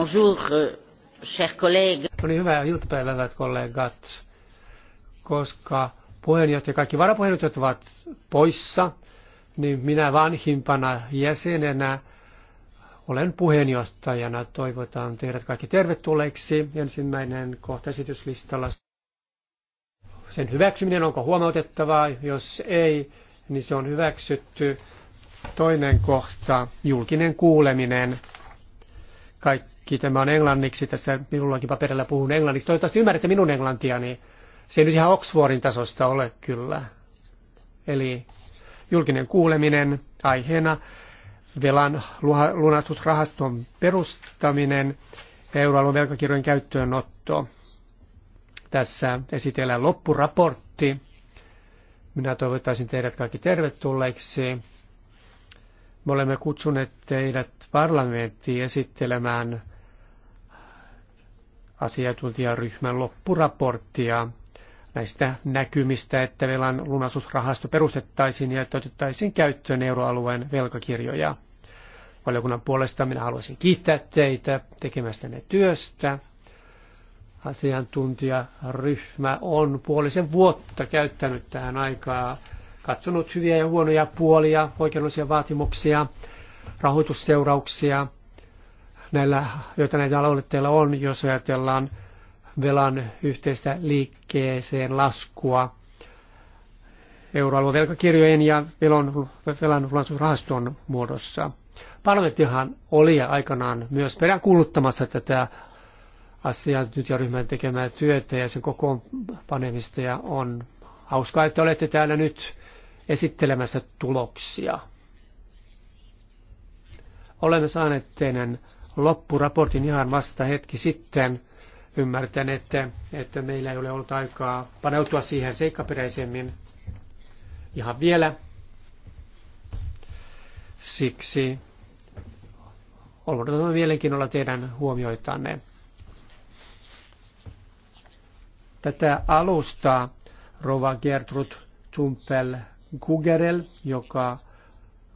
Euh, Oli no niin, hyvää iltapäivää, hyvät kollegat, koska puheenjohtaja, kaikki varapuheenjohtajat ovat poissa, niin minä vanhimpana jäsenenä olen puheenjohtajana. Toivotan teidät kaikki tervetulleiksi. Ensimmäinen kohta esityslistalla. Sen hyväksyminen onko huomautettavaa? Jos ei, niin se on hyväksytty. Toinen kohta, julkinen kuuleminen. Kaikki kaikki tämä on englanniksi. Tässä minullakin paperilla puhun englanniksi. Toivottavasti ymmärrätte minun englantiani. Se ei nyt ihan Oxfordin tasosta ole kyllä. Eli julkinen kuuleminen aiheena, velan lunastusrahaston perustaminen ja euroalueen velkakirjojen käyttöönotto. Tässä esitellään loppuraportti. Minä toivottaisin teidät kaikki tervetulleiksi. Me olemme kutsuneet teidät parlamenttiin esittelemään asiantuntijaryhmän loppuraporttia näistä näkymistä, että velan lunasusrahasto perustettaisiin ja että otettaisiin käyttöön euroalueen velkakirjoja. Valiokunnan puolesta minä haluaisin kiittää teitä tekemästänne työstä. Asiantuntijaryhmä on puolisen vuotta käyttänyt tähän aikaa, katsonut hyviä ja huonoja puolia, oikeudellisia vaatimuksia, rahoitusseurauksia – näillä, joita näitä aloitteilla on, jos ajatellaan velan yhteistä liikkeeseen laskua euroalueen velkakirjojen ja velan, velan rahaston muodossa. Parlamenttihan oli aikanaan myös peräänkuuluttamassa tätä asiaa nyt ja ryhmän tekemää työtä ja sen kokoon ja on hauskaa, että olette täällä nyt esittelemässä tuloksia. Olemme saaneet teidän loppuraportin ihan vasta hetki sitten. Ymmärtän, että, että meillä ei ole ollut aikaa paneutua siihen seikkaperäisemmin ihan vielä. Siksi odotamme mielenkiinnolla teidän huomioitanne. Tätä alusta Rova Gertrud Tumpel Kugerel, joka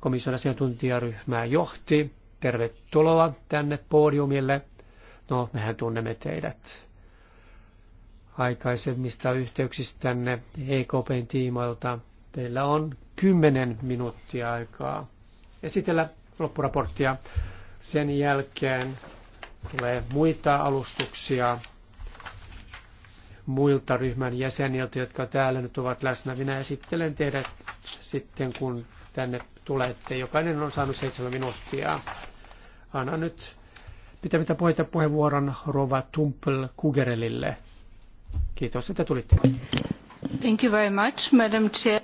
komission asiantuntijaryhmää johti. Tervetuloa tänne podiumille. No, mehän tunnemme teidät aikaisemmista tänne EKPn tiimoilta. Teillä on 10 minuuttia aikaa esitellä loppuraporttia. Sen jälkeen tulee muita alustuksia muilta ryhmän jäseniltä, jotka täällä nyt ovat läsnä. Minä esittelen teidät sitten, kun tänne tulette. Jokainen on saanut seitsemän minuuttia annan nyt pitämättä puheita puheenvuoron Rova Tumpel Kugerelille. Kiitos, että tulitte. Thank you very much, Madam Chair.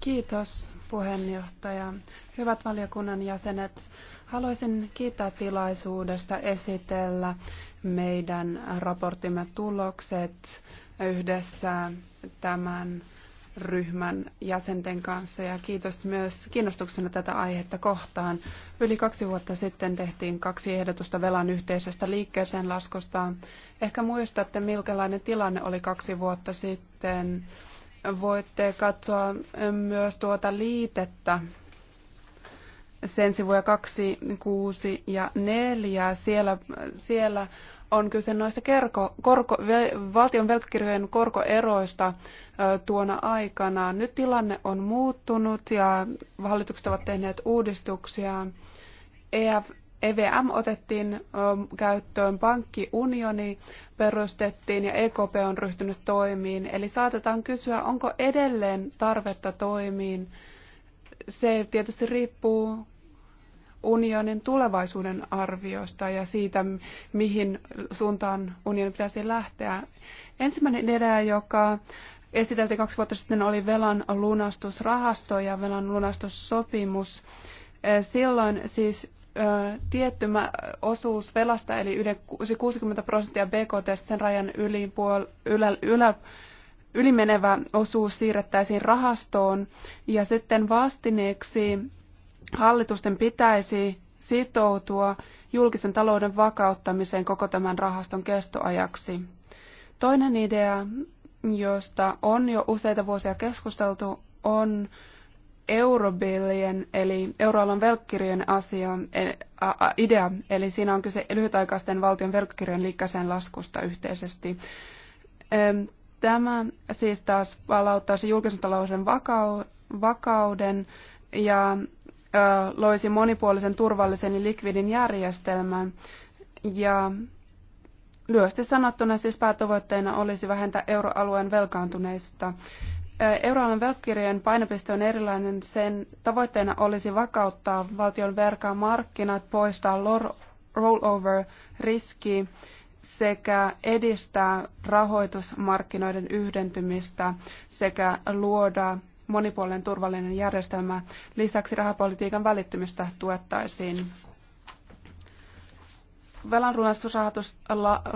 Kiitos puheenjohtaja. Hyvät valiokunnan jäsenet, haluaisin kiittää tilaisuudesta esitellä meidän raporttimme tulokset yhdessä tämän ryhmän jäsenten kanssa ja kiitos myös kiinnostuksena tätä aihetta kohtaan. Yli kaksi vuotta sitten tehtiin kaksi ehdotusta velan yhteisestä liikkeeseen laskostaan. Ehkä muistatte, milkälainen tilanne oli kaksi vuotta sitten. Voitte katsoa myös tuota liitettä sen sivuja 2, 6 ja 4. Siellä, siellä on kyse noista kerko, korko, valtion velkakirjojen korkoeroista tuona aikana. Nyt tilanne on muuttunut ja hallitukset ovat tehneet uudistuksia. EF, EVM otettiin käyttöön, pankkiunioni perustettiin ja EKP on ryhtynyt toimiin. Eli saatetaan kysyä, onko edelleen tarvetta toimiin. Se tietysti riippuu unionin tulevaisuuden arviosta ja siitä, mihin suuntaan unionin pitäisi lähteä. Ensimmäinen idea, joka esiteltiin kaksi vuotta sitten, oli velan lunastusrahasto ja velan lunastussopimus. Silloin siis tietty osuus velasta, eli yli 60 prosenttia BKT, sen rajan yli, puol, ylä, ylä, ylimenevä osuus siirrettäisiin rahastoon, ja sitten vastineeksi Hallitusten pitäisi sitoutua julkisen talouden vakauttamiseen koko tämän rahaston kestoajaksi. Toinen idea, josta on jo useita vuosia keskusteltu, on eurobillien eli euroalan velkkirjojen asia, e, idea, eli siinä on kyse lyhytaikaisten valtion velkkirjojen liikkeeseen laskusta yhteisesti. Tämä siis taas palauttaisi julkisen talouden vakauden ja loisi monipuolisen, turvallisen ja likvidin järjestelmän. Ja lyhyesti sanottuna siis päätavoitteena olisi vähentää euroalueen velkaantuneista. Euroalueen velkakirjojen painopiste on erilainen. Sen tavoitteena olisi vakauttaa valtion markkinat, poistaa rollover-riski sekä edistää rahoitusmarkkinoiden yhdentymistä sekä luoda monipuolinen turvallinen järjestelmä. Lisäksi rahapolitiikan välittymistä tuettaisiin. Velan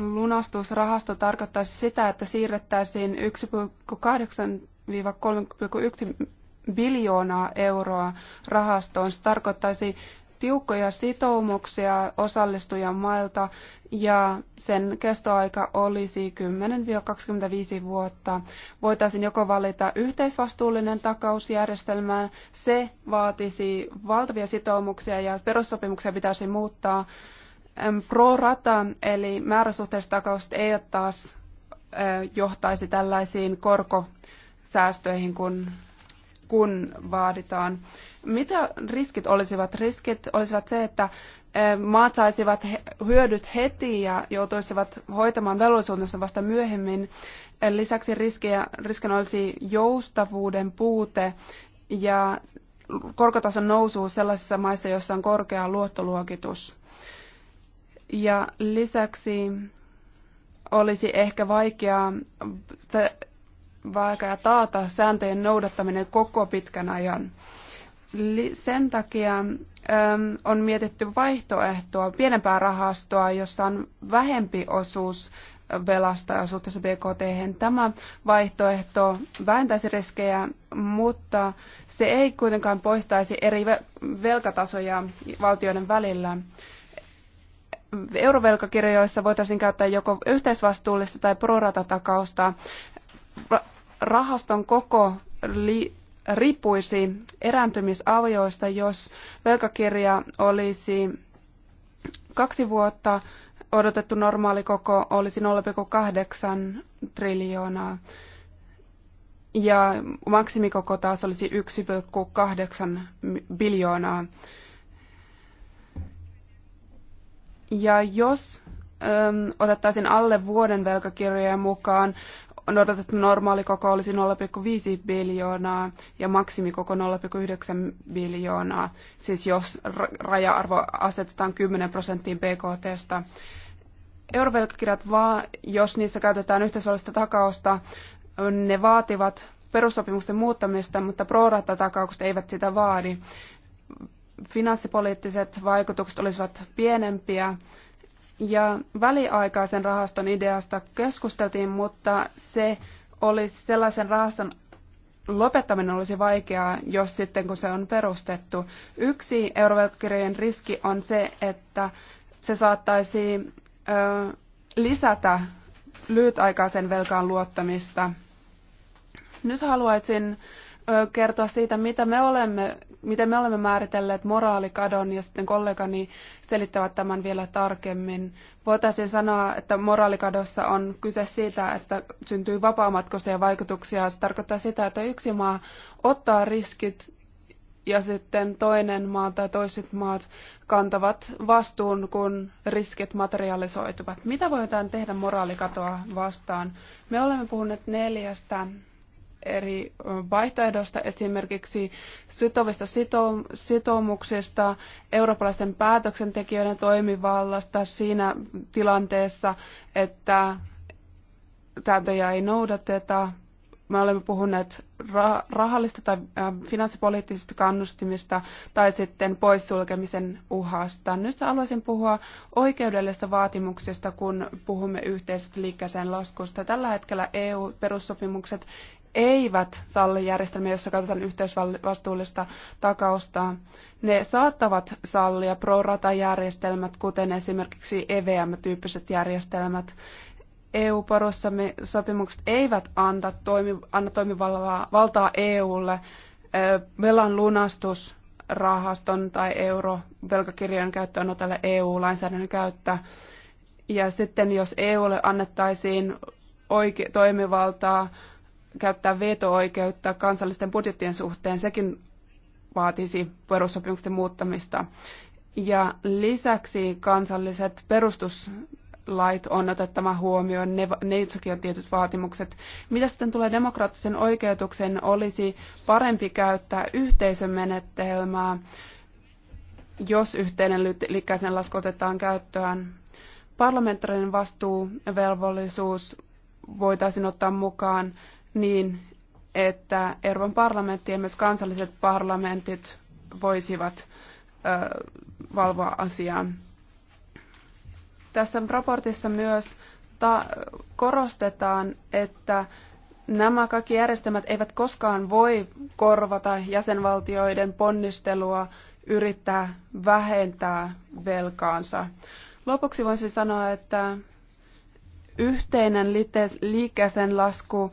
lunastusrahasto tarkoittaisi sitä, että siirrettäisiin 1,8-3,1 biljoonaa euroa rahastoon. Se tarkoittaisi tiukkoja sitoumuksia osallistujamailta ja sen kestoaika olisi 10-25 vuotta. Voitaisiin joko valita yhteisvastuullinen takausjärjestelmä, se vaatisi valtavia sitoumuksia ja perussopimuksia pitäisi muuttaa. Pro rata eli määräsuhteiset takaukset eivät taas johtaisi tällaisiin korkosäästöihin, kun kun vaaditaan. Mitä riskit olisivat? Riskit olisivat se, että eh, maat saisivat hyödyt heti ja joutuisivat hoitamaan velvollisuutensa vasta myöhemmin. Eh, lisäksi riskiä, riskin olisi joustavuuden puute ja korkotason nousu sellaisissa maissa, joissa on korkea luottoluokitus. Ja lisäksi olisi ehkä vaikeaa vaikea taata sääntöjen noudattaminen koko pitkän ajan. Sen takia on mietitty vaihtoehtoa, pienempää rahastoa, jossa on vähempi osuus velasta ja suhteessa BKT. hen Tämä vaihtoehto vähentäisi riskejä, mutta se ei kuitenkaan poistaisi eri velkatasoja valtioiden välillä. Eurovelkakirjoissa voitaisiin käyttää joko yhteisvastuullista tai proratatakausta rahaston koko li- riippuisi erääntymisavioista, jos velkakirja olisi kaksi vuotta odotettu normaali koko olisi 0,8 triljoonaa ja maksimikoko taas olisi 1,8 biljoonaa. Ja jos äm, otettaisiin alle vuoden velkakirjojen mukaan, on odotettu normaali koko olisi 0,5 biljoonaa ja maksimikoko 0,9 biljoonaa, siis jos raja-arvo asetetaan 10 prosenttiin BKTstä. Eurovelkakirjat, vaan, jos niissä käytetään yhteisvallista takausta, ne vaativat perussopimusten muuttamista, mutta prorata-takaukset eivät sitä vaadi. Finanssipoliittiset vaikutukset olisivat pienempiä, ja väliaikaisen rahaston ideasta keskusteltiin, mutta se olisi sellaisen rahaston lopettaminen olisi vaikeaa, jos sitten kun se on perustettu. Yksi eurovelkakirjojen riski on se, että se saattaisi ö, lisätä lyhytaikaisen velkaan luottamista. Nyt haluaisin kertoa siitä, mitä me olemme, miten me olemme määritelleet moraalikadon ja sitten kollegani selittävät tämän vielä tarkemmin. Voitaisiin sanoa, että moraalikadossa on kyse siitä, että syntyy vapaamatkustajien vaikutuksia. Se tarkoittaa sitä, että yksi maa ottaa riskit ja sitten toinen maa tai toiset maat kantavat vastuun, kun riskit materialisoituvat. Mitä voidaan tehdä moraalikatoa vastaan? Me olemme puhuneet neljästä eri vaihtoehdoista, esimerkiksi sitovista sitoumuksista, eurooppalaisten päätöksentekijöiden toimivallasta siinä tilanteessa, että sääntöjä ei noudateta. Me olemme puhuneet rahallista tai finanssipoliittisista kannustimista tai sitten poissulkemisen uhasta. Nyt haluaisin puhua oikeudellisista vaatimuksista, kun puhumme yhteisestä liikkeeseen laskusta. Tällä hetkellä EU-perussopimukset eivät salli järjestelmiä, jossa käytetään yhteisvastuullista takausta. Ne saattavat sallia pro-rata-järjestelmät, kuten esimerkiksi EVM-tyyppiset järjestelmät. eu sopimukset eivät anta, toimi, anna toimivaltaa EUlle velan lunastusrahaston tai eurovelkakirjojen tälle EU-lainsäädännön käyttöä. Ja sitten jos EUlle annettaisiin oike- toimivaltaa käyttää veto-oikeutta kansallisten budjettien suhteen, sekin vaatisi perussopimusten muuttamista. Ja lisäksi kansalliset perustuslait on otettava huomioon, ne, ne itsekin on tietyt vaatimukset. Mitä sitten tulee demokraattisen oikeutuksen, olisi parempi käyttää yhteisömenetelmää, jos yhteinen liikkeisen lasku otetaan käyttöön. Parlamentaarinen vastuuvelvollisuus voitaisiin ottaa mukaan niin, että Euroopan parlamentti ja myös kansalliset parlamentit voisivat valvoa asiaa. Tässä raportissa myös korostetaan, että nämä kaikki järjestelmät eivät koskaan voi korvata jäsenvaltioiden ponnistelua yrittää vähentää velkaansa. Lopuksi voisin sanoa, että yhteinen liikkeeseen lasku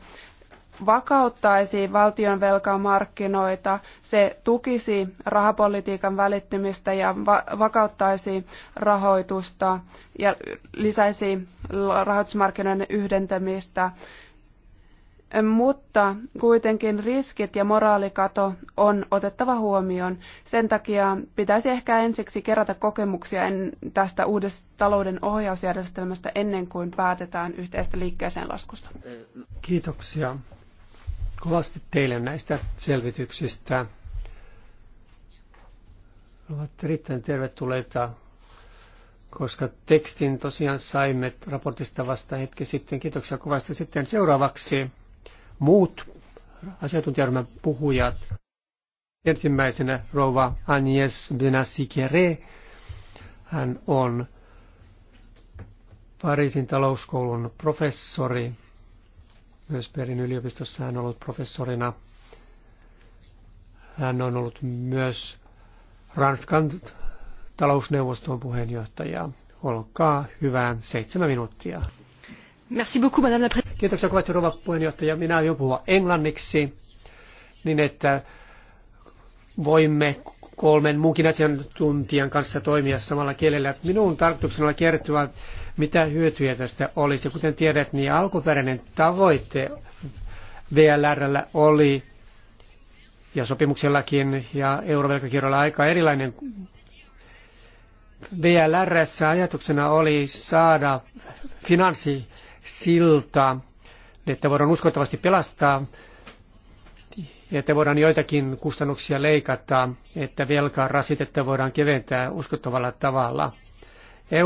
vakauttaisi valtion velkamarkkinoita, se tukisi rahapolitiikan välittymistä ja va- vakauttaisi rahoitusta ja lisäisi rahoitusmarkkinoiden yhdentämistä. Mutta kuitenkin riskit ja moraalikato on otettava huomioon. Sen takia pitäisi ehkä ensiksi kerätä kokemuksia tästä uudesta talouden ohjausjärjestelmästä ennen kuin päätetään yhteistä liikkeeseen laskusta. Kiitoksia kovasti teille näistä selvityksistä. ovat erittäin tervetulleita, koska tekstin tosiaan saimme raportista vasta hetki sitten. Kiitoksia kovasti. Sitten seuraavaksi muut asiantuntijaryhmän puhujat. Ensimmäisenä rouva Agnes Benassikere. Hän on Pariisin talouskoulun professori myös Perin yliopistossa hän on ollut professorina. Hän on ollut myös Ranskan talousneuvoston puheenjohtaja. Olkaa hyvää seitsemän minuuttia. Merci beaucoup, madame la Kiitoksia kovasti rouva puheenjohtaja. Minä aion puhua englanniksi, niin että voimme kolmen muunkin asiantuntijan kanssa toimia samalla kielellä. Minun tarkoituksena oli kertoa, mitä hyötyjä tästä olisi. Kuten tiedät, niin alkuperäinen tavoite VLRllä oli ja sopimuksellakin ja eurovelkakirjoilla aika erilainen. VLRssä ajatuksena oli saada finanssisilta, että voidaan uskottavasti pelastaa että voidaan joitakin kustannuksia leikata, että velkaa rasitetta voidaan keventää uskottavalla tavalla. ei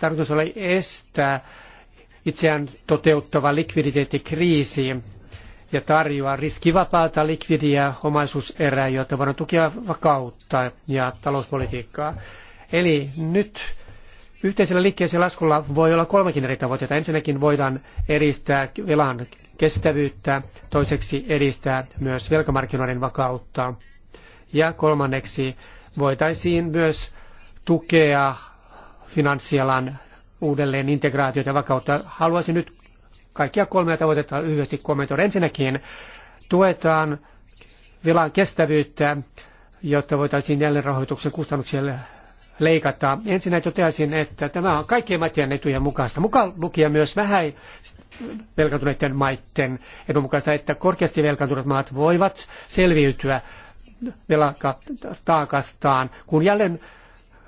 tarkoitus oli estää itseään toteuttava likviditeettikriisi ja tarjoaa riskivapaata likvidiä omaisuuserää, jota voidaan tukea vakautta ja talouspolitiikkaa. Eli nyt yhteisellä liikkeellä laskulla voi olla kolmekin eri tavoitteita. Ensinnäkin voidaan edistää velan kestävyyttä, toiseksi edistää myös velkamarkkinoiden vakautta ja kolmanneksi voitaisiin myös tukea finanssialan uudelleen integraatiota ja vakautta. Haluaisin nyt kaikkia kolmea tavoitetta lyhyesti kommentoida. Ensinnäkin tuetaan velan kestävyyttä, jotta voitaisiin jälleenrahoituksen kustannuksia leikata. Ensin toteaisin, että tämä on kaikkien maiden etujen mukaista, mukaan lukia myös vähän velkaantuneiden maiden edun mukaista, että korkeasti velkaantuneet maat voivat selviytyä velkataakastaan. Kun jälleen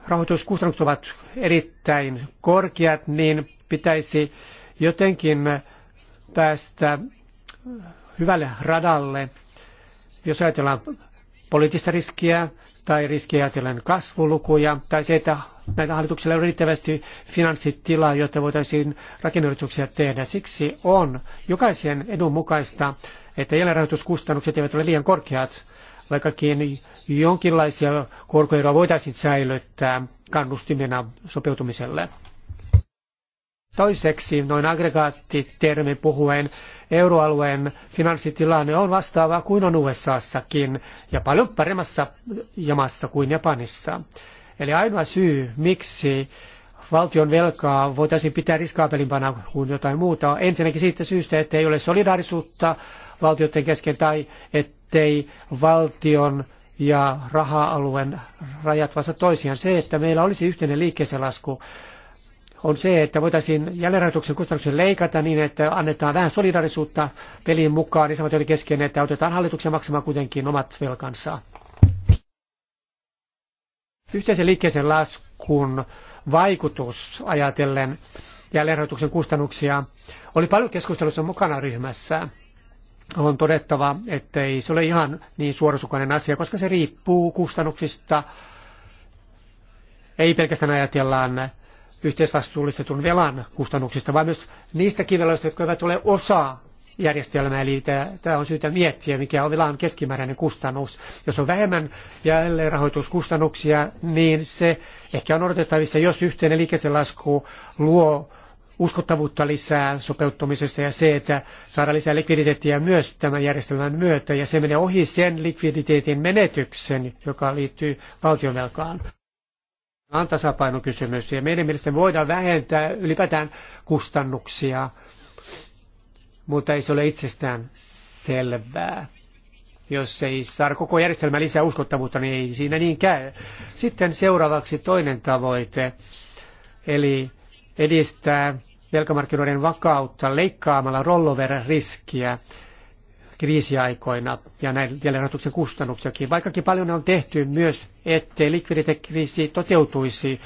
rahoituskustannukset ovat erittäin korkeat, niin pitäisi jotenkin päästä hyvälle radalle, jos ajatellaan poliittista riskiä, tai riskiajatellen kasvulukuja, tai se, että näitä hallituksilla on riittävästi finanssitilaa, jotta voitaisiin rakenneuudistuksia tehdä. Siksi on jokaisen edun mukaista, että jälleenrahoituskustannukset eivät ole liian korkeat, vaikkakin jonkinlaisia korkoeroja voitaisiin säilyttää kannustimena sopeutumiselle. Toiseksi, noin aggregaattitermi puhuen, euroalueen finanssitilanne on vastaava kuin on USAssakin ja paljon paremmassa jamassa kuin Japanissa. Eli ainoa syy, miksi valtion velkaa voitaisiin pitää riskaapelimpana kuin jotain muuta, on ensinnäkin siitä syystä, että ei ole solidaarisuutta valtioiden kesken tai ettei valtion ja raha-alueen rajat vasta toisiaan. Se, että meillä olisi yhteinen liikkeeseenlasku lasku on se, että voitaisiin jälleenrahoituksen kustannuksen leikata niin, että annetaan vähän solidarisuutta peliin mukaan, niin samoin kesken, että autetaan hallituksen maksamaan kuitenkin omat velkansa. Yhteisen liikkeisen laskun vaikutus ajatellen jälleenrahoituksen kustannuksia oli paljon keskustelussa mukana ryhmässä. On todettava, ettei se ole ihan niin suorasukainen asia, koska se riippuu kustannuksista. Ei pelkästään ajatellaan yhteisvastuullistetun velan kustannuksista, vaan myös niistä veloista, jotka eivät ole osa järjestelmää. Eli tämä on syytä miettiä, mikä on velan keskimääräinen kustannus. Jos on vähemmän jälleenrahoituskustannuksia, niin se ehkä on odotettavissa, jos yhteinen liikeselasku luo uskottavuutta lisää sopeuttamisesta ja se, että saadaan lisää likviditeettiä myös tämän järjestelmän myötä ja se menee ohi sen likviditeetin menetyksen, joka liittyy valtionvelkaan on tasapainokysymys ja meidän mielestämme voidaan vähentää ylipäätään kustannuksia, mutta ei se ole itsestään selvää. Jos ei saa koko järjestelmä lisää uskottavuutta, niin ei siinä niin käy. Sitten seuraavaksi toinen tavoite, eli edistää velkamarkkinoiden vakautta leikkaamalla rolloveren riskiä kriisiaikoina ja näin jälleenrahoituksen kustannuksiakin. Vaikkakin paljon on tehty myös, ettei likviditekriisi toteutuisi,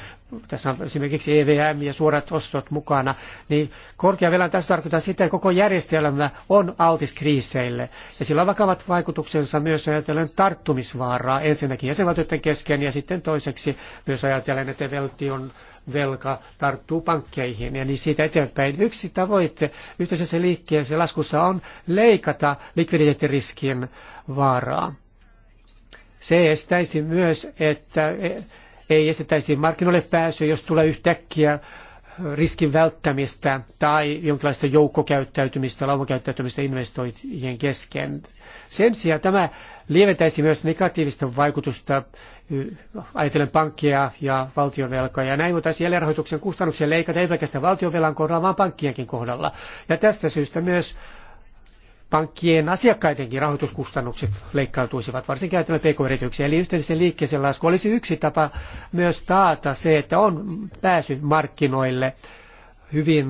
tässä on esimerkiksi EVM ja suorat ostot mukana, niin korkea velan tässä tarkoittaa sitä, että koko järjestelmä on altis kriiseille. Ja sillä on vakavat vaikutuksensa myös ajatellen tarttumisvaaraa ensinnäkin jäsenvaltioiden kesken ja sitten toiseksi myös ajatellen, että valtion velka tarttuu pankkeihin ja niin siitä eteenpäin. Yksi tavoite yhteisessä liikkeessä laskussa on leikata likviditeettiriskin vaaraa. Se estäisi myös, että ei estäisi markkinoille pääsyä, jos tulee yhtäkkiä riskin välttämistä tai jonkinlaista joukkokäyttäytymistä, laumakäyttäytymistä investoijien kesken. Sen sijaan tämä lieventäisi myös negatiivista vaikutusta, ajatellen pankkia ja valtionvelkoja. Näin voitaisiin jälleenrahoituksen kustannuksia leikata ei pelkästään valtionvelan kohdalla, vaan pankkienkin kohdalla. Ja tästä syystä myös pankkien asiakkaidenkin rahoituskustannukset leikkautuisivat, varsinkin ajatellen pk-yrityksiä. Eli yhteisen liikkeeseen lasku olisi yksi tapa myös taata se, että on pääsy markkinoille hyvin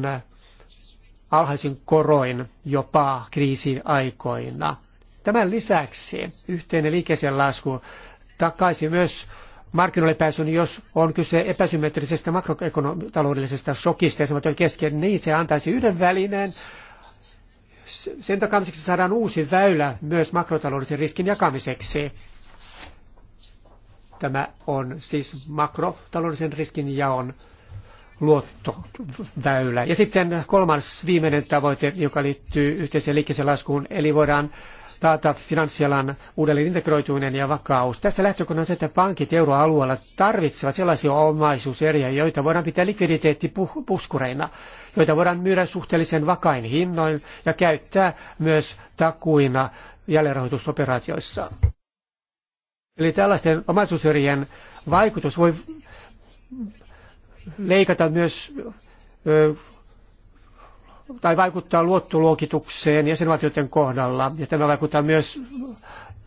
alhaisin koroin jopa kriisiaikoina. Tämän lisäksi yhteinen liikeisen lasku takaisi myös markkinoille pääsyn, jos on kyse epäsymmetrisestä makrotaloudellisesta shokista jäsenvaltion kesken, niin se antaisi yhden välineen. Sen takaisin saadaan uusi väylä myös makrotaloudellisen riskin jakamiseksi. Tämä on siis makrotaloudellisen riskin jaon luottoväylä. Ja sitten kolmas viimeinen tavoite, joka liittyy yhteiseen liikkeeseen laskuun, eli voidaan taata finanssialan uudelleen integroituminen ja vakaus. Tässä on se, että pankit euroalueella tarvitsevat sellaisia omaisuuseriä, joita voidaan pitää likviditeettipuskureina, joita voidaan myydä suhteellisen vakain hinnoin ja käyttää myös takuina jälleenrahoitusoperaatioissa. Eli tällaisten omaisuuserien vaikutus voi leikata myös tai vaikuttaa luottoluokitukseen jäsenvaltioiden kohdalla. Ja tämä vaikuttaa myös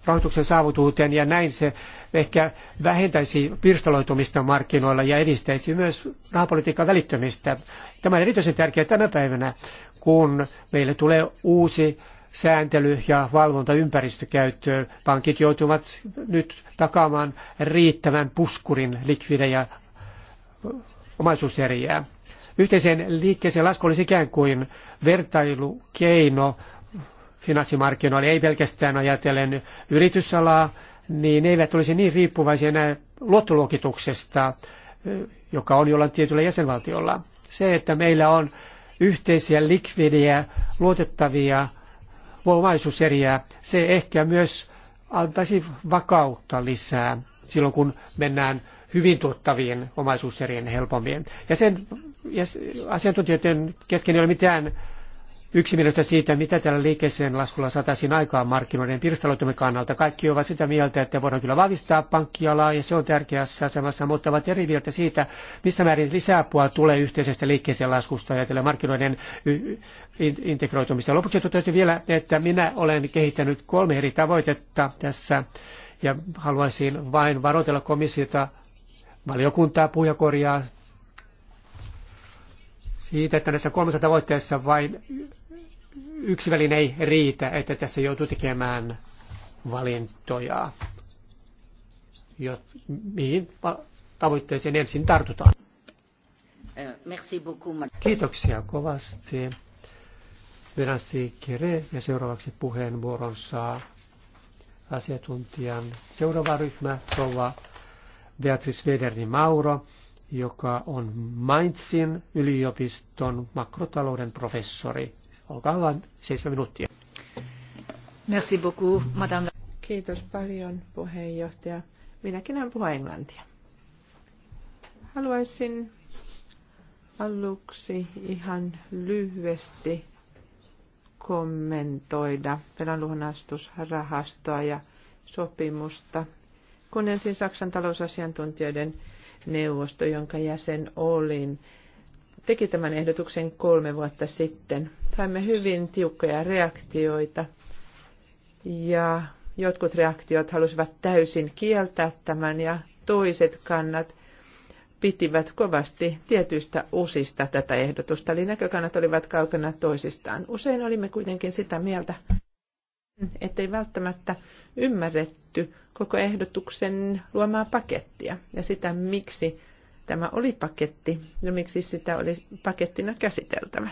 rahoituksen saavutuuteen ja näin se ehkä vähentäisi pirstaloitumista markkinoilla ja edistäisi myös rahapolitiikan välittämistä. Tämä on erityisen tärkeää tänä päivänä, kun meille tulee uusi sääntely- ja valvontaympäristö käyttöön. Pankit joutuvat nyt takaamaan riittävän puskurin likvidejä omaisuuseriä. Yhteiseen liikkeeseen lasku olisi ikään kuin vertailukeino finanssimarkkinoille, ei pelkästään ajatellen yritysalaa, niin ne eivät olisi niin riippuvaisia enää luottoluokituksesta, joka on jollain tietyllä jäsenvaltiolla. Se, että meillä on yhteisiä likvidejä, luotettavia omaisuuseriä, se ehkä myös antaisi vakautta lisää silloin, kun mennään hyvin tuottaviin omaisuuserien helpommin. Ja sen asiantuntijoiden kesken ei ole mitään yksimielistä siitä, mitä tällä liikkeeseen laskulla saataisiin aikaan markkinoiden pirstaloitumme kannalta. Kaikki ovat sitä mieltä, että voidaan kyllä vahvistaa pankkialaa ja se on tärkeässä asemassa, mutta ovat eri mieltä siitä, missä määrin lisäapua tulee yhteisestä liikkeeseen laskusta ja markkinoiden integroitumista. Lopuksi totesin vielä, että minä olen kehittänyt kolme eri tavoitetta tässä ja haluaisin vain varoitella komissiota valiokuntaa puhujakorjaa siitä, että näissä kolmessa tavoitteessa vain yksi väline ei riitä, että tässä joutuu tekemään valintoja, jo, mihin tavoitteeseen ensin tartutaan. Kiitoksia kovasti. Venäsi Kere ja seuraavaksi puheenvuoron saa asiantuntijan seuraava ryhmä, rouva Beatrice Vederni Mauro joka on Mainzin yliopiston makrotalouden professori. Olkaa hyvä, seitsemän minuuttia. Merci beaucoup, madame. Kiitos paljon, puheenjohtaja. Minäkin en puhu englantia. Haluaisin aluksi ihan lyhyesti kommentoida velanluhonastusrahastoa ja sopimusta. ensin Saksan talousasiantuntijoiden neuvosto, jonka jäsen olin, teki tämän ehdotuksen kolme vuotta sitten. Saimme hyvin tiukkoja reaktioita ja jotkut reaktiot halusivat täysin kieltää tämän ja toiset kannat pitivät kovasti tietyistä osista tätä ehdotusta, eli näkökannat olivat kaukana toisistaan. Usein olimme kuitenkin sitä mieltä, ettei välttämättä ymmärretty koko ehdotuksen luomaa pakettia ja sitä, miksi tämä oli paketti ja miksi sitä oli pakettina käsiteltävä.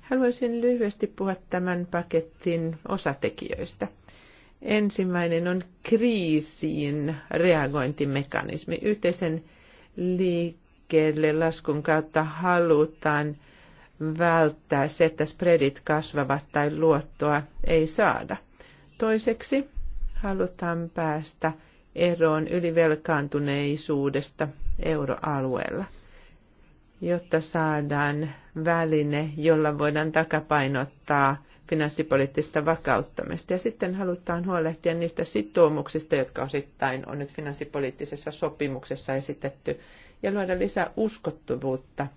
Haluaisin lyhyesti puhua tämän paketin osatekijöistä. Ensimmäinen on kriisiin reagointimekanismi. Yhteisen liikkeelle laskun kautta halutaan – välttää se, että spreadit kasvavat tai luottoa ei saada. Toiseksi halutaan päästä eroon ylivelkaantuneisuudesta euroalueella, jotta saadaan väline, jolla voidaan takapainottaa finanssipoliittista vakauttamista. Ja sitten halutaan huolehtia niistä sitoumuksista, jotka osittain on nyt finanssipoliittisessa sopimuksessa esitetty, ja luoda lisää uskottavuutta –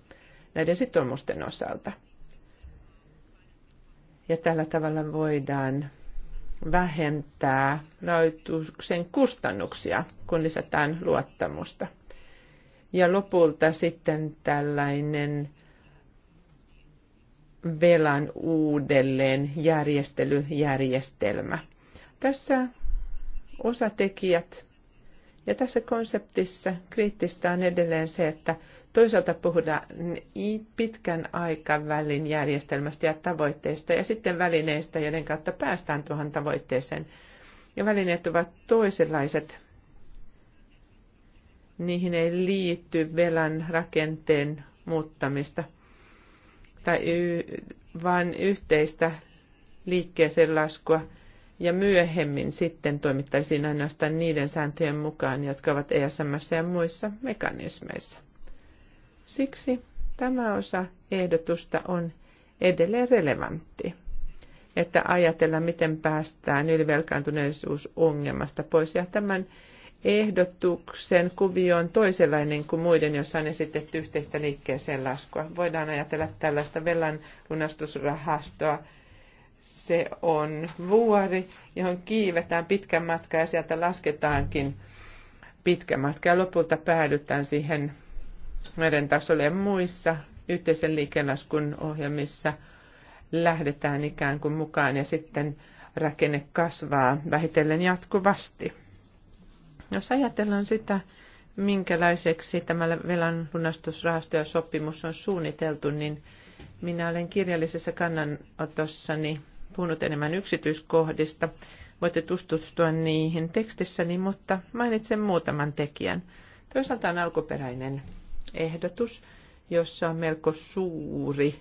näiden sitoumusten osalta. Ja tällä tavalla voidaan vähentää rahoituksen kustannuksia, kun lisätään luottamusta. Ja lopulta sitten tällainen velan uudelleen järjestelyjärjestelmä. Tässä osatekijät ja tässä konseptissa kriittistä on edelleen se, että Toisaalta puhutaan pitkän aikavälin järjestelmästä ja tavoitteista ja sitten välineistä, joiden kautta päästään tuohon tavoitteeseen. Ja välineet ovat toisenlaiset. Niihin ei liitty velan rakenteen muuttamista, tai vaan yhteistä liikkeeseen laskua ja myöhemmin sitten toimittaisiin ainoastaan niiden sääntöjen mukaan, jotka ovat ESMssä ja muissa mekanismeissa. Siksi tämä osa ehdotusta on edelleen relevantti, että ajatella, miten päästään ylivelkaantuneisuusongelmasta pois. Ja tämän ehdotuksen kuvio on toisenlainen kuin muiden, jossa on esitetty yhteistä liikkeeseen laskua. Voidaan ajatella tällaista velan lunastusrahastoa. Se on vuori, johon kiivetään pitkän matkaa ja sieltä lasketaankin pitkä matka ja lopulta päädytään siihen meidän tasolla ja muissa yhteisen liikelaskun ohjelmissa lähdetään ikään kuin mukaan ja sitten rakenne kasvaa vähitellen jatkuvasti. Jos ajatellaan sitä, minkälaiseksi tämä velan lunastusrahasto ja sopimus on suunniteltu, niin minä olen kirjallisessa kannanotossani puhunut enemmän yksityiskohdista. Voitte tutustua niihin tekstissäni, mutta mainitsen muutaman tekijän. Toisaalta on alkuperäinen ehdotus, jossa on melko suuri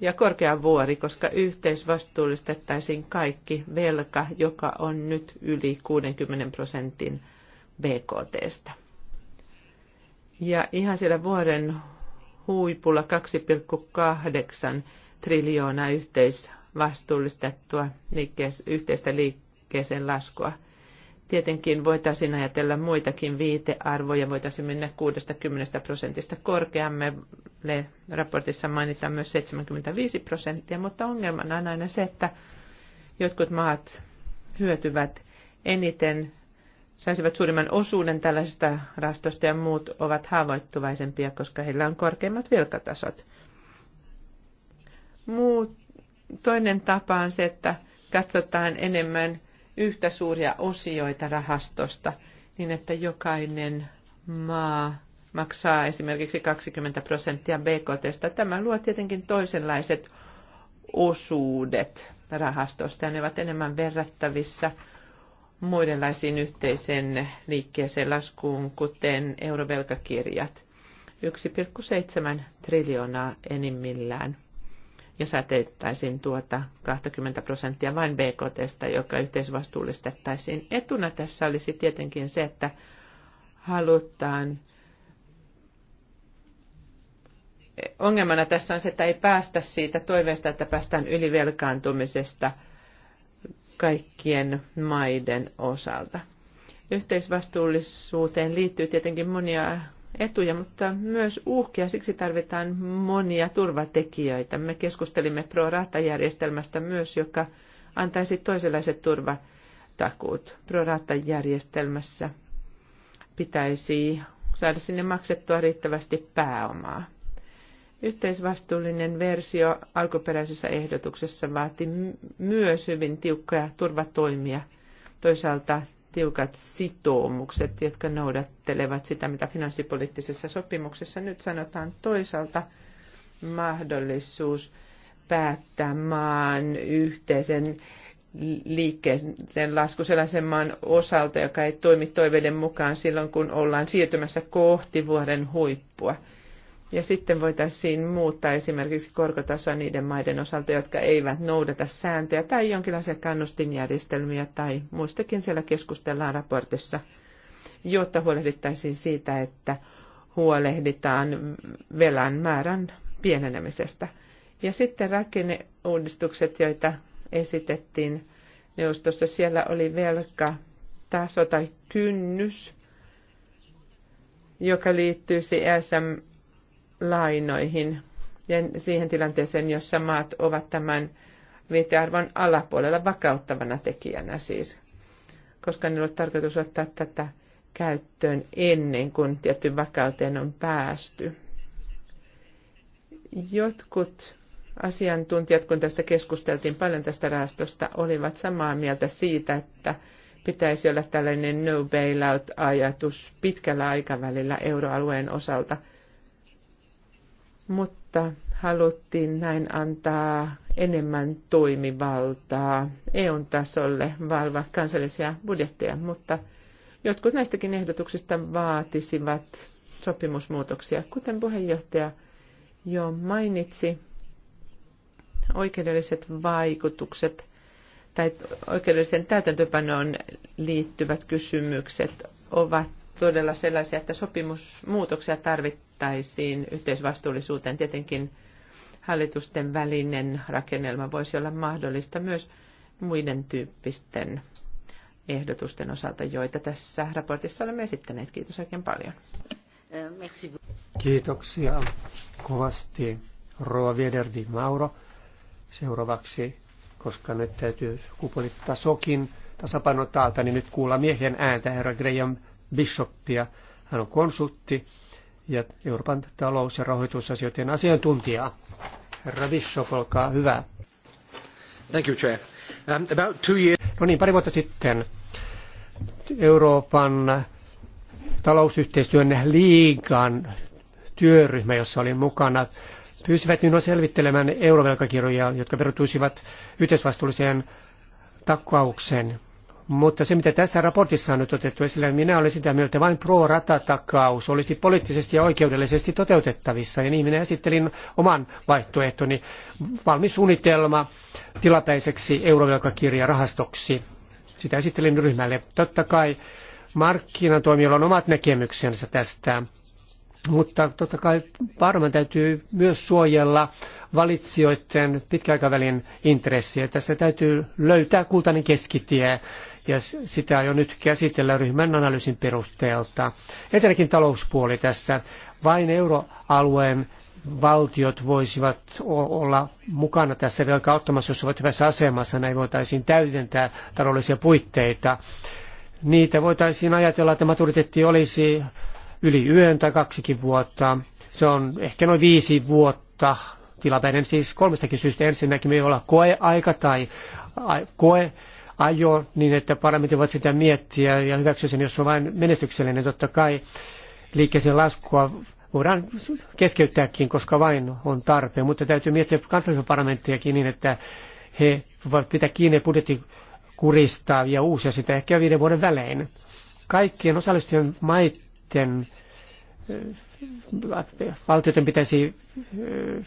ja korkea vuori, koska yhteisvastuullistettaisiin kaikki velka, joka on nyt yli 60 prosentin BKTstä. Ja ihan siellä vuoden huipulla 2,8 triljoonaa yhteisvastuullistettua liikkees, yhteistä liikkeeseen laskua – Tietenkin voitaisiin ajatella muitakin viitearvoja, voitaisiin mennä 60 prosentista korkeammalle. Raportissa mainitaan myös 75 prosenttia, mutta ongelmana on aina se, että jotkut maat hyötyvät eniten, saisivat suurimman osuuden tällaisista rastosta ja muut ovat haavoittuvaisempia, koska heillä on korkeimmat velkatasot. Muu, toinen tapa on se, että katsotaan enemmän yhtä suuria osioita rahastosta, niin että jokainen maa maksaa esimerkiksi 20 prosenttia BKTstä. Tämä luo tietenkin toisenlaiset osuudet rahastosta ja ne ovat enemmän verrattavissa muidenlaisiin yhteiseen liikkeeseen laskuun, kuten eurovelkakirjat. 1,7 triljoonaa enimmillään – ja säteittäisiin tuota 20 prosenttia vain BKT, joka yhteisvastuullistettaisiin. Etuna tässä olisi tietenkin se, että halutaan ongelmana tässä on se, että ei päästä siitä toiveesta, että päästään ylivelkaantumisesta kaikkien maiden osalta. Yhteisvastuullisuuteen liittyy tietenkin monia etuja, mutta myös uhkia. Siksi tarvitaan monia turvatekijöitä. Me keskustelimme pro järjestelmästä myös, joka antaisi toisenlaiset turvatakuut. pro järjestelmässä pitäisi saada sinne maksettua riittävästi pääomaa. Yhteisvastuullinen versio alkuperäisessä ehdotuksessa vaati myös hyvin tiukkoja turvatoimia. Toisaalta tiukat sitoumukset, jotka noudattelevat sitä, mitä finanssipoliittisessa sopimuksessa nyt sanotaan. Toisaalta mahdollisuus päättää maan yhteisen sen lasku sellaisen maan osalta, joka ei toimi toiveiden mukaan silloin, kun ollaan siirtymässä kohti vuoden huippua. Ja sitten voitaisiin muuttaa esimerkiksi korkotasoa niiden maiden osalta, jotka eivät noudata sääntöjä tai jonkinlaisia kannustinjärjestelmiä tai muistakin siellä keskustellaan raportissa, jotta huolehdittaisiin siitä, että huolehditaan velan määrän pienenemisestä. Ja sitten rakenneuudistukset, joita esitettiin neuvostossa, siellä oli velka taso tai kynnys, joka liittyisi ESM lainoihin ja siihen tilanteeseen, jossa maat ovat tämän viitearvon alapuolella vakauttavana tekijänä siis, koska niillä on tarkoitus ottaa tätä käyttöön ennen kuin tietty vakauteen on päästy. Jotkut asiantuntijat, kun tästä keskusteltiin paljon tästä rahastosta, olivat samaa mieltä siitä, että pitäisi olla tällainen no bailout-ajatus pitkällä aikavälillä euroalueen osalta – mutta haluttiin näin antaa enemmän toimivaltaa EUn tasolle valva kansallisia budjetteja, mutta jotkut näistäkin ehdotuksista vaatisivat sopimusmuutoksia. Kuten puheenjohtaja jo mainitsi, oikeudelliset vaikutukset tai oikeudellisen täytäntöpanoon liittyvät kysymykset ovat todella sellaisia, että sopimusmuutoksia tarvittaisiin yhteisvastuullisuuteen. Tietenkin hallitusten välinen rakennelma voisi olla mahdollista myös muiden tyyppisten ehdotusten osalta, joita tässä raportissa olemme esittäneet. Kiitos oikein paljon. Kiitoksia kovasti Roa Viederdi Mauro. Seuraavaksi, koska nyt täytyy sokin tasapainottaa, niin nyt kuulla miehen ääntä herra Graham Bishoppia. Hän on konsultti ja Euroopan talous- ja rahoitusasioiden asiantuntija. Herra Bishop, olkaa hyvä. Thank you, Chair. Um, about two years... No niin, pari vuotta sitten Euroopan talousyhteistyön liigan työryhmä, jossa olin mukana, pyysivät minua selvittelemään eurovelkakirjoja, jotka perustuisivat yhteisvastuulliseen takaukseen. Mutta se, mitä tässä raportissa on nyt otettu esille, minä olen sitä mieltä, vain pro-ratatakaus olisi poliittisesti ja oikeudellisesti toteutettavissa. Ja niin minä esittelin oman vaihtoehtoni valmis suunnitelma tilapäiseksi eurovelkakirjarahastoksi. Sitä esittelin ryhmälle. Totta kai markkinatoimijoilla on omat näkemyksensä tästä. Mutta totta kai varmaan täytyy myös suojella valitsijoiden pitkäaikavälin intressiä. Tässä täytyy löytää kultainen keskitie ja sitä jo nyt käsitellä ryhmän analyysin perusteelta. Ensinnäkin talouspuoli tässä. Vain euroalueen valtiot voisivat olla mukana tässä velkaa ottamassa, jos ovat hyvässä asemassa. Näin voitaisiin täydentää taloudellisia puitteita. Niitä voitaisiin ajatella, että maturiteetti olisi yli yön tai kaksikin vuotta. Se on ehkä noin viisi vuotta tilapäinen siis kolmestakin syystä. Ensinnäkin me ei olla koeaika tai koe ajo niin, että parlamentti voi sitä miettiä ja hyväksyä sen, jos on vain menestyksellinen. Totta kai liikkeeseen laskua voidaan keskeyttääkin, koska vain on tarpeen, mutta täytyy miettiä kansallisen parlamenttiakin niin, että he voivat pitää kiinni budjettikurista ja uusia sitä ehkä viiden vuoden välein. Kaikkien osallistujien maiden sitten äh, valtioiden pitäisi, äh,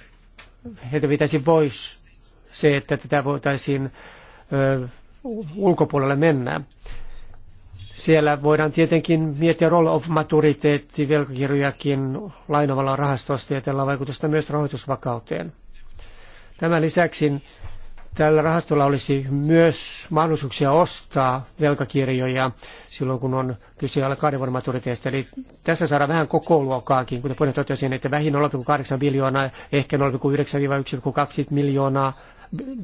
heitä pitäisi pois se, että tätä voitaisiin äh, ulkopuolelle mennä. Siellä voidaan tietenkin miettiä roll of maturiteetti, velkakirjojakin lainovalla rahastosta ja tällä vaikutusta myös rahoitusvakauteen. Tämän lisäksi Tällä rahastolla olisi myös mahdollisuuksia ostaa velkakirjoja silloin, kun on kyse alle kahden vuoden maturiteista. Eli tässä saadaan vähän koko luokkaakin, kuten puheen totesin, niin että vähin 0,8 miljoonaa, ehkä 0,9-1,2 miljoonaa,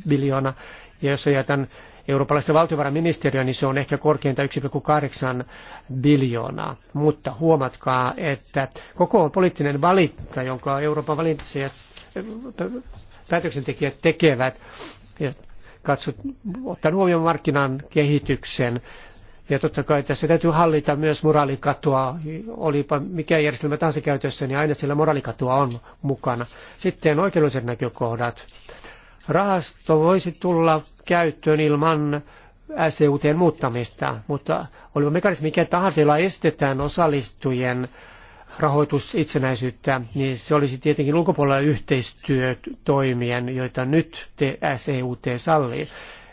Biljoona. Ja jos ajatellaan eurooppalaista valtiovarainministeriöä, niin se on ehkä korkeinta 1,8 biljoonaa. Mutta huomatkaa, että koko poliittinen valinta, jonka Euroopan valitsijat, päätöksentekijät tekevät, katsot, ottaa huomioon markkinan kehityksen. Ja totta kai tässä täytyy hallita myös moraalikatoa, olipa mikä järjestelmä tahansa käytössä, niin aina sillä moraalikatoa on mukana. Sitten oikeudelliset näkökohdat. Rahasto voisi tulla käyttöön ilman SEUTn muuttamista, mutta olipa mekanismi mikä tahansa, jolla estetään osallistujien rahoitusitsenäisyyttä, niin se olisi tietenkin ulkopuolella yhteistyötoimien, joita nyt SEUT sallii.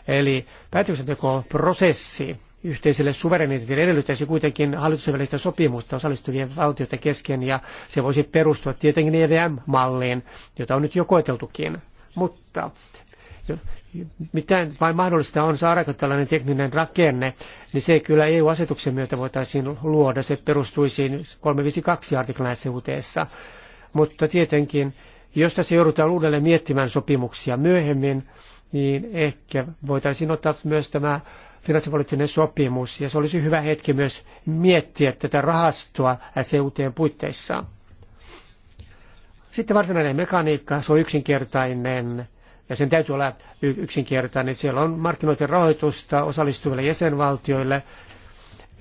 Eli päätöksentekoprosessi yhteiselle suvereniteetille edellyttäisi kuitenkin hallituksen välistä sopimusta osallistuvien valtioiden kesken, ja se voisi perustua tietenkin EVM-malliin, jota on nyt jo koeteltukin. Mutta mitään vain mahdollista on saadaanko tällainen tekninen rakenne, niin se kyllä EU-asetuksen myötä voitaisiin luoda. Se perustuisi 352 artiklan seuteessa. Mutta tietenkin, jos tässä joudutaan uudelleen miettimään sopimuksia myöhemmin, niin ehkä voitaisiin ottaa myös tämä finanssipoliittinen sopimus, ja se olisi hyvä hetki myös miettiä tätä rahastoa SEUTn puitteissa. Sitten varsinainen mekaniikka, se on yksinkertainen ja sen täytyy olla yksinkertainen. Siellä on markkinoiden rahoitusta osallistuville jäsenvaltioille,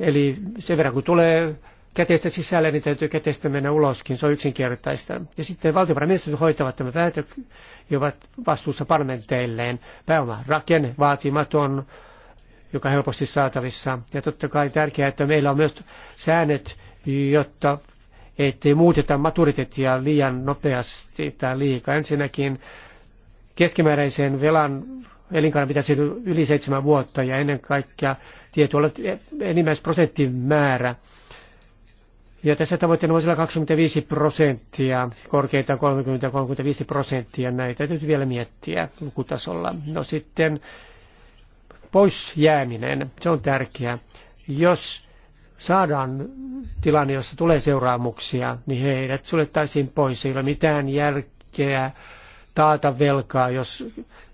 eli sen verran kun tulee käteistä sisälle, niin täytyy käteistä mennä uloskin, se on yksinkertaista. Ja sitten valtiovarainministeriöt hoitavat tämän päätök, ja ovat vastuussa parlamenteilleen. Pääoma rakenne, vaatimaton, joka helposti saatavissa. Ja totta kai tärkeää, että meillä on myös säännöt, jotta ettei muuteta maturiteettia liian nopeasti tai liikaa. Ensinnäkin keskimääräisen velan elinkaaren pitäisi yli seitsemän vuotta ja ennen kaikkea tietty olla enimmäisprosentin määrä. Ja tässä tavoitteena voisi olla 25 prosenttia, korkeita 30-35 prosenttia, näitä täytyy vielä miettiä lukutasolla. No sitten pois jääminen, se on tärkeää. Jos saadaan tilanne, jossa tulee seuraamuksia, niin heidät suljettaisiin pois. Ei ole mitään järkeä taata velkaa, jos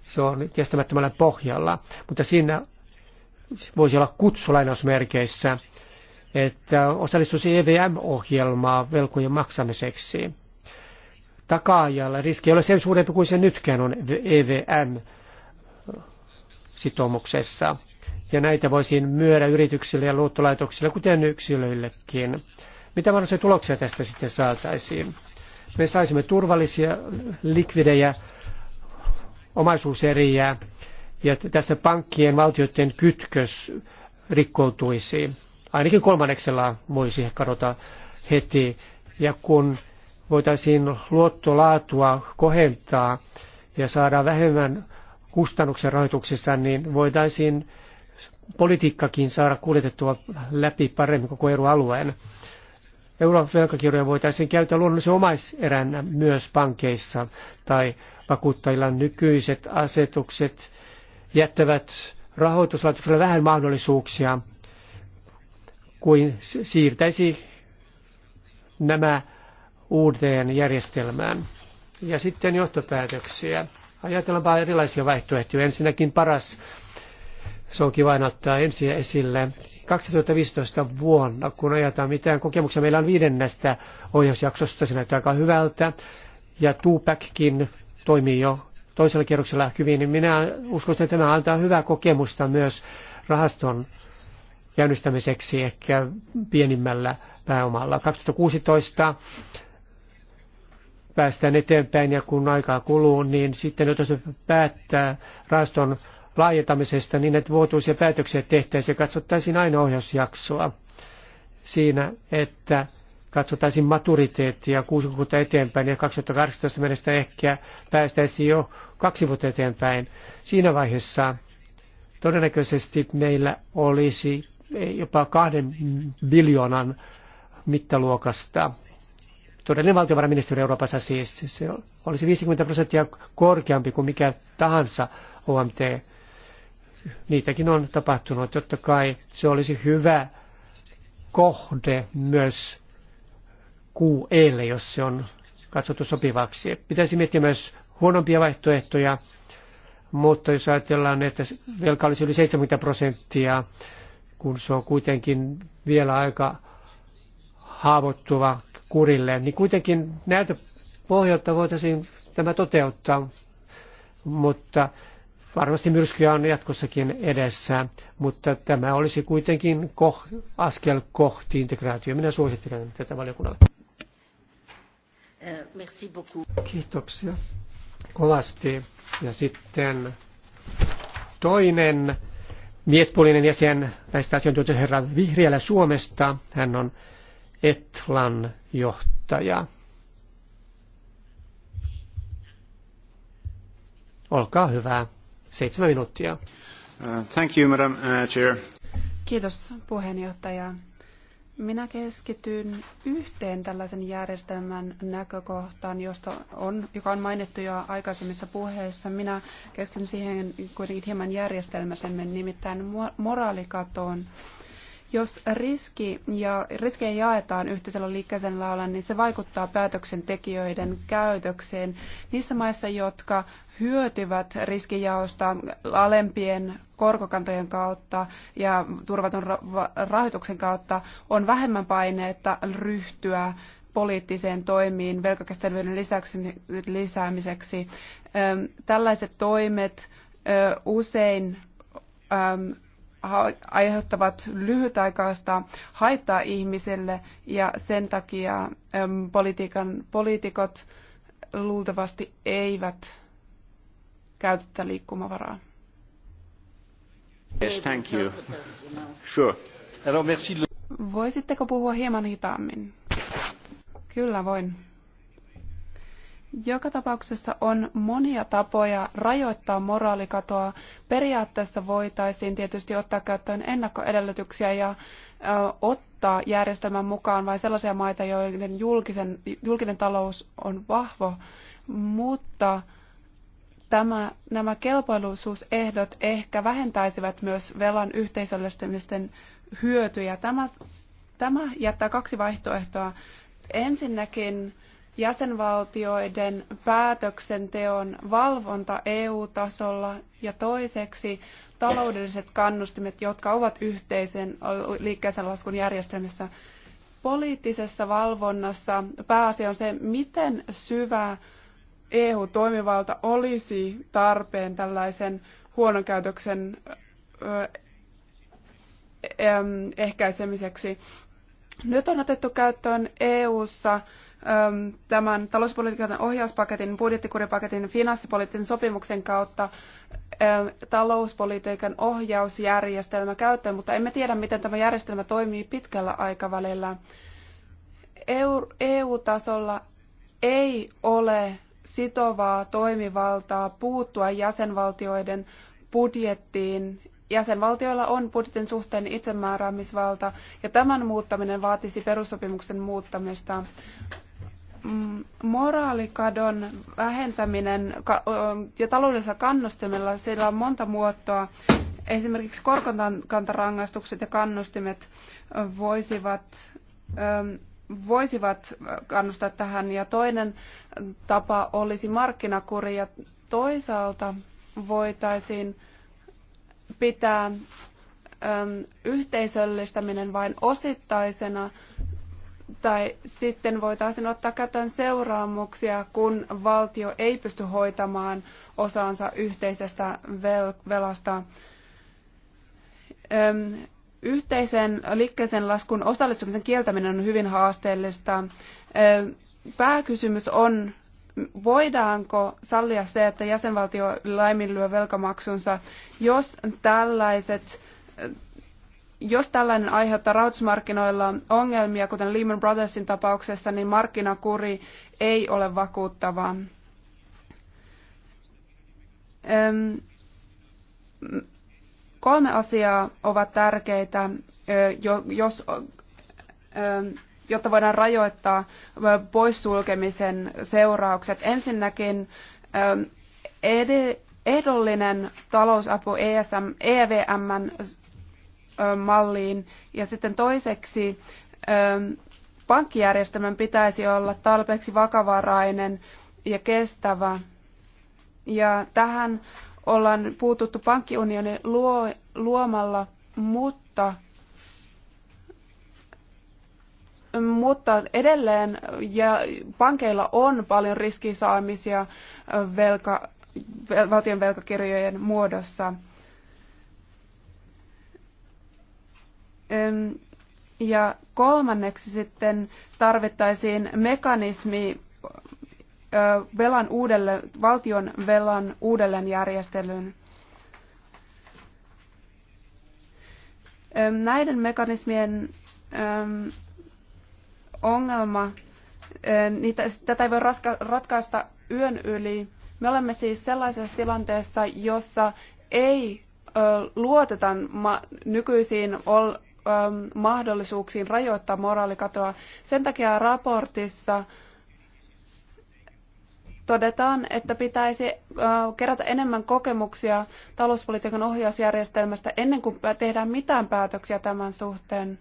se on kestämättömällä pohjalla. Mutta siinä voisi olla kutsulainausmerkeissä, että osallistuisi EVM-ohjelmaa velkojen maksamiseksi. Takaajalla riski ei ole sen suurempi kuin se nytkään on EVM-sitoumuksessa. Ja näitä voisin myödä yrityksille ja luottolaitoksille, kuten yksilöillekin. Mitä mahdollisia tuloksia tästä sitten saataisiin? me saisimme turvallisia likvidejä, omaisuuseriä ja tässä pankkien valtioiden kytkös rikkoutuisi. Ainakin kolmanneksella voisi kadota heti. Ja kun voitaisiin luottolaatua kohentaa ja saada vähemmän kustannuksen rahoituksessa, niin voitaisiin politiikkakin saada kuljetettua läpi paremmin koko euroalueen. alueen Euroopan velkakirjoja voitaisiin käyttää luonnollisen omaiseränä myös pankeissa tai vakuuttajilla nykyiset asetukset jättävät rahoituslaitokselle vähän mahdollisuuksia kuin siirtäisi nämä uuteen järjestelmään. Ja sitten johtopäätöksiä. Ajatellaanpa erilaisia vaihtoehtoja. Ensinnäkin paras se on kiva ottaa ensin esille. 2015 vuonna, kun ajataan mitään kokemuksia, meillä on viidennestä ohjausjaksosta, se näyttää aika hyvältä, ja Tupackin toimii jo toisella kierroksella hyvin, niin minä uskon, että tämä antaa hyvää kokemusta myös rahaston käynnistämiseksi ehkä pienimmällä pääomalla. 2016 päästään eteenpäin ja kun aikaa kuluu, niin sitten otetaan päättää rahaston laajentamisesta niin, että vuotuisia päätöksiä tehtäisiin ja katsottaisiin aina ohjausjaksoa siinä, että katsotaisiin maturiteettia vuotta eteenpäin ja 2018 mennessä ehkä päästäisiin jo kaksi vuotta eteenpäin. Siinä vaiheessa todennäköisesti meillä olisi jopa kahden biljoonan mittaluokasta. Todellinen valtiovarainministeriö Euroopassa siis, se olisi 50 prosenttia korkeampi kuin mikä tahansa OMT niitäkin on tapahtunut. Totta kai se olisi hyvä kohde myös QElle, jos se on katsottu sopivaksi. Pitäisi miettiä myös huonompia vaihtoehtoja, mutta jos ajatellaan, että velka olisi yli 70 prosenttia, kun se on kuitenkin vielä aika haavoittuva kurille, niin kuitenkin näitä pohjalta voitaisiin tämä toteuttaa, mutta Varmasti myrskyjä on jatkossakin edessä, mutta tämä olisi kuitenkin askel kohti integraatio. Minä suosittelen tätä valiokunnalle. Eh, merci beaucoup. Kiitoksia kovasti. Ja sitten toinen miespuolinen jäsen näistä asiantuntijoista herra Vihriälä Suomesta. Hän on Etlan johtaja. Olkaa hyvä. Seitsemän minuuttia. Uh, thank you, Madam uh, Chair. Kiitos puheenjohtaja. Minä keskityn yhteen tällaisen järjestelmän näkökohtaan, josta on, joka on mainittu jo aikaisemmissa puheissa. Minä keskityn siihen kuitenkin hieman järjestelmäisemmin, nimittäin moraalikatoon. Jos riski ja, riskejä jaetaan yhteisellä liikkeisen lailla, niin se vaikuttaa päätöksentekijöiden käytökseen. Niissä maissa, jotka hyötyvät riskijaosta alempien korkokantojen kautta ja turvatun rahoituksen kautta, on vähemmän paineetta ryhtyä poliittiseen toimiin velkakestävyyden lisäämiseksi. Tällaiset toimet usein aiheuttavat lyhytaikaista haittaa ihmiselle ja sen takia politiikan, poliitikot luultavasti eivät käytä liikkumavaraa. Yes, thank you. Sure. Alors, merci. Voisitteko puhua hieman hitaammin? Kyllä voin. Joka tapauksessa on monia tapoja rajoittaa moraalikatoa. Periaatteessa voitaisiin tietysti ottaa käyttöön ennakkoedellytyksiä ja ottaa järjestelmän mukaan vain sellaisia maita, joiden julkisen, julkinen talous on vahvo. mutta tämä, nämä kelpoisuusehdot ehkä vähentäisivät myös velan yhteisöllistämisten hyötyjä. Tämä, tämä jättää kaksi vaihtoehtoa. Ensinnäkin jäsenvaltioiden päätöksenteon valvonta EU-tasolla ja toiseksi taloudelliset kannustimet, jotka ovat yhteisen liikkeensä laskun järjestelmässä. Poliittisessa valvonnassa pääasia on se, miten syvä EU-toimivalta olisi tarpeen tällaisen huonon käytöksen ehkäisemiseksi. Nyt on otettu käyttöön EU:ssa ssa Ähm, tämän talouspolitiikan ohjauspaketin, budjettikuripaketin, finanssipoliittisen sopimuksen kautta ähm, talouspolitiikan ohjausjärjestelmä käyttöön, mutta emme tiedä, miten tämä järjestelmä toimii pitkällä aikavälillä. EU-tasolla e ei ole sitovaa toimivaltaa puuttua jäsenvaltioiden budjettiin. Jäsenvaltioilla on budjetin suhteen itsemääräämisvalta ja tämän muuttaminen vaatisi perussopimuksen muuttamista. Mm, moraalikadon vähentäminen ja taloudellisella kannustimella, sillä on monta muotoa. Esimerkiksi korkokantarangaistukset ja kannustimet voisivat, voisivat kannustaa tähän. Ja toinen tapa olisi markkinakuri ja toisaalta voitaisiin pitää yhteisöllistäminen vain osittaisena tai sitten voitaisiin ottaa käyttöön seuraamuksia, kun valtio ei pysty hoitamaan osaansa yhteisestä velasta. Yhteisen liikkeeseen laskun osallistumisen kieltäminen on hyvin haasteellista. Pääkysymys on, voidaanko sallia se, että jäsenvaltio laiminlyö velkamaksunsa, jos tällaiset jos tällainen aiheuttaa rahoitusmarkkinoilla ongelmia, kuten Lehman Brothersin tapauksessa, niin markkinakuri ei ole vakuuttava. kolme asiaa ovat tärkeitä, jos, jotta voidaan rajoittaa poissulkemisen seuraukset. Ensinnäkin ehdollinen talousapu ESM, EVMn malliin. Ja sitten toiseksi pankkijärjestelmän pitäisi olla tarpeeksi vakavarainen ja kestävä. Ja tähän ollaan puututtu pankkiunionin luo, luomalla, mutta, mutta edelleen ja pankeilla on paljon riskisaamisia velka, valtion velkakirjojen muodossa. Ja kolmanneksi sitten tarvittaisiin mekanismi velan uudelle, valtion velan uudelleenjärjestelyyn. Näiden mekanismien ongelma, niitä, tätä ei voi ratkaista yön yli. Me olemme siis sellaisessa tilanteessa, jossa ei luoteta nykyisiin Ähm, mahdollisuuksiin rajoittaa moraalikatoa. Sen takia raportissa todetaan, että pitäisi äh, kerätä enemmän kokemuksia talouspolitiikan ohjausjärjestelmästä ennen kuin tehdään mitään päätöksiä tämän suhteen.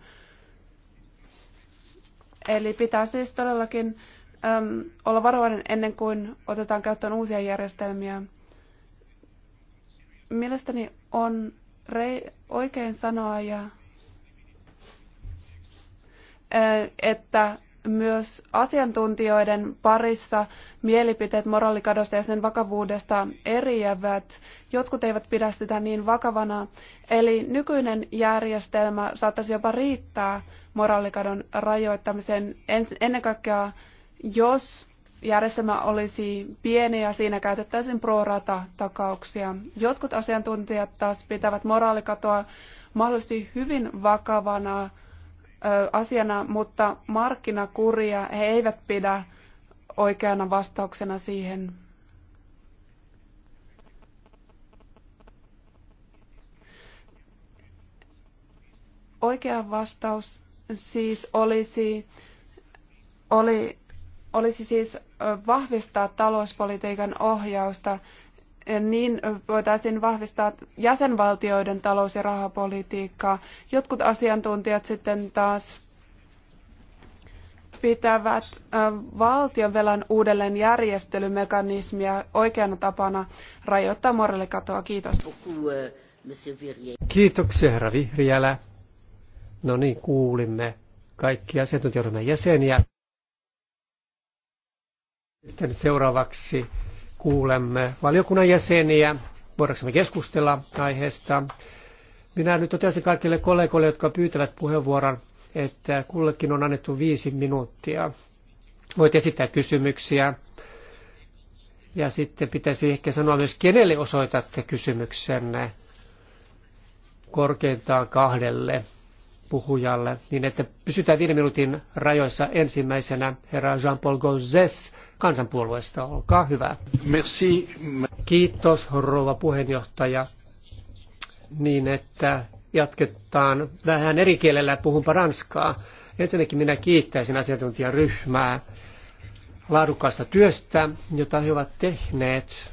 Eli pitää siis todellakin äm, olla varovainen ennen kuin otetaan käyttöön uusia järjestelmiä. Mielestäni on rei- oikein sanoa ja että myös asiantuntijoiden parissa mielipiteet moraalikadosta ja sen vakavuudesta eriävät. Jotkut eivät pidä sitä niin vakavana, eli nykyinen järjestelmä saattaisi jopa riittää moraalikadon rajoittamiseen ennen kaikkea, jos järjestelmä olisi pieni ja siinä käytettäisiin pro-rata-takauksia. Jotkut asiantuntijat taas pitävät moraalikatoa mahdollisesti hyvin vakavana asiana, mutta markkinakuria he eivät pidä oikeana vastauksena siihen. Oikea vastaus siis olisi, oli, olisi siis vahvistaa talouspolitiikan ohjausta niin voitaisiin vahvistaa jäsenvaltioiden talous- ja rahapolitiikkaa. Jotkut asiantuntijat sitten taas pitävät valtionvelan uudelleen järjestelymekanismia oikeana tapana rajoittaa moraalikatoa. Kiitos. Kiitoksia, herra Vihriälä. No niin, kuulimme kaikki asiantuntijoiden jäseniä. Sitten seuraavaksi kuulemme valiokunnan jäseniä, voidaanko keskustella aiheesta. Minä nyt toteaisin kaikille kollegoille, jotka pyytävät puheenvuoron, että kullekin on annettu viisi minuuttia. Voit esittää kysymyksiä. Ja sitten pitäisi ehkä sanoa myös, kenelle osoitatte kysymyksenne korkeintaan kahdelle puhujalle, niin että pysytään viiden minuutin rajoissa ensimmäisenä herra Jean-Paul Gauzes kansanpuolueesta. Olkaa hyvä. Merci. Kiitos rouva puheenjohtaja. Niin, että jatketaan vähän eri kielellä, puhunpa ranskaa. Ensinnäkin minä kiittäisin asiantuntijaryhmää laadukkaasta työstä, jota he ovat tehneet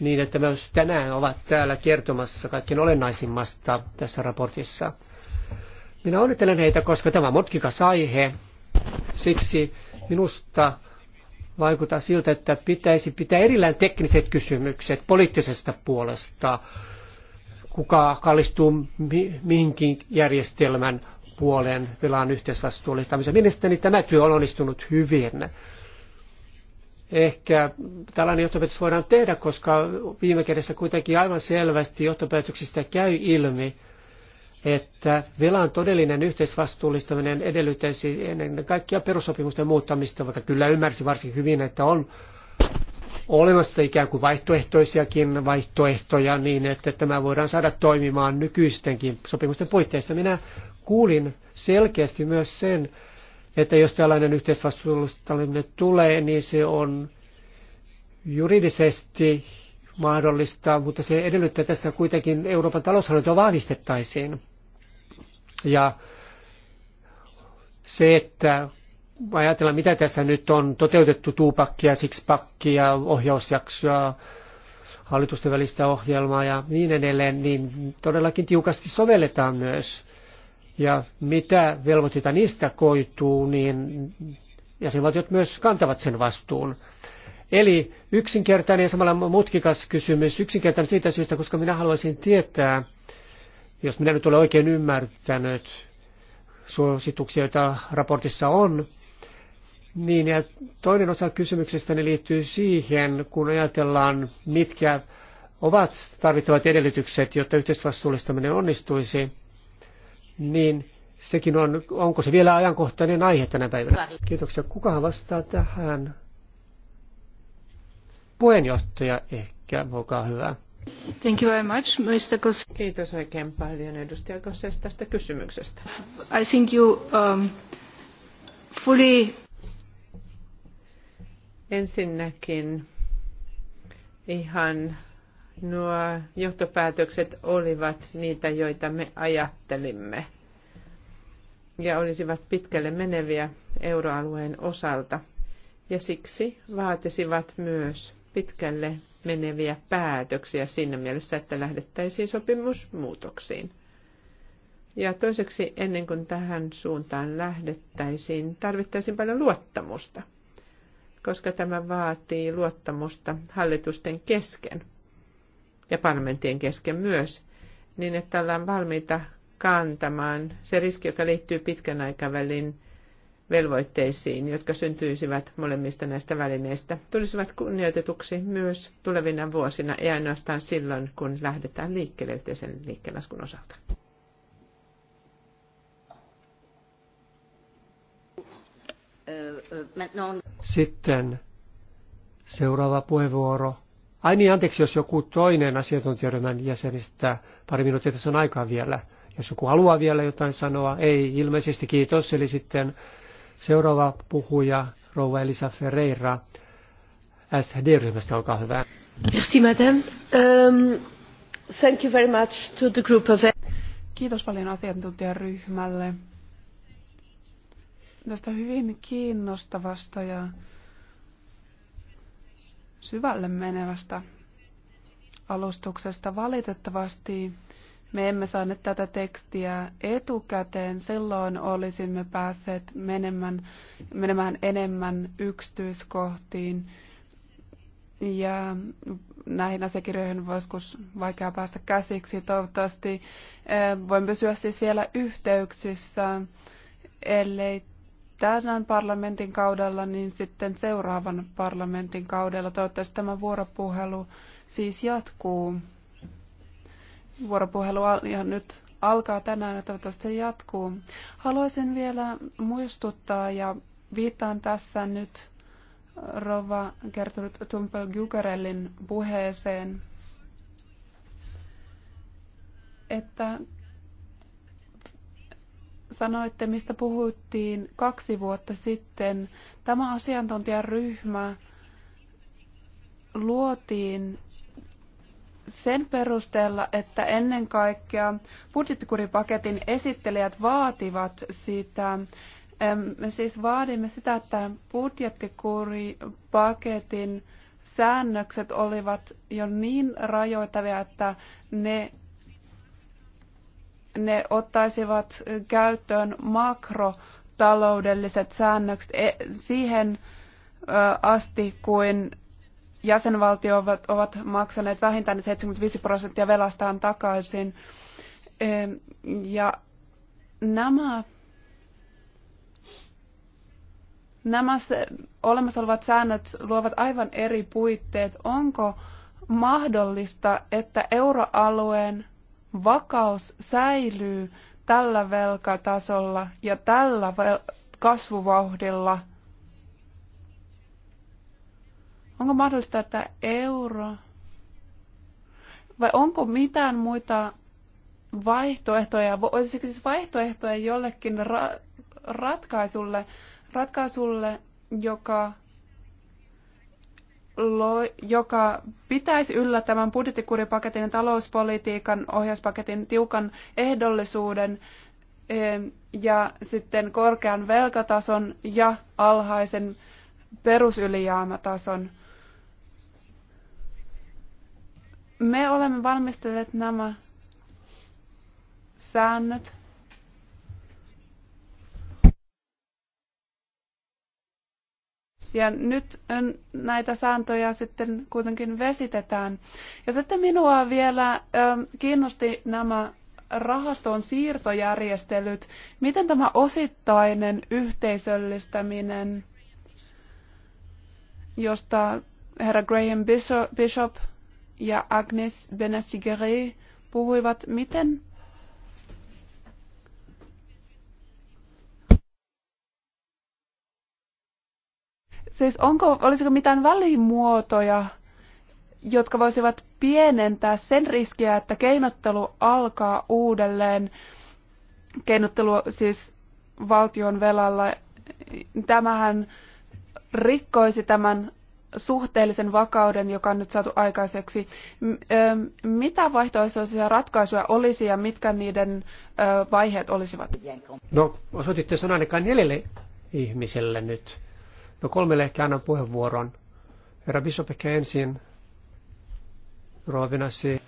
niin, että myös tänään ovat täällä kertomassa kaikkein olennaisimmasta tässä raportissa – minä onnittelen heitä, koska tämä on mutkikas aihe. Siksi minusta vaikuttaa siltä, että pitäisi pitää erillään tekniset kysymykset poliittisesta puolesta, kuka kallistuu mihinkin järjestelmän puolen velan yhteisvastuullistamiseen. Mielestäni tämä työ on onnistunut hyvin. Ehkä tällainen johtopäätös voidaan tehdä, koska viime kädessä kuitenkin aivan selvästi johtopäätöksistä käy ilmi, että velan todellinen yhteisvastuullistaminen edellyttäisi ennen kaikkea perussopimusten muuttamista, vaikka kyllä ymmärsi varsin hyvin, että on olemassa ikään kuin vaihtoehtoisiakin vaihtoehtoja niin, että tämä voidaan saada toimimaan nykyistenkin sopimusten puitteissa. Minä kuulin selkeästi myös sen, että jos tällainen yhteisvastuullistaminen tulee, niin se on juridisesti mahdollista, mutta se edellyttää tässä kuitenkin Euroopan taloushallintoa vahvistettaisiin. Ja se, että ajatellaan, mitä tässä nyt on toteutettu tuupakkia, sixpakkia, ohjausjaksoa, hallitusten välistä ohjelmaa ja niin edelleen, niin todellakin tiukasti sovelletaan myös. Ja mitä velvoitteita niistä koituu, niin jäsenvaltiot myös kantavat sen vastuun. Eli yksinkertainen ja samalla mutkikas kysymys. Yksinkertainen siitä syystä, koska minä haluaisin tietää, jos minä nyt olen oikein ymmärtänyt suosituksia, joita raportissa on, niin ja toinen osa kysymyksestäni niin liittyy siihen, kun ajatellaan, mitkä ovat tarvittavat edellytykset, jotta yhteisvastuullistaminen onnistuisi, niin sekin on, onko se vielä ajankohtainen aihe tänä päivänä? Kiitoksia. Kukahan vastaa tähän? puheenjohtaja ehkä, olkaa hyvä. Thank you very much, Mr. Kos- Kiitos oikein paljon edustaja Kosses tästä kysymyksestä. I think you um, fully... Ensinnäkin ihan nuo johtopäätökset olivat niitä, joita me ajattelimme ja olisivat pitkälle meneviä euroalueen osalta ja siksi vaatisivat myös pitkälle meneviä päätöksiä siinä mielessä, että lähdettäisiin sopimusmuutoksiin. Ja toiseksi, ennen kuin tähän suuntaan lähdettäisiin, tarvittaisiin paljon luottamusta, koska tämä vaatii luottamusta hallitusten kesken ja parlamenttien kesken myös, niin että ollaan valmiita kantamaan se riski, joka liittyy pitkän aikavälin velvoitteisiin, jotka syntyisivät molemmista näistä välineistä, tulisivat kunnioitetuksi myös tulevina vuosina, ei ainoastaan silloin, kun lähdetään liikkeelle yhteisen liikkeelaskun osalta. Sitten seuraava puheenvuoro. Ai niin, anteeksi, jos joku toinen asiantuntijaryhmän jäsenistä, pari minuuttia tässä on aikaa vielä. Jos joku haluaa vielä jotain sanoa, ei, ilmeisesti kiitos, eli sitten Seuraava puhuja, rouva Elisa Ferreira, SD-ryhmästä, olkaa hyvä. Merci, madame. Um, thank you very much to the group of... Kiitos paljon asiantuntijaryhmälle tästä hyvin kiinnostavasta ja syvälle menevästä alustuksesta. Valitettavasti me emme saaneet tätä tekstiä etukäteen, silloin olisimme päässeet menemään, menemään enemmän yksityiskohtiin. Ja näihin asiakirjoihin voisi joskus vaikea päästä käsiksi. Toivottavasti eh, voin pysyä siis vielä yhteyksissä, ellei tämän parlamentin kaudella, niin sitten seuraavan parlamentin kaudella. Toivottavasti tämä vuoropuhelu siis jatkuu. Vuoropuhelu ihan nyt alkaa tänään ja toivottavasti jatkuu. Haluaisin vielä muistuttaa ja viittaan tässä nyt äh, Rova Gertrud tumpel gugarellin puheeseen, että sanoitte, mistä puhuttiin kaksi vuotta sitten. Tämä asiantuntijaryhmä luotiin sen perusteella, että ennen kaikkea budjettikuripaketin esittelijät vaativat sitä, me siis vaadimme sitä, että budjettikuripaketin säännökset olivat jo niin rajoittavia, että ne, ne ottaisivat käyttöön makrotaloudelliset säännökset e, siihen asti, kuin jäsenvaltiot ovat maksaneet vähintään 75 prosenttia velastaan takaisin. Ja nämä, nämä olemassa olevat säännöt luovat aivan eri puitteet. Onko mahdollista, että euroalueen vakaus säilyy tällä velkatasolla ja tällä kasvuvauhdilla – Onko mahdollista, että euro vai onko mitään muita vaihtoehtoja, olisiko siis vaihtoehtoja jollekin ra- ratkaisulle, ratkaisulle, joka, lo, joka pitäisi yllä tämän budjettikuripaketin ja talouspolitiikan ohjauspaketin tiukan ehdollisuuden ja sitten korkean velkatason ja alhaisen perusylijäämätason. Me olemme valmistelleet nämä säännöt Ja nyt näitä sääntöjä sitten kuitenkin vesitetään. Ja sitten minua vielä ö, kiinnosti nämä rahaston siirtojärjestelyt. Miten tämä osittainen yhteisöllistäminen, josta herra Graham Bishop ja Agnes Benassigere puhuivat, miten Siis onko, olisiko mitään välimuotoja, jotka voisivat pienentää sen riskiä, että keinottelu alkaa uudelleen, keinottelu siis valtion velalla. Tämähän rikkoisi tämän suhteellisen vakauden, joka on nyt saatu aikaiseksi. Mitä vaihtoehtoisia ratkaisuja olisi ja mitkä niiden vaiheet olisivat? No, osoititte sen ainakaan neljälle ihmiselle nyt. No kolmelle ehkä annan puheenvuoron. Herra Bishop ehkä ensin. Rovinasi.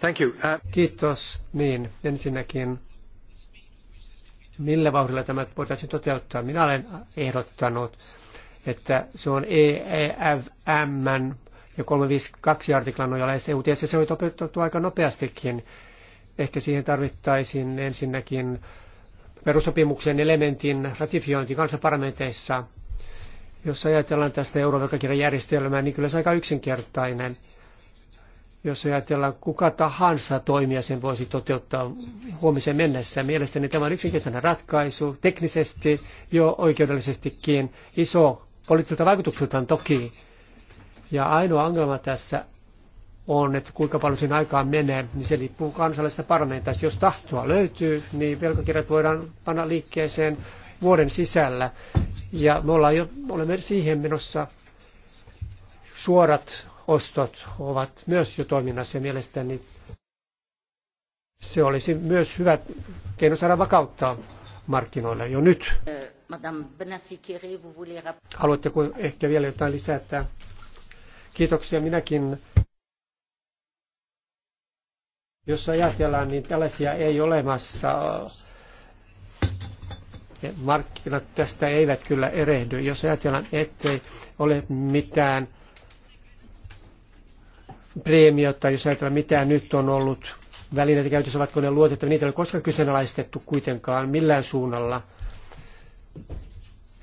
Thank you. Uh... Kiitos. Niin, ensinnäkin millä vauhdilla tämä voitaisiin toteuttaa. Minä olen ehdottanut että se on EEFM ja 352 artiklan nojalla EUTS, ja se oli toteutettu aika nopeastikin. Ehkä siihen tarvittaisiin ensinnäkin perussopimuksen elementin ratifiointi kansanparlamenteissa. Jos ajatellaan tästä eurovelkakirjajärjestelmää, niin kyllä se on aika yksinkertainen. Jos ajatellaan kuka tahansa toimija sen voisi toteuttaa huomisen mennessä. Mielestäni tämä on yksinkertainen ratkaisu teknisesti jo oikeudellisestikin. Iso poliittiselta vaikutukseltaan toki. Ja ainoa ongelma tässä on, että kuinka paljon siinä aikaa menee, niin se liippuu kansallisesta parlamentista. Jos tahtoa löytyy, niin velkakirjat voidaan panna liikkeeseen vuoden sisällä. Ja me ollaan jo, olemme siihen menossa. Suorat ostot ovat myös jo toiminnassa ja mielestäni se olisi myös hyvä keino saada vakauttaa markkinoille jo nyt. Madame vous voulez Haluatteko ehkä vielä jotain lisätä? Kiitoksia minäkin. Jos ajatellaan, niin tällaisia ei olemassa. Markkinat tästä eivät kyllä erehdy. Jos ajatellaan, ettei ole mitään preemiota, jos ajatellaan mitä nyt on ollut välineitä käytössä, ovatko ne luotettavia, niitä ei ole koskaan kyseenalaistettu kuitenkaan millään suunnalla –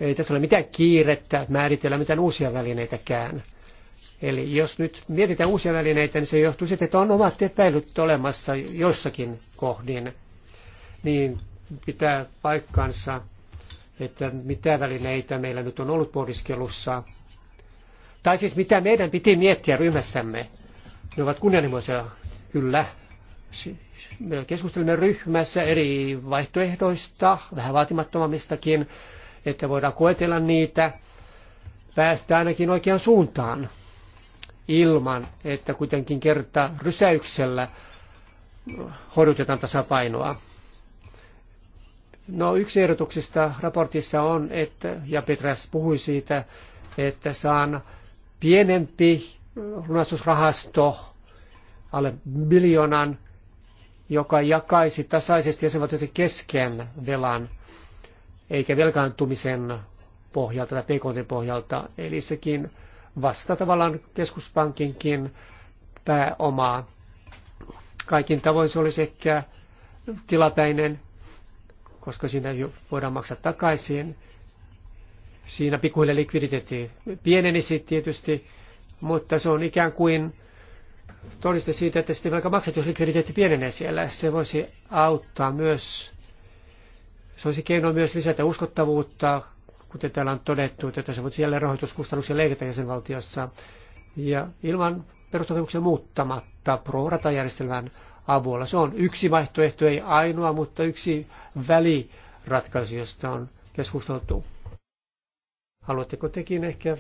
ei tässä ole mitään kiirettä määritellä mitään uusia välineitäkään. Eli jos nyt mietitään uusia välineitä, niin se johtuu siitä, että on omat epäilyt olemassa joissakin kohdin. Niin pitää paikkansa, että mitä välineitä meillä nyt on ollut pohdiskelussa. Tai siis mitä meidän piti miettiä ryhmässämme. Ne ovat kunnianhimoisia, kyllä, me keskustelimme ryhmässä eri vaihtoehdoista, vähän vaatimattomammistakin, että voidaan koetella niitä, päästä ainakin oikeaan suuntaan ilman, että kuitenkin kerta rysäyksellä horjutetaan tasapainoa. No yksi ehdotuksista raportissa on, että, ja Petras puhui siitä, että saan pienempi lunastusrahasto alle miljoonan joka jakaisi tasaisesti jäsenvaltioiden kesken velan, eikä velkaantumisen pohjalta tai PKT pohjalta. Eli sekin vasta tavallaan keskuspankinkin pääomaa. Kaikin tavoin se olisi ehkä tilapäinen, koska siinä voidaan maksaa takaisin. Siinä pikkuhiljaa likviditeetti pienenisi tietysti, mutta se on ikään kuin todiste siitä, että sitten vaikka maksatuslikviditeetti pienenee siellä. Se voisi auttaa myös, se olisi keino myös lisätä uskottavuutta, kuten täällä on todettu, että se voisi jälleen rahoituskustannuksia leikata jäsenvaltiossa. Ja ilman perustopimuksen muuttamatta pro järjestelmän avulla. Se on yksi vaihtoehto, ei ainoa, mutta yksi väliratkaisu, josta on keskusteltu. Haluatteko tekin ehkä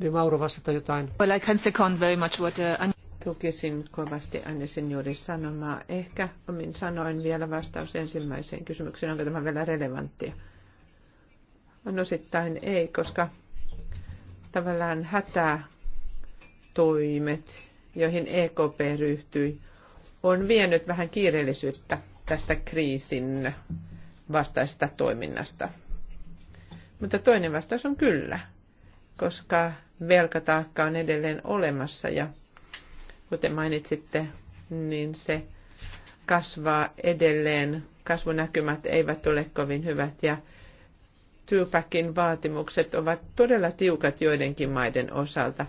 De Mauro vastata jotain? Well, I can second very much what, uh, tukisin kovasti aina juuri sanomaa. Ehkä omin sanoin vielä vastaus ensimmäiseen kysymykseen, onko tämä vielä relevanttia. On osittain ei, koska tavallaan hätätoimet, joihin EKP ryhtyi, on vienyt vähän kiireellisyyttä tästä kriisin vastaista toiminnasta. Mutta toinen vastaus on kyllä, koska velkataakka on edelleen olemassa ja kuten mainitsitte, niin se kasvaa edelleen. Kasvunäkymät eivät ole kovin hyvät ja Tupakin vaatimukset ovat todella tiukat joidenkin maiden osalta.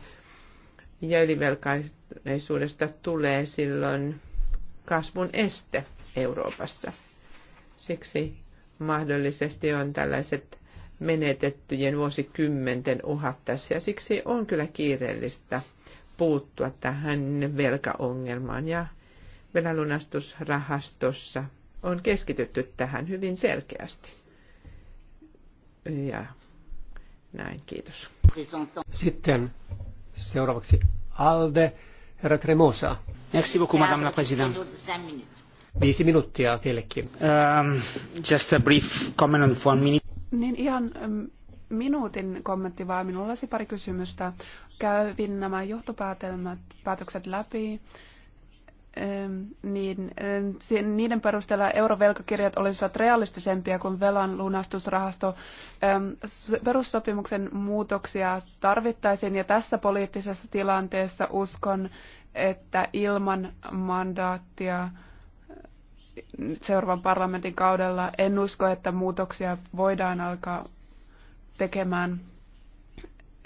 Ja ylivelkaisuudesta tulee silloin kasvun este Euroopassa. Siksi mahdollisesti on tällaiset menetettyjen vuosikymmenten uhat tässä ja siksi on kyllä kiireellistä – puuttua tähän velkaongelmaan ja velalunastusrahastossa on keskitytty tähän hyvin selkeästi. Ja näin, kiitos. Sitten seuraavaksi Alde, herra Tremosa. Merci beaucoup, madame la présidente. Viisi minuuttia teillekin. Um, just a brief comment on one minute. Niin ihan minuutin kommentti, vaan minulla olisi pari kysymystä. Kävin nämä johtopäätelmät, päätökset läpi, niin niiden perusteella eurovelkakirjat olisivat realistisempia kuin velan lunastusrahasto. Perussopimuksen muutoksia tarvittaisiin ja tässä poliittisessa tilanteessa uskon, että ilman mandaattia seuraavan parlamentin kaudella en usko, että muutoksia voidaan alkaa tekemään.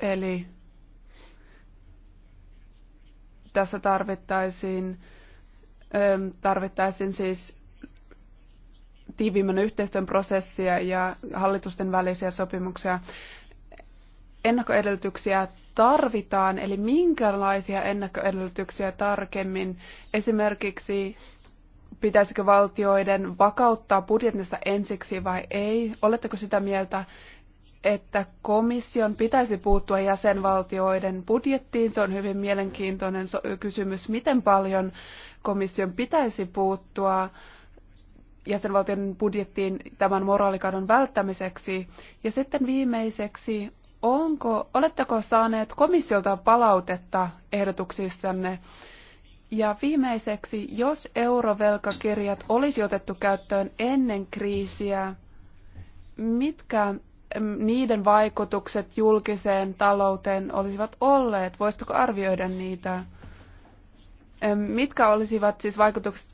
Eli tässä tarvittaisiin, ähm, tarvittaisiin siis tiiviimmän yhteistyön prosessia ja hallitusten välisiä sopimuksia. Ennakkoedellytyksiä tarvitaan, eli minkälaisia ennakkoedellytyksiä tarkemmin. Esimerkiksi pitäisikö valtioiden vakauttaa budjetissa ensiksi vai ei? Oletteko sitä mieltä, että komission pitäisi puuttua jäsenvaltioiden budjettiin. Se on hyvin mielenkiintoinen kysymys, miten paljon komission pitäisi puuttua jäsenvaltion budjettiin tämän moraalikadon välttämiseksi. Ja sitten viimeiseksi, onko, oletteko saaneet komissiolta palautetta ehdotuksissanne? Ja viimeiseksi, jos eurovelkakirjat olisi otettu käyttöön ennen kriisiä, mitkä niiden vaikutukset julkiseen talouteen olisivat olleet? Voisitko arvioida niitä? Mitkä olisivat siis vaikutukset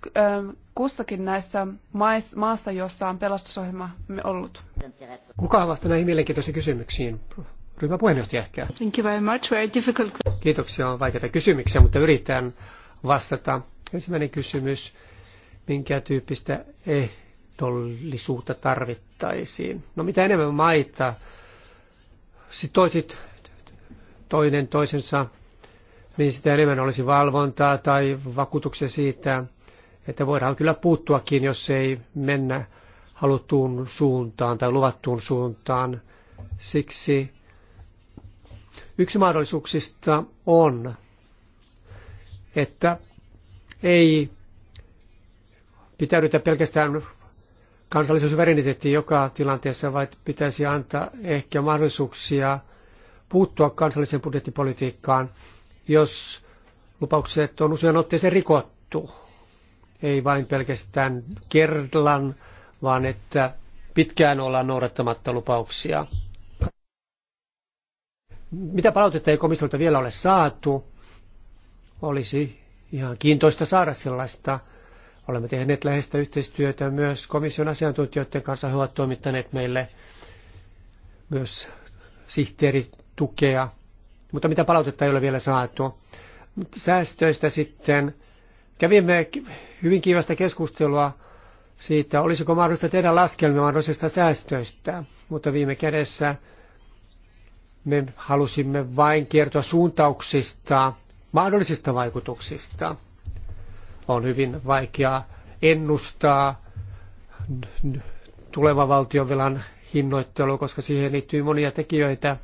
kussakin näissä maassa, jossa on pelastusohjelma ollut? Kuka vastaa näihin mielenkiintoisiin kysymyksiin? puheenjohtaja ehkä. Thank you very much. Very difficult. Kiitoksia, on vaikeita kysymyksiä, mutta yritän vastata. Ensimmäinen kysymys, minkä tyyppistä ehdollisuutta tarvittaisiin. No mitä enemmän maita sitoisit toinen toisensa, niin sitä enemmän olisi valvontaa tai vakuutuksia siitä, että voidaan kyllä puuttuakin, jos ei mennä haluttuun suuntaan tai luvattuun suuntaan. Siksi yksi mahdollisuuksista on, että ei pitäydytä pelkästään kansallisen joka tilanteessa, vai pitäisi antaa ehkä mahdollisuuksia puuttua kansalliseen budjettipolitiikkaan, jos lupaukset on usein otteeseen rikottu. Ei vain pelkästään kerran, vaan että pitkään ollaan noudattamatta lupauksia. Mitä palautetta ei komissiolta vielä ole saatu? Olisi ihan kiintoista saada sellaista. Olemme tehneet läheistä yhteistyötä myös komission asiantuntijoiden kanssa. He ovat toimittaneet meille myös sihteeritukea, mutta mitä palautetta ei ole vielä saatu. Säästöistä sitten kävimme hyvin kiivasta keskustelua siitä, olisiko mahdollista tehdä laskelmia mahdollisista säästöistä, mutta viime kädessä me halusimme vain kertoa suuntauksista, mahdollisista vaikutuksista. On hyvin vaikea ennustaa tulevan valtionvelan hinnoittelu, koska siihen liittyy monia tekijöitä.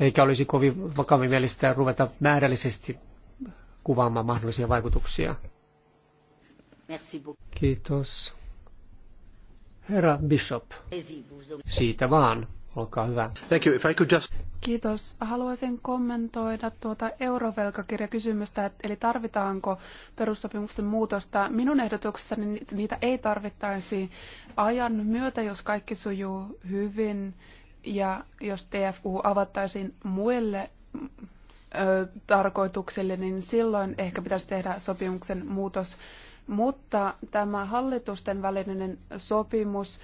Eikä olisi kovin vakavimielistä ruveta määrällisesti kuvaamaan mahdollisia vaikutuksia. Kiitos. Herra Bishop, siitä vaan. Olkaa hyvä. Thank you. If I could just... Kiitos. Haluaisin kommentoida tuota eurovelkakirjakysymystä, eli tarvitaanko perussopimuksen muutosta. Minun ehdotuksessani niitä ei tarvittaisi ajan myötä, jos kaikki sujuu hyvin ja jos TFU avattaisiin muille ö, tarkoituksille, niin silloin ehkä pitäisi tehdä sopimuksen muutos. Mutta tämä hallitusten välinen sopimus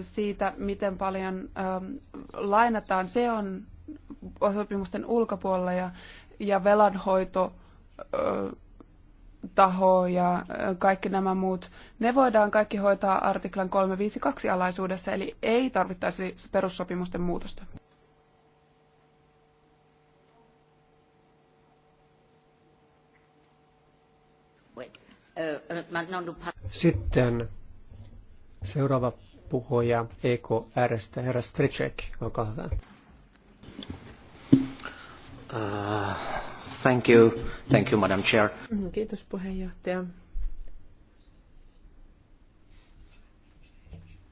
siitä, miten paljon ähm, lainataan, se on sopimusten ulkopuolella ja, ja velanhoito äh, taho ja äh, kaikki nämä muut, ne voidaan kaikki hoitaa artiklan 352 alaisuudessa, eli ei tarvittaisi perussopimusten muutosta. Äh, Sitten seuraava puhuja EKRstä, herra Stricek, olkaa hyvä. Uh, thank you, thank you, Madam Chair. Kiitos puheenjohtaja.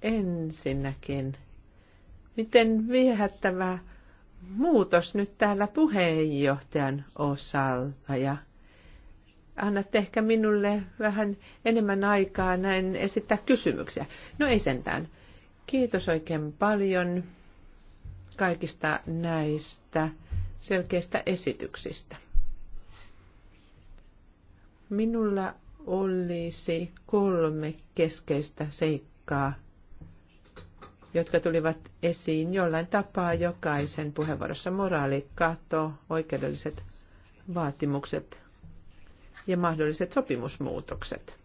Ensinnäkin, miten viehättävä muutos nyt täällä puheenjohtajan osalta ja annatte ehkä minulle vähän enemmän aikaa näin esittää kysymyksiä. No ei sentään. Kiitos oikein paljon kaikista näistä selkeistä esityksistä. Minulla olisi kolme keskeistä seikkaa, jotka tulivat esiin jollain tapaa jokaisen puheenvuorossa. Moraalikato, oikeudelliset vaatimukset, ja mahdolliset sopimusmuutokset.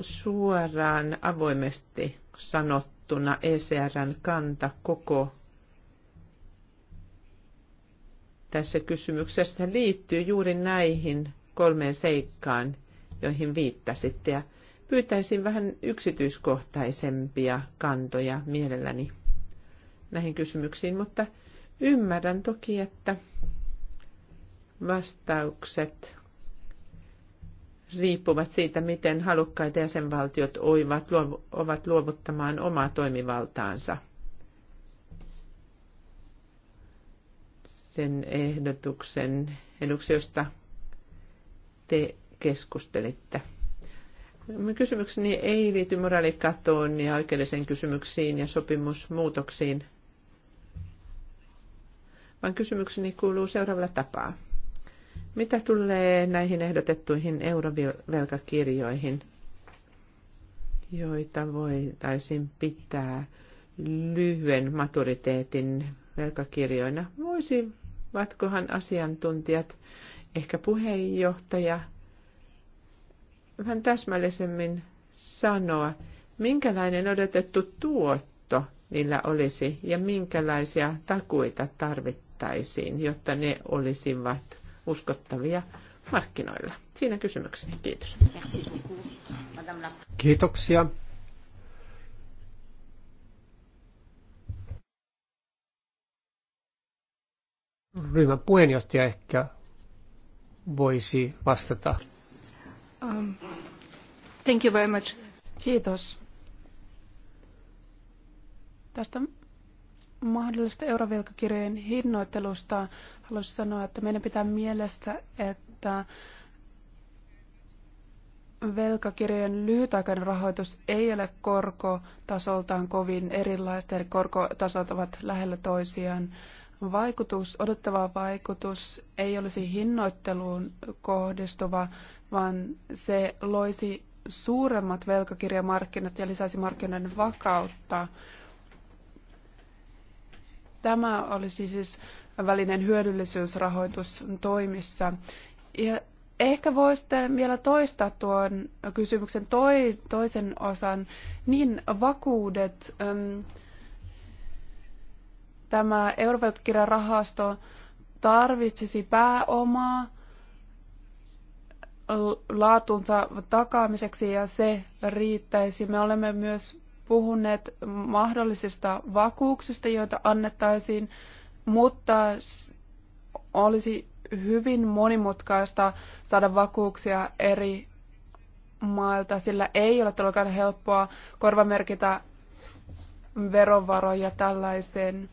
Suoraan avoimesti sanottuna ECRn kanta koko tässä kysymyksessä liittyy juuri näihin kolmeen seikkaan, joihin viittasitte. Ja pyytäisin vähän yksityiskohtaisempia kantoja mielelläni näihin kysymyksiin, mutta ymmärrän toki, että vastaukset riippuvat siitä, miten halukkaat jäsenvaltiot ovat luovuttamaan omaa toimivaltaansa sen ehdotuksen eduksi, josta te keskustelitte. Kysymykseni ei liity moraalikatoon ja oikeudellisiin kysymyksiin ja sopimusmuutoksiin, vaan kysymykseni kuuluu seuraavalla tapaa. Mitä tulee näihin ehdotettuihin eurovelkakirjoihin, joita voitaisiin pitää lyhyen maturiteetin velkakirjoina, voisivatkohan asiantuntijat, ehkä puheenjohtaja, vähän täsmällisemmin sanoa, minkälainen odotettu tuotto niillä olisi ja minkälaisia takuita tarvittaisiin, jotta ne olisivat uskottavia markkinoilla. Siinä kysymykseni. Kiitos. Kiitoksia. Ryhmän puheenjohtaja ehkä voisi vastata. Um, thank you very much. Kiitos. Tästä mahdollisesta eurovelkakirjojen hinnoittelusta haluaisin sanoa, että meidän pitää mielessä, että velkakirjojen lyhytaikainen rahoitus ei ole korkotasoltaan kovin erilaista, eli korkotasot ovat lähellä toisiaan. Vaikutus, odottava vaikutus ei olisi hinnoitteluun kohdistuva, vaan se loisi suuremmat velkakirjamarkkinat ja lisäisi markkinoiden vakautta. Tämä olisi siis välinen hyödyllisyysrahoitus toimissa. Ja ehkä voisitte vielä toistaa tuon kysymyksen toi, toisen osan. Niin vakuudet, äm, tämä rahasto tarvitsisi pääomaa laatunsa takaamiseksi ja se riittäisi. Me olemme myös puhuneet mahdollisista vakuuksista, joita annettaisiin, mutta olisi hyvin monimutkaista saada vakuuksia eri mailta, sillä ei ole todellakaan helppoa korvamerkitä verovaroja tällaiseen,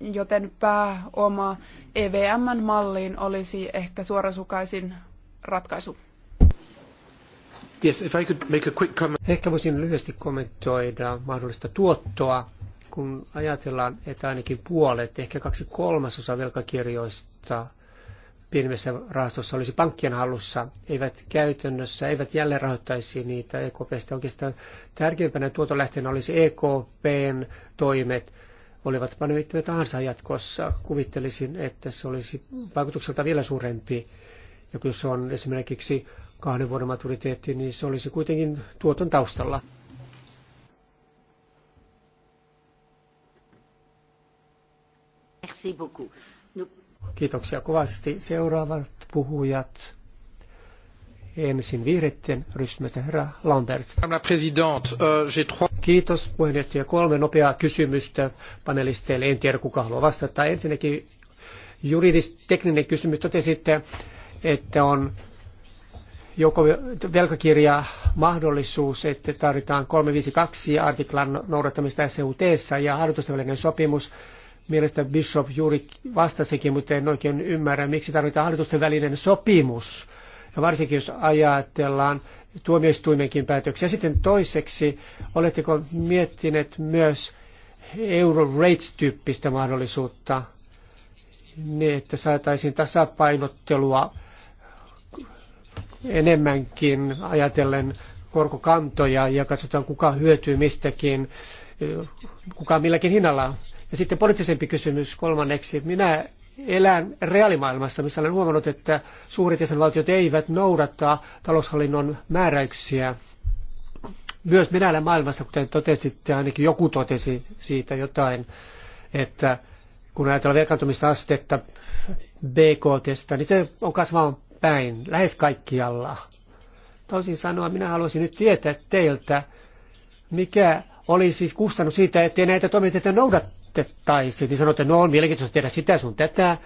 joten pääoma evm malliin olisi ehkä suorasukaisin ratkaisu. Yes, if I could make a quick comment. Ehkä voisin lyhyesti kommentoida mahdollista tuottoa, kun ajatellaan, että ainakin puolet, ehkä kaksi kolmasosa velkakirjoista pienemmässä rahastossa olisi pankkien hallussa, eivät käytännössä, eivät jälleen rahoittaisi niitä EKPstä. Oikeastaan tärkeimpänä tuotolähteenä olisi EKPn toimet, olivat ne tahansa jatkossa. Kuvittelisin, että se olisi vaikutukselta vielä suurempi, ja kun se on esimerkiksi kahden vuoden maturiteetti, niin se olisi kuitenkin tuoton taustalla. Kiitoksia kovasti. Seuraavat puhujat. Ensin vihreiden ryhmästä herra Lambert. Euh, Kiitos puheenjohtaja. Kolme nopeaa kysymystä panelisteille. En tiedä kuka haluaa vastata. Ensinnäkin juridis-tekninen kysymys totesitte, että on joko velkakirja mahdollisuus, että tarvitaan 352 artiklan noudattamista sut e ja hallitusten sopimus. Mielestä Bishop juuri vastasikin, mutta en oikein ymmärrä, miksi tarvitaan hallitusten sopimus. Ja varsinkin jos ajatellaan tuomioistuimenkin päätöksiä. Sitten toiseksi, oletteko miettineet myös euro rates-tyyppistä mahdollisuutta, niin että saataisiin tasapainottelua enemmänkin ajatellen korkokantoja ja katsotaan kuka hyötyy mistäkin, kuka milläkin hinnalla. Ja sitten poliittisempi kysymys kolmanneksi. Minä elän reaalimaailmassa, missä olen huomannut, että suuret jäsenvaltiot eivät noudata taloushallinnon määräyksiä. Myös minä elän maailmassa, kuten totesitte, ainakin joku totesi siitä jotain, että kun ajatellaan velkaantumista astetta niin se on kasvanut päin, lähes kaikkialla. Toisin sanoen, minä haluaisin nyt tietää teiltä, mikä oli siis kustannut siitä, että näitä toimenpiteitä noudatettaisi. Niin sanotte, no on mielenkiintoista tehdä sitä sun tätä,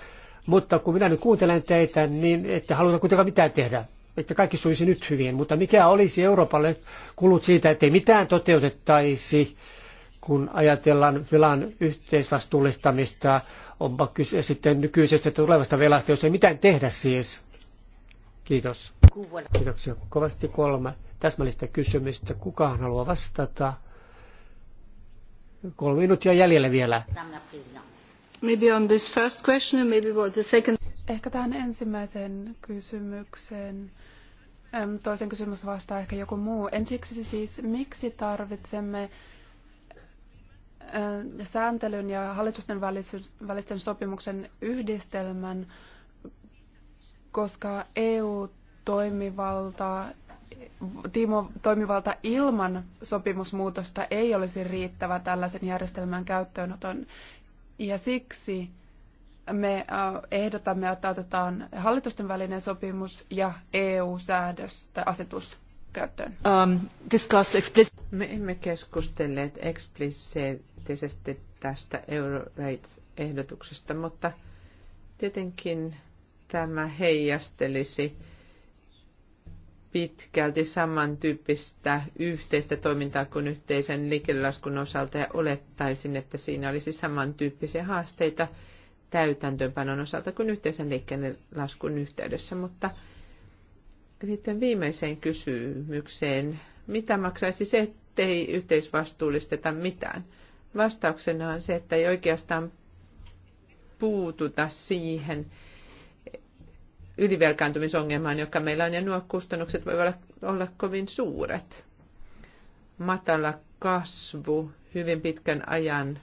mutta kun minä nyt kuuntelen teitä, niin ette haluta kuitenkaan mitään tehdä. Että kaikki suisi nyt hyvin, mutta mikä olisi Euroopalle kulut siitä, ei mitään toteutettaisi, kun ajatellaan velan yhteisvastuullistamista, onpa kyse sitten nykyisestä tulevasta velasta, jos ei mitään tehdä siis. Kiitos. Kiitoksia kovasti kolme täsmällistä kysymystä. Kukaan haluaa vastata? Kolme minuuttia jäljellä vielä. Maybe on this first question maybe what the second... Ehkä tähän ensimmäiseen kysymykseen. Toisen kysymys vastaa ehkä joku muu. Ensiksi siis, miksi tarvitsemme sääntelyn ja hallitusten välisen sopimuksen yhdistelmän koska EU-toimivalta Timo, toimivalta ilman sopimusmuutosta ei olisi riittävä tällaisen järjestelmän käyttöönoton. Ja siksi me äh, ehdotamme, että otetaan hallitusten välinen sopimus ja EU-säädös tai asetus käyttöön. Um, discuss me emme keskustelleet eksplisiittisesti tästä Eurorates-ehdotuksesta, mutta tietenkin tämä heijastelisi pitkälti samantyyppistä yhteistä toimintaa kuin yhteisen liikelaskun osalta ja olettaisin, että siinä olisi samantyyppisiä haasteita täytäntöönpanon osalta kuin yhteisen liikelaskun yhteydessä, mutta sitten viimeiseen kysymykseen, mitä maksaisi se, ettei yhteisvastuullisteta mitään? Vastauksena on se, että ei oikeastaan puututa siihen, ylivelkaantumisongelmaan, joka meillä on, ja nuo kustannukset voivat olla, olla kovin suuret. Matala kasvu hyvin pitkän ajan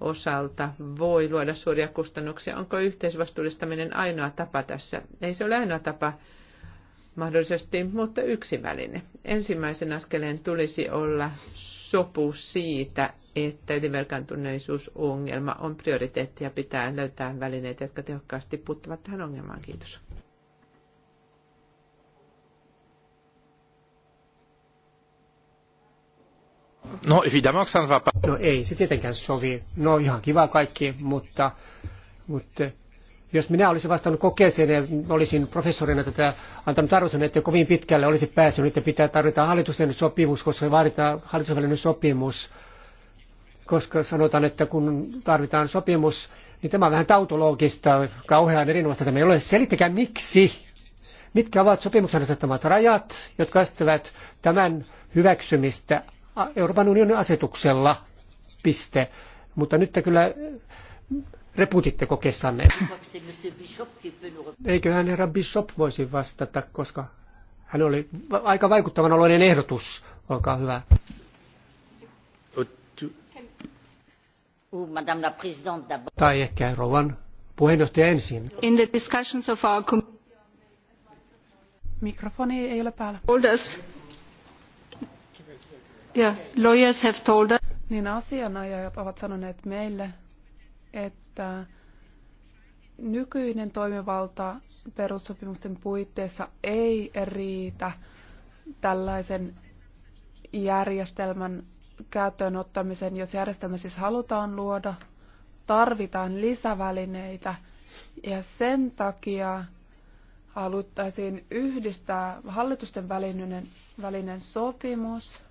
osalta voi luoda suuria kustannuksia. Onko yhteisvastuullistaminen ainoa tapa tässä? Ei se ole ainoa tapa mahdollisesti, mutta yksi väline. Ensimmäisen askeleen tulisi olla sopu siitä, että ylivelkaantuneisuusongelma on prioriteetti ja pitää löytää välineitä, jotka tehokkaasti puuttuvat tähän ongelmaan. Kiitos. No, No ei, se tietenkään sovi. No ihan kiva kaikki, mutta, mutta jos minä olisin vastannut kokeeseen ja olisin professorina tätä antanut arvostelun, että kovin pitkälle olisi päässyt, että pitää tarvita hallitusten sopimus, koska vaaditaan hallitusvälinen sopimus, koska sanotaan, että kun tarvitaan sopimus, niin tämä on vähän tautologista, kauhean erinomaista tämä ei ole. Selittäkää miksi, mitkä ovat sopimuksen asettamat rajat, jotka estävät tämän hyväksymistä Euroopan unionin asetuksella, piste. Mutta nyt kyllä reputitteko kesänne? Eiköhän herra Bishop voisi vastata, koska hän oli aika vaikuttavan oloinen ehdotus. Olkaa hyvä. Tai ehkä rouvan puheenjohtaja ensin. In the discussions of our Mikrofoni ei ole päällä. Told us. Yeah, lawyers have told us. Niin asianajajat ovat sanoneet meille, että nykyinen toimivalta perussopimusten puitteissa ei riitä tällaisen järjestelmän käyttöön ottamiseen, jos järjestelmä siis halutaan luoda, tarvitaan lisävälineitä ja sen takia haluttaisiin yhdistää hallitusten välinen, välinen sopimus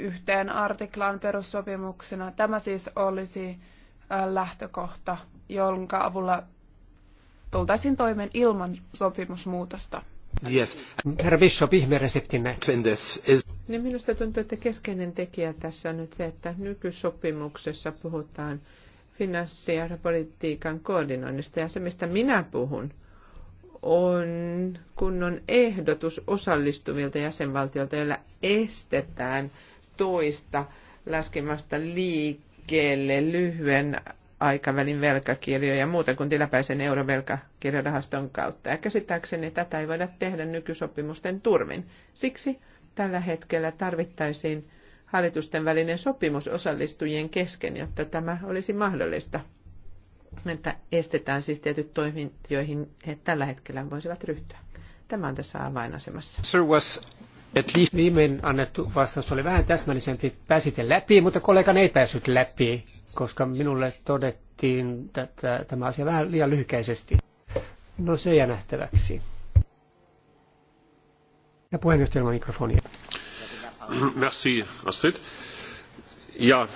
yhteen artiklaan perussopimuksena. Tämä siis olisi lähtökohta, jonka avulla tultaisiin toimeen ilman sopimusmuutosta. Yes. Herra Bishop, ihmereseptinne. Niin minusta tuntuu, että keskeinen tekijä tässä on nyt se, että nykysopimuksessa puhutaan finanssi- ja politiikan koordinoinnista. Ja se, mistä minä puhun, on kunnon ehdotus osallistuvilta jäsenvaltioilta, joilla estetään – toista läskemästä liikkeelle lyhyen aikavälin velkakirjoja muuta kuin tilapäisen eurovelkakirjarahaston kautta. Ja käsittääkseni tätä ei voida tehdä nykysopimusten turvin. Siksi tällä hetkellä tarvittaisiin hallitusten välinen sopimus osallistujien kesken, jotta tämä olisi mahdollista. Että estetään siis tietyt toimit, joihin he tällä hetkellä voisivat ryhtyä. Tämä on tässä avainasemassa. Sir was Viimein annettu vastaus oli vähän täsmällisempi. Pääsitte läpi, mutta kollegan ei päässyt läpi, koska minulle todettiin tätä, tämä asia vähän liian lyhykäisesti. No se jää nähtäväksi. Ja puheenjohtajan mikrofonia. Merci, Astrid. Ja...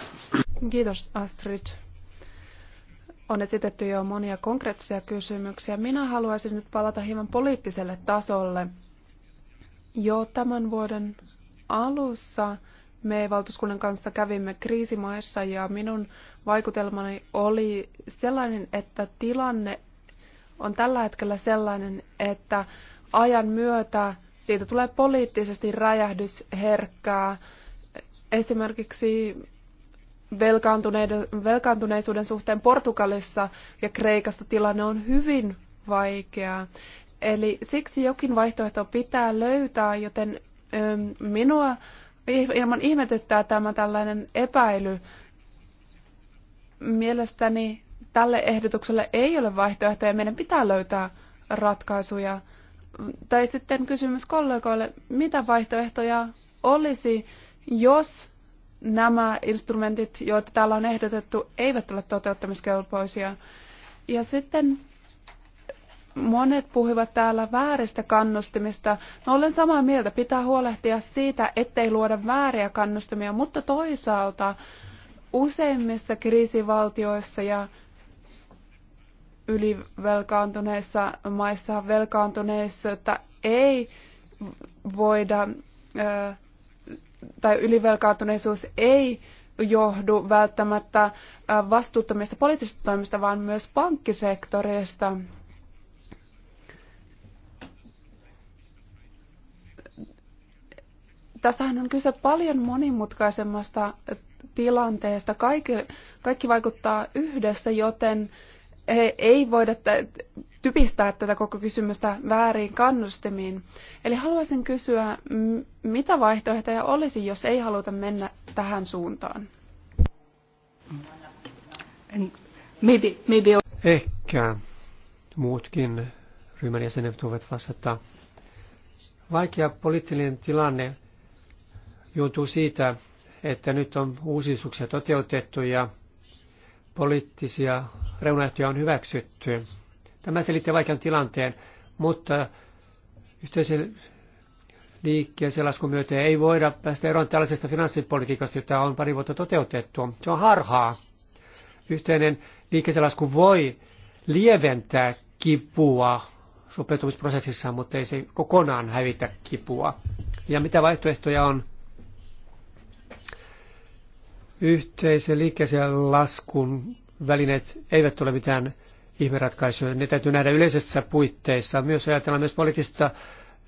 Kiitos, Astrid. On esitetty jo monia konkreettisia kysymyksiä. Minä haluaisin nyt palata hieman poliittiselle tasolle – jo tämän vuoden alussa me valtuuskunnan kanssa kävimme kriisimaissa ja minun vaikutelmani oli sellainen, että tilanne on tällä hetkellä sellainen, että ajan myötä siitä tulee poliittisesti räjähdysherkkää. Esimerkiksi velkaantuneisuuden suhteen Portugalissa ja Kreikassa tilanne on hyvin vaikea. Eli siksi jokin vaihtoehto pitää löytää, joten ähm, minua ilman ihmetyttää tämä tällainen epäily. Mielestäni tälle ehdotukselle ei ole vaihtoehtoja, meidän pitää löytää ratkaisuja. Tai sitten kysymys kollegoille, mitä vaihtoehtoja olisi, jos nämä instrumentit, joita täällä on ehdotettu, eivät ole toteuttamiskelpoisia. Ja sitten Monet puhuivat täällä vääristä kannustimista. No olen samaa mieltä, pitää huolehtia siitä, ettei luoda vääriä kannustimia, mutta toisaalta useimmissa kriisivaltioissa ja ylivelkaantuneissa maissa velkaantuneissa ei voida, tai ylivelkaantuneisuus ei johdu välttämättä vastuuttomista poliittisista toimista, vaan myös pankkisektorista. Tässähän on kyse paljon monimutkaisemmasta tilanteesta. Kaikki, kaikki vaikuttaa yhdessä, joten ei voida typistää tätä koko kysymystä väärin kannustimiin. Eli haluaisin kysyä, mitä vaihtoehtoja olisi, jos ei haluta mennä tähän suuntaan? Maybe, maybe. Ehkä muutkin ryhmän jäsenet voivat vastata. Vaikea poliittinen tilanne juontuu siitä, että nyt on uusistuksia toteutettu ja poliittisia reunaehtoja on hyväksytty. Tämä selittää vaikean tilanteen, mutta yhteisen liikkeeseen laskun myötä ei voida päästä eroon tällaisesta finanssipolitiikasta, jota on pari vuotta toteutettu. Se on harhaa. Yhteinen liikkeeseen lasku voi lieventää kipua sopeutumisprosessissa, mutta ei se kokonaan hävitä kipua. Ja mitä vaihtoehtoja on? Yhteisen liikkeeseen laskun välineet eivät ole mitään ihmeratkaisuja. Ne täytyy nähdä yleisessä puitteissa. Myös ajatellaan myös poliittista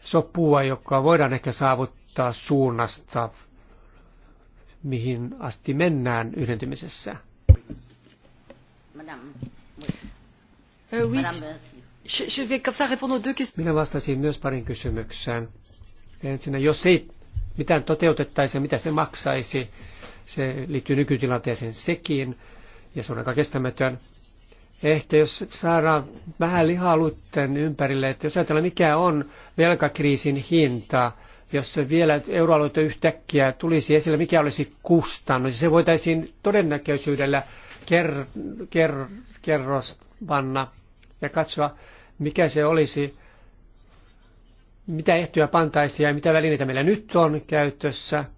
sopua, joka voidaan ehkä saavuttaa suunnasta, mihin asti mennään yhdentymisessä. Euh, Minä vastasin myös parin kysymykseen. Ensinnä, jos ei mitään toteutettaisi, mitä se maksaisi, se liittyy nykytilanteeseen sekin, ja se on aika kestämätön. Ehkä jos saadaan vähän lihaa luitten ympärille, että jos ajatellaan mikä on velkakriisin hinta, jos vielä euroalueita yhtäkkiä tulisi esille, mikä olisi kustannus, se voitaisiin todennäköisyydellä ker, ker, kerros vanna ja katsoa, mikä se olisi, mitä ehtoja pantaisiin ja mitä välineitä meillä nyt on käytössä –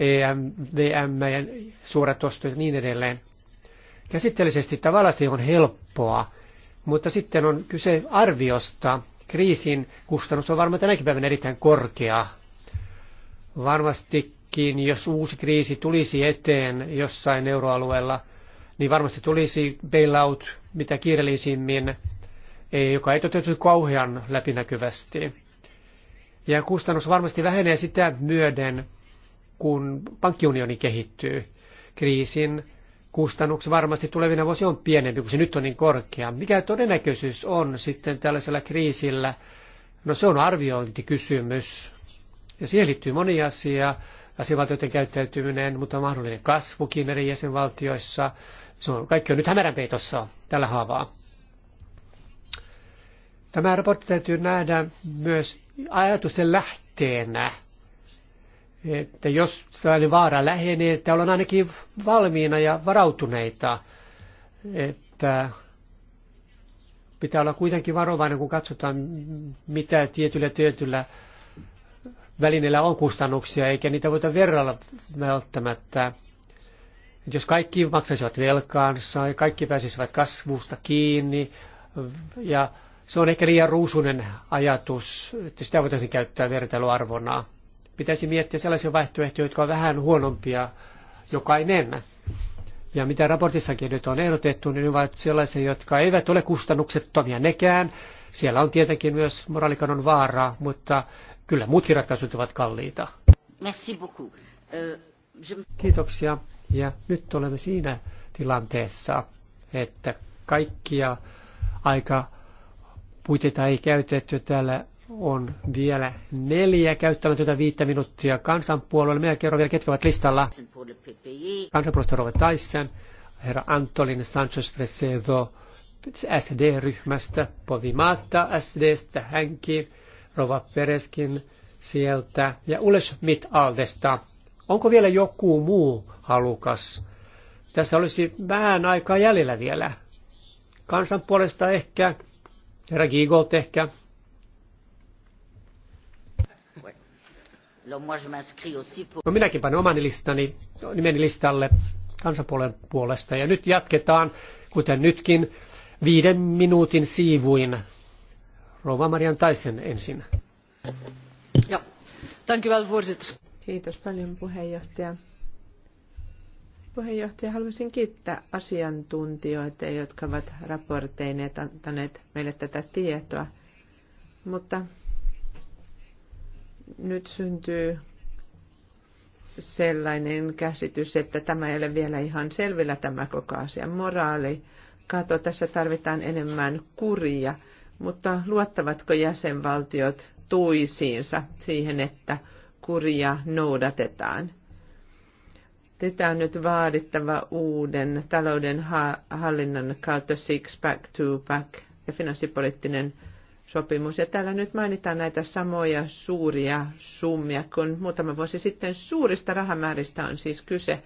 E ja suorat ostot ja niin edelleen. Käsitteellisesti tavallaan se on helppoa, mutta sitten on kyse arviosta. Kriisin kustannus on varmaan tänäkin päivänä erittäin korkea. Varmastikin, jos uusi kriisi tulisi eteen jossain euroalueella, niin varmasti tulisi bailout mitä kiireellisimmin, joka ei toteutu kauhean läpinäkyvästi. Ja kustannus varmasti vähenee sitä myöden, kun pankkiunioni kehittyy. Kriisin kustannukset varmasti tulevina vuosina on pienempi, kun se nyt on niin korkea. Mikä todennäköisyys on sitten tällaisella kriisillä? No se on arviointikysymys. Ja siihen liittyy moni asia, Asiavaltioiden käyttäytyminen, mutta mahdollinen kasvukin eri jäsenvaltioissa. Se on, kaikki on nyt hämäränpeitossa tällä haavaa. Tämä raportti täytyy nähdä myös ajatusten lähteenä että jos tällainen vaara lähenee, että ollaan ainakin valmiina ja varautuneita, että pitää olla kuitenkin varovainen, kun katsotaan, mitä tietyllä tietyllä välineellä on kustannuksia, eikä niitä voida verralla välttämättä. Että jos kaikki maksaisivat velkaansa ja kaikki pääsisivät kasvusta kiinni, ja se on ehkä liian ruusunen ajatus, että sitä voitaisiin käyttää vertailuarvona pitäisi miettiä sellaisia vaihtoehtoja, jotka ovat vähän huonompia jokainen. Ja mitä raportissakin nyt on ehdotettu, niin ne ovat sellaisia, jotka eivät ole kustannuksettomia nekään. Siellä on tietenkin myös moraalikanon vaaraa, mutta kyllä muutkin ratkaisut ovat kalliita. Merci beaucoup. Euh, Kiitoksia. Ja nyt olemme siinä tilanteessa, että kaikkia aika puitteita ei käytetty täällä on vielä neljä käyttämätöntä viittä minuuttia kansanpuolueelle. Minä kerron vielä, ketkä ovat listalla. Kansanpuolueesta Rove Tyson, herra Antolin Sanchez Presedo SD-ryhmästä, sd SDstä Henki, Rova Pereskin sieltä ja Ules mit Aldesta. Onko vielä joku muu halukas? Tässä olisi vähän aikaa jäljellä vielä. Kansan puolesta ehkä, herra Giegold ehkä, No, no minäkin panen oman listani, nimeni listalle kansanpuolen puolesta. Ja nyt jatketaan, kuten nytkin, viiden minuutin siivuin. Rova Marian Taisen ensin. Ja, Kiitos paljon puheenjohtaja. Puheenjohtaja, haluaisin kiittää asiantuntijoita, jotka ovat raporteineet antaneet meille tätä tietoa. Mutta nyt syntyy sellainen käsitys, että tämä ei ole vielä ihan selvillä tämä koko asia. Moraali, kato, tässä tarvitaan enemmän kuria, mutta luottavatko jäsenvaltiot toisiinsa siihen, että kuria noudatetaan? Tätä on nyt vaadittava uuden talouden hallinnan kautta six-pack, two-pack ja finanssipoliittinen sopimus. Ja täällä nyt mainitaan näitä samoja suuria summia, kun muutama vuosi sitten suurista rahamääristä on siis kyse.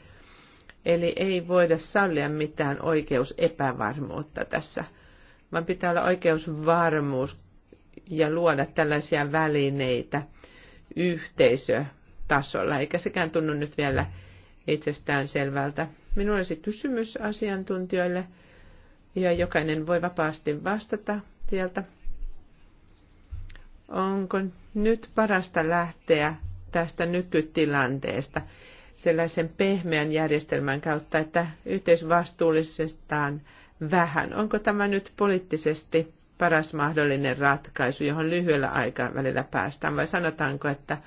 Eli ei voida sallia mitään oikeusepävarmuutta tässä, vaan pitää olla oikeusvarmuus ja luoda tällaisia välineitä yhteisötasolla, eikä sekään tunnu nyt vielä itsestään selvältä. Minulla olisi kysymys asiantuntijoille, ja jokainen voi vapaasti vastata sieltä onko nyt parasta lähteä tästä nykytilanteesta sellaisen pehmeän järjestelmän kautta, että yhteisvastuullisestaan vähän. Onko tämä nyt poliittisesti paras mahdollinen ratkaisu, johon lyhyellä aikavälillä päästään, vai sanotaanko, että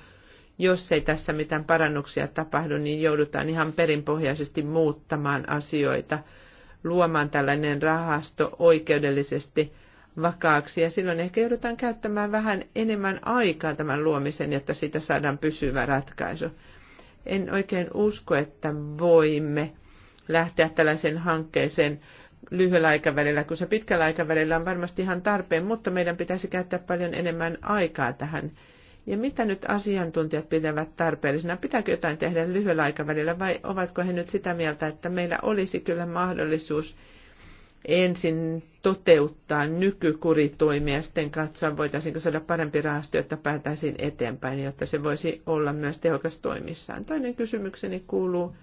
jos ei tässä mitään parannuksia tapahdu, niin joudutaan ihan perinpohjaisesti muuttamaan asioita, luomaan tällainen rahasto oikeudellisesti – vakaaksi ja silloin ehkä joudutaan käyttämään vähän enemmän aikaa tämän luomisen, jotta siitä saadaan pysyvä ratkaisu. En oikein usko, että voimme lähteä tällaisen hankkeeseen lyhyellä aikavälillä, kun se pitkällä aikavälillä on varmasti ihan tarpeen, mutta meidän pitäisi käyttää paljon enemmän aikaa tähän. Ja mitä nyt asiantuntijat pitävät tarpeellisena? Pitääkö jotain tehdä lyhyellä aikavälillä vai ovatko he nyt sitä mieltä, että meillä olisi kyllä mahdollisuus ensin toteuttaa nykykuritoimia ja sitten katsoa, voitaisiinko saada parempi rahasto, jotta päätäisiin eteenpäin, jotta se voisi olla myös tehokas toimissaan. Toinen kysymykseni kuuluu,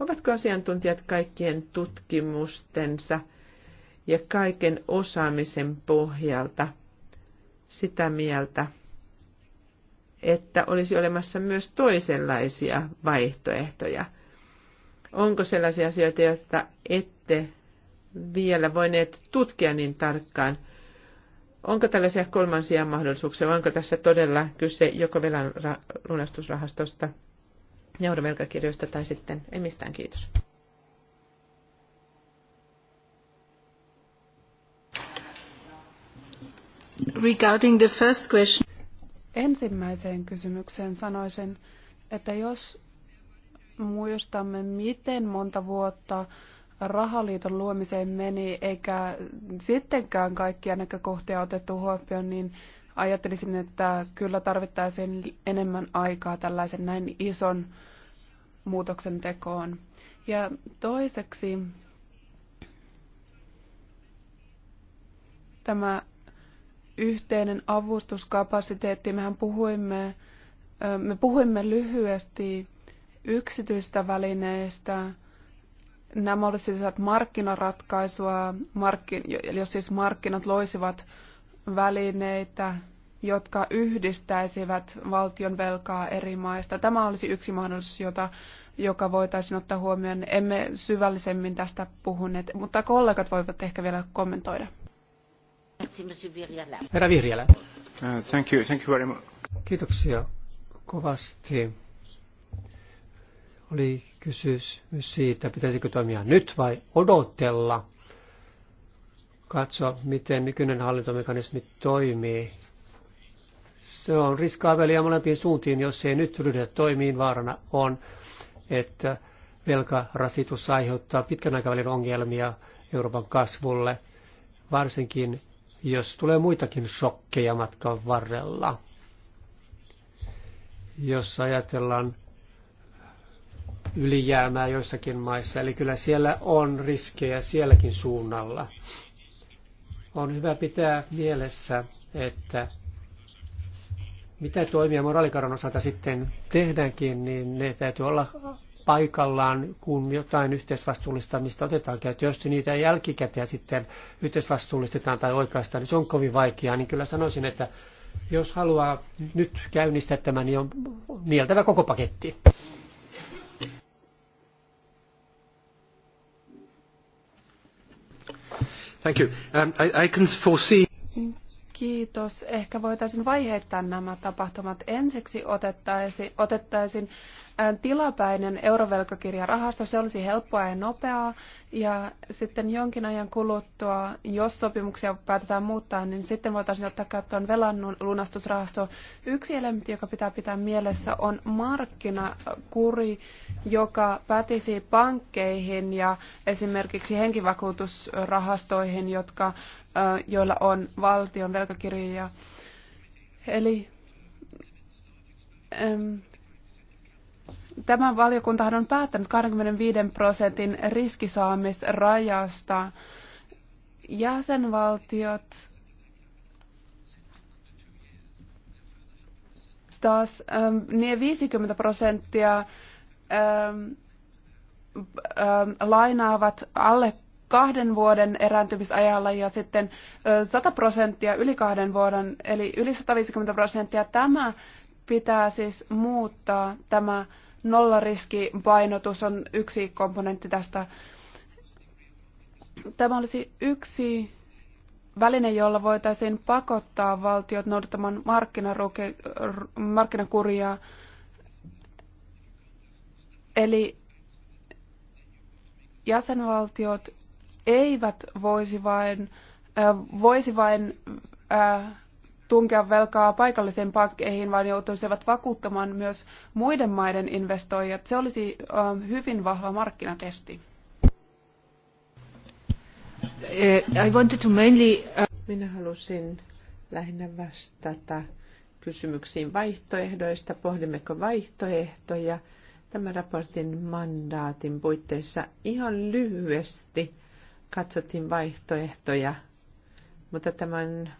ovatko asiantuntijat kaikkien tutkimustensa ja kaiken osaamisen pohjalta sitä mieltä, että olisi olemassa myös toisenlaisia vaihtoehtoja. Onko sellaisia asioita, joita ette vielä voineet tutkia niin tarkkaan. Onko tällaisia kolmansia mahdollisuuksia, vai onko tässä todella kyse joko velan lunastusrahastosta, neurovelkakirjoista tai sitten ei mistään kiitos. Regarding the first question. Ensimmäiseen kysymykseen sanoisin, että jos muistamme, miten monta vuotta rahaliiton luomiseen meni, eikä sittenkään kaikkia näkökohtia otettu huomioon, niin ajattelisin, että kyllä tarvittaisiin enemmän aikaa tällaisen näin ison muutoksen tekoon. Ja toiseksi tämä yhteinen avustuskapasiteetti, mehän puhuimme, me puhuimme lyhyesti yksityistä välineistä, nämä olisivat markkinaratkaisua, markkin, jos siis markkinat loisivat välineitä, jotka yhdistäisivät valtion velkaa eri maista. Tämä olisi yksi mahdollisuus, jota, joka voitaisiin ottaa huomioon. Emme syvällisemmin tästä puhuneet, mutta kollegat voivat ehkä vielä kommentoida. Herra Virjälä. Uh, thank you, thank you very much. Kiitoksia kovasti oli kysymys siitä, pitäisikö toimia nyt vai odotella, katsoa, miten nykyinen hallintomekanismi toimii. Se on riskaavelia molempiin suuntiin, jos ei nyt ryhdytä toimiin. Vaarana on, että velkarasitus aiheuttaa pitkän aikavälin ongelmia Euroopan kasvulle, varsinkin jos tulee muitakin shokkeja matkan varrella. Jos ajatellaan ylijäämää joissakin maissa, eli kyllä siellä on riskejä sielläkin suunnalla. On hyvä pitää mielessä, että mitä toimia moraalikadon osalta sitten tehdäänkin, niin ne täytyy olla paikallaan, kun jotain yhteisvastuullistamista otetaan käyttöön. Jos niitä jälkikäteen sitten yhteisvastuullistetaan tai oikeastaan, niin se on kovin vaikeaa, niin kyllä sanoisin, että jos haluaa nyt käynnistää tämän, niin on mieltävä koko paketti. Thank you. Um, I, I can foresee... Kiitos. Ehkä voitaisiin vaiheittaa nämä tapahtumat. Ensiksi otettaisiin, otettaisiin tilapäinen eurovelkakirjarahasto, se olisi helppoa ja nopeaa. Ja sitten jonkin ajan kuluttua, jos sopimuksia päätetään muuttaa, niin sitten voitaisiin ottaa käyttöön velan lunastusrahasto. Yksi elementti, joka pitää pitää mielessä, on markkinakuri, joka pätisi pankkeihin ja esimerkiksi henkivakuutusrahastoihin, jotka, joilla on valtion velkakirjoja. Eli tämä valiokuntahan on päättänyt 25 prosentin riskisaamisrajasta. Jäsenvaltiot taas ähm, ne 50 prosenttia ähm, ähm, lainaavat alle kahden vuoden erääntymisajalla ja sitten 100 prosenttia yli kahden vuoden, eli yli 150 prosenttia. Tämä pitää siis muuttaa tämä nollariskipainotus on yksi komponentti tästä. Tämä olisi yksi väline, jolla voitaisiin pakottaa valtiot noudattamaan markkinakuria. Eli jäsenvaltiot eivät voisi vain, äh, voisi vain äh, tunkea velkaa paikallisiin pankkeihin, vaan joutuisivat vakuuttamaan myös muiden maiden investoijat. Se olisi hyvin vahva markkinatesti. Eh, I wanted to mainly... Uh, Minä halusin lähinnä vastata kysymyksiin vaihtoehdoista. Pohdimmeko vaihtoehtoja tämän raportin mandaatin puitteissa? Ihan lyhyesti katsottiin vaihtoehtoja, mutta tämän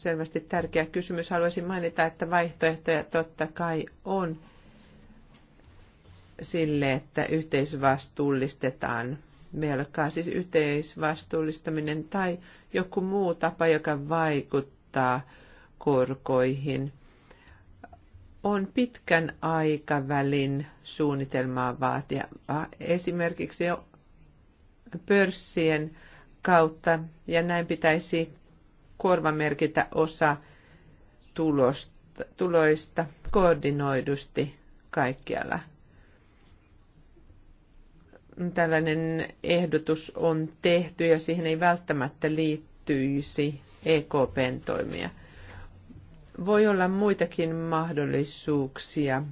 selvästi tärkeä kysymys. Haluaisin mainita, että vaihtoehtoja totta kai on sille, että yhteisvastuullistetaan velkaa, siis yhteisvastuullistaminen tai joku muu tapa, joka vaikuttaa korkoihin, on pitkän aikavälin suunnitelmaa vaatia. Esimerkiksi jo pörssien kautta, ja näin pitäisi korvamerkitä osa tulosta, tuloista koordinoidusti kaikkialla. Tällainen ehdotus on tehty ja siihen ei välttämättä liittyisi EKPn toimia. Voi olla muitakin mahdollisuuksia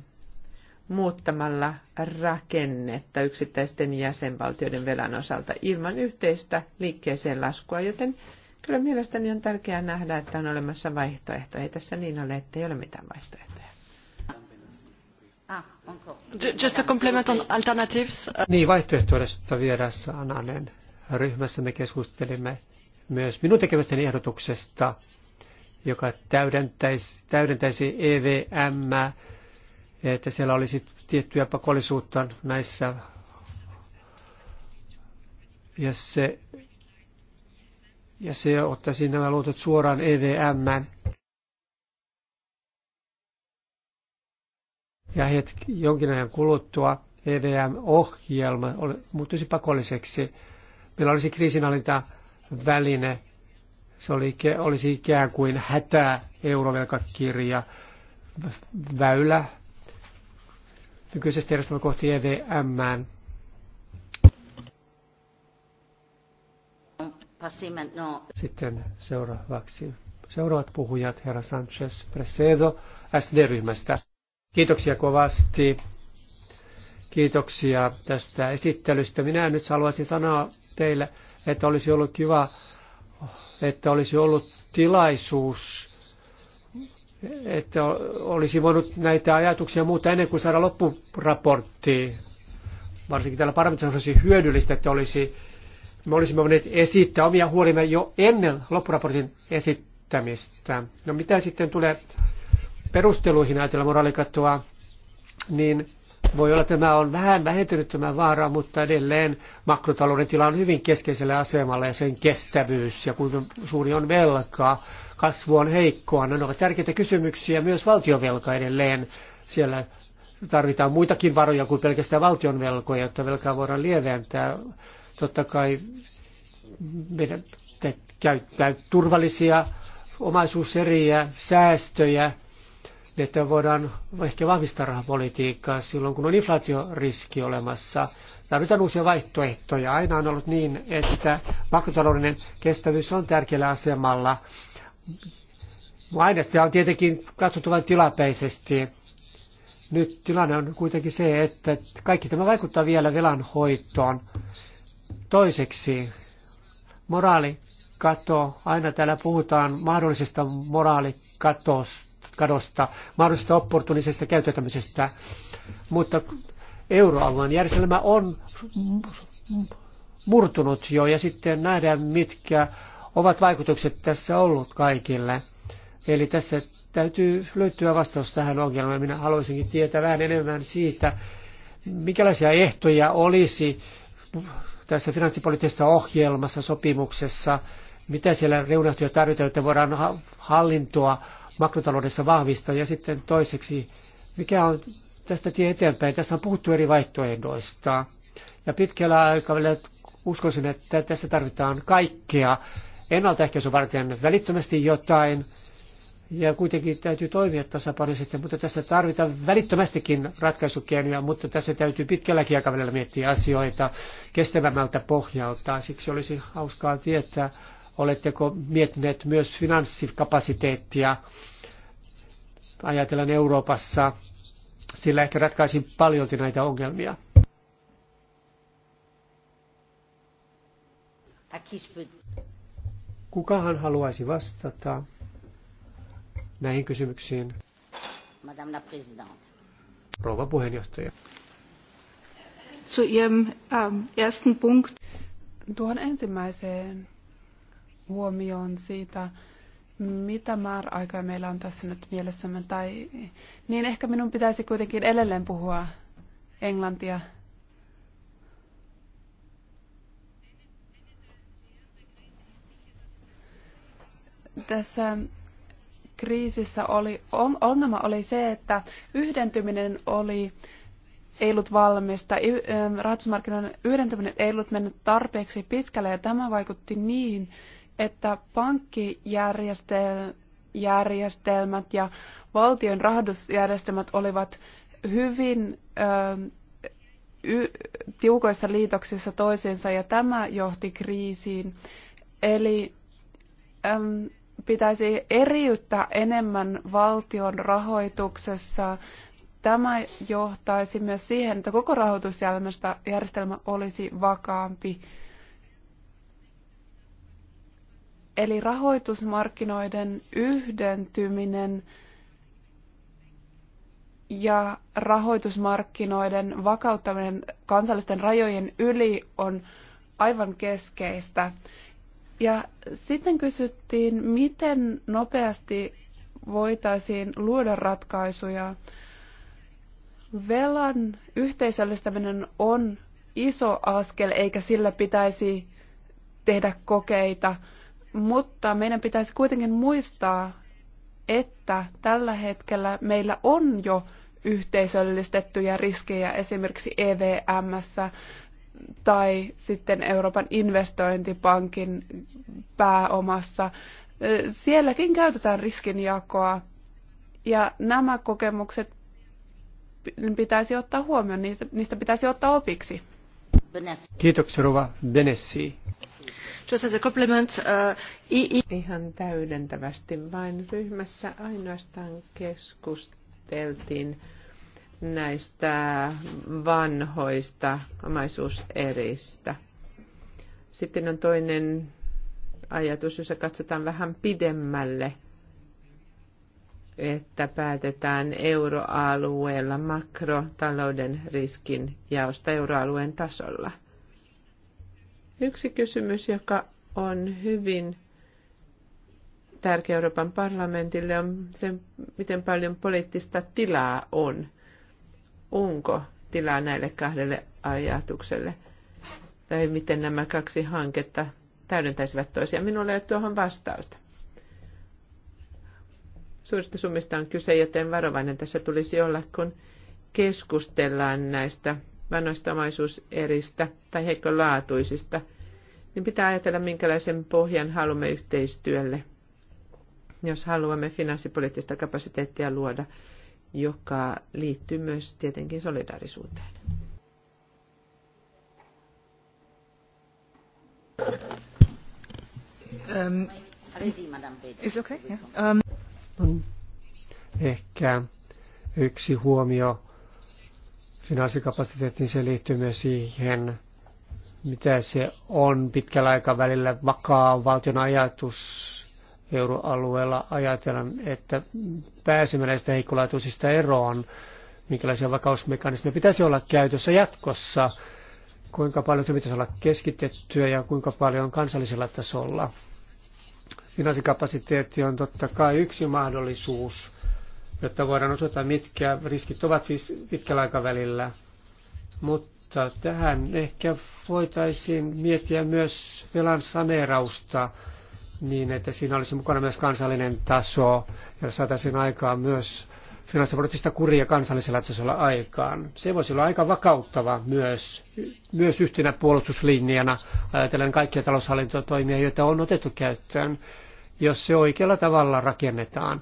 muuttamalla rakennetta yksittäisten jäsenvaltioiden velan osalta ilman yhteistä liikkeeseen laskua, joten Kyllä mielestäni on tärkeää nähdä, että on olemassa vaihtoehto. Ei tässä niin ole, että ei ole mitään vaihtoehtoja. Ah, just a compliment on alternatives. Niin, vaihtoehtoista vieressä Ananen Ryhmässä me keskustelimme myös minun tekemästäni ehdotuksesta, joka täydentäisi, täydentäisi EVM, että siellä olisi tiettyä pakollisuutta näissä. Ja se ja se ottaisi nämä luotot suoraan EVM. Ja hetki, jonkin ajan kuluttua EVM-ohjelma muuttuisi pakolliseksi. Meillä olisi kriisinhallintaväline. Se oli, olisi ikään kuin hätää eurovelkakirja väylä nykyisestä järjestelmä kohti EVM. No. Sitten seuraavaksi seuraavat puhujat, herra Sanchez Presedo SD-ryhmästä. Kiitoksia kovasti. Kiitoksia tästä esittelystä. Minä nyt haluaisin sanoa teille, että olisi ollut kiva, että olisi ollut tilaisuus, että olisi voinut näitä ajatuksia muuta ennen kuin saada loppuraportti. Varsinkin täällä parlamentissa olisi hyödyllistä, että olisi me olisimme voineet esittää omia huolimme jo ennen loppuraportin esittämistä. No mitä sitten tulee perusteluihin ajatella moraalikatoa, niin voi olla, että tämä on vähän vähentynyt tämä vaara, mutta edelleen makrotalouden tila on hyvin keskeisellä asemalla ja sen kestävyys ja kuinka suuri on velkaa, kasvu on heikkoa. No, ne ovat tärkeitä kysymyksiä, myös valtionvelka edelleen. Siellä tarvitaan muitakin varoja kuin pelkästään valtionvelkoja, jotta velkaa voidaan lieventää. Totta kai meidän käyttää turvallisia omaisuuseriä, säästöjä, niin että voidaan ehkä vahvistaa rahapolitiikkaa silloin, kun on inflaatioriski olemassa. Tarvitaan uusia vaihtoehtoja. Aina on ollut niin, että makrotaloudellinen kestävyys on tärkeällä asemalla. Aina sitä on tietenkin katsottu vain tilapäisesti. Nyt tilanne on kuitenkin se, että kaikki tämä vaikuttaa vielä velanhoitoon. hoitoon. Toiseksi, moraalikato. Aina täällä puhutaan mahdollisesta moraalikadosta, mahdollisesta opportunisesta käyttäytymisestä, mutta euroalueen järjestelmä on murtunut jo ja sitten nähdään, mitkä ovat vaikutukset tässä ollut kaikille. Eli tässä täytyy löytyä vastaus tähän ongelmaan. Minä haluaisinkin tietää vähän enemmän siitä, minkälaisia ehtoja olisi tässä finanssipoliittisessa ohjelmassa, sopimuksessa, mitä siellä reunaehtoja tarvitaan, että voidaan hallintoa makrotaloudessa vahvistaa. Ja sitten toiseksi, mikä on tästä tie eteenpäin. Tässä on puhuttu eri vaihtoehdoista. Ja pitkällä aikavälillä uskoisin, että tässä tarvitaan kaikkea ennaltaehkäisy varten välittömästi jotain – ja kuitenkin täytyy toimia tasapainoisesti, mutta tässä tarvitaan välittömästikin ratkaisukeinoja, mutta tässä täytyy pitkälläkin aikavälillä miettiä asioita kestävämmältä pohjalta. Siksi olisi hauskaa tietää, oletteko miettineet myös finanssikapasiteettia ajatellen Euroopassa, sillä ehkä ratkaisin paljolti näitä ongelmia. Kukahan haluaisi vastata? näihin kysymyksiin? Madame la Présidente. Rouva puheenjohtaja. Zu Ihrem ähm, ersten Punkt. Tuohon ensimmäiseen huomioon siitä, mitä määräaikaa meillä on tässä nyt mielessämme, tai niin ehkä minun pitäisi kuitenkin edelleen puhua englantia. Tässä kriisissä oli, on, ongelma oli se, että yhdentyminen oli, ei ollut valmista, rahoitusmarkkinoiden yhdentyminen ei ollut mennyt tarpeeksi pitkälle ja tämä vaikutti niin, että pankkijärjestelmät ja valtion rahoitusjärjestelmät olivat hyvin ö, y, tiukoissa liitoksissa toisiinsa ja tämä johti kriisiin. Eli pitäisi eriyttää enemmän valtion rahoituksessa. Tämä johtaisi myös siihen, että koko rahoitusjärjestelmä olisi vakaampi. Eli rahoitusmarkkinoiden yhdentyminen ja rahoitusmarkkinoiden vakauttaminen kansallisten rajojen yli on aivan keskeistä. Ja sitten kysyttiin, miten nopeasti voitaisiin luoda ratkaisuja. Velan yhteisöllistäminen on iso askel, eikä sillä pitäisi tehdä kokeita, mutta meidän pitäisi kuitenkin muistaa, että tällä hetkellä meillä on jo yhteisöllistettyjä riskejä esimerkiksi EVMssä tai sitten Euroopan investointipankin pääomassa. Sielläkin käytetään riskinjakoa ja nämä kokemukset pitäisi ottaa huomioon, niistä pitäisi ottaa opiksi. Kiitoksia Rova Benessi. Just as a compliment, uh, i, i. Ihan täydentävästi vain ryhmässä ainoastaan keskusteltiin näistä vanhoista omaisuuseristä. Sitten on toinen ajatus, jossa katsotaan vähän pidemmälle, että päätetään euroalueella makrotalouden riskin jaosta euroalueen tasolla. Yksi kysymys, joka on hyvin tärkeä Euroopan parlamentille, on se, miten paljon poliittista tilaa on onko tilaa näille kahdelle ajatukselle, tai miten nämä kaksi hanketta täydentäisivät toisiaan. Minulla ei ole tuohon vastausta. Suurista summista on kyse, joten varovainen tässä tulisi olla, kun keskustellaan näistä vanhoista omaisuuseristä tai heikkolaatuisista, niin pitää ajatella, minkälaisen pohjan haluamme yhteistyölle, jos haluamme finanssipoliittista kapasiteettia luoda joka liittyy myös tietenkin solidaarisuuteen. Ähm, ähm, ehkä yksi huomio finanssikapasiteettiin, se liittyy myös siihen, mitä se on pitkällä aikavälillä vakaa valtion ajatus euroalueella ajatellaan, että pääsemme näistä heikkolaatuisista eroon, minkälaisia vakausmekanismeja pitäisi olla käytössä jatkossa, kuinka paljon se pitäisi olla keskitettyä ja kuinka paljon kansallisella tasolla. Finanssikapasiteetti on totta kai yksi mahdollisuus, jotta voidaan osoittaa, mitkä riskit ovat pitkällä aikavälillä. Mutta tähän ehkä voitaisiin miettiä myös velan saneerausta niin, että siinä olisi mukana myös kansallinen taso ja saataisiin aikaan myös finanssipoliittista kuria kansallisella tasolla aikaan. Se voisi olla aika vakauttava myös, myös yhtenä puolustuslinjana ajatellen kaikkia taloushallintotoimia, joita on otettu käyttöön, jos se oikealla tavalla rakennetaan.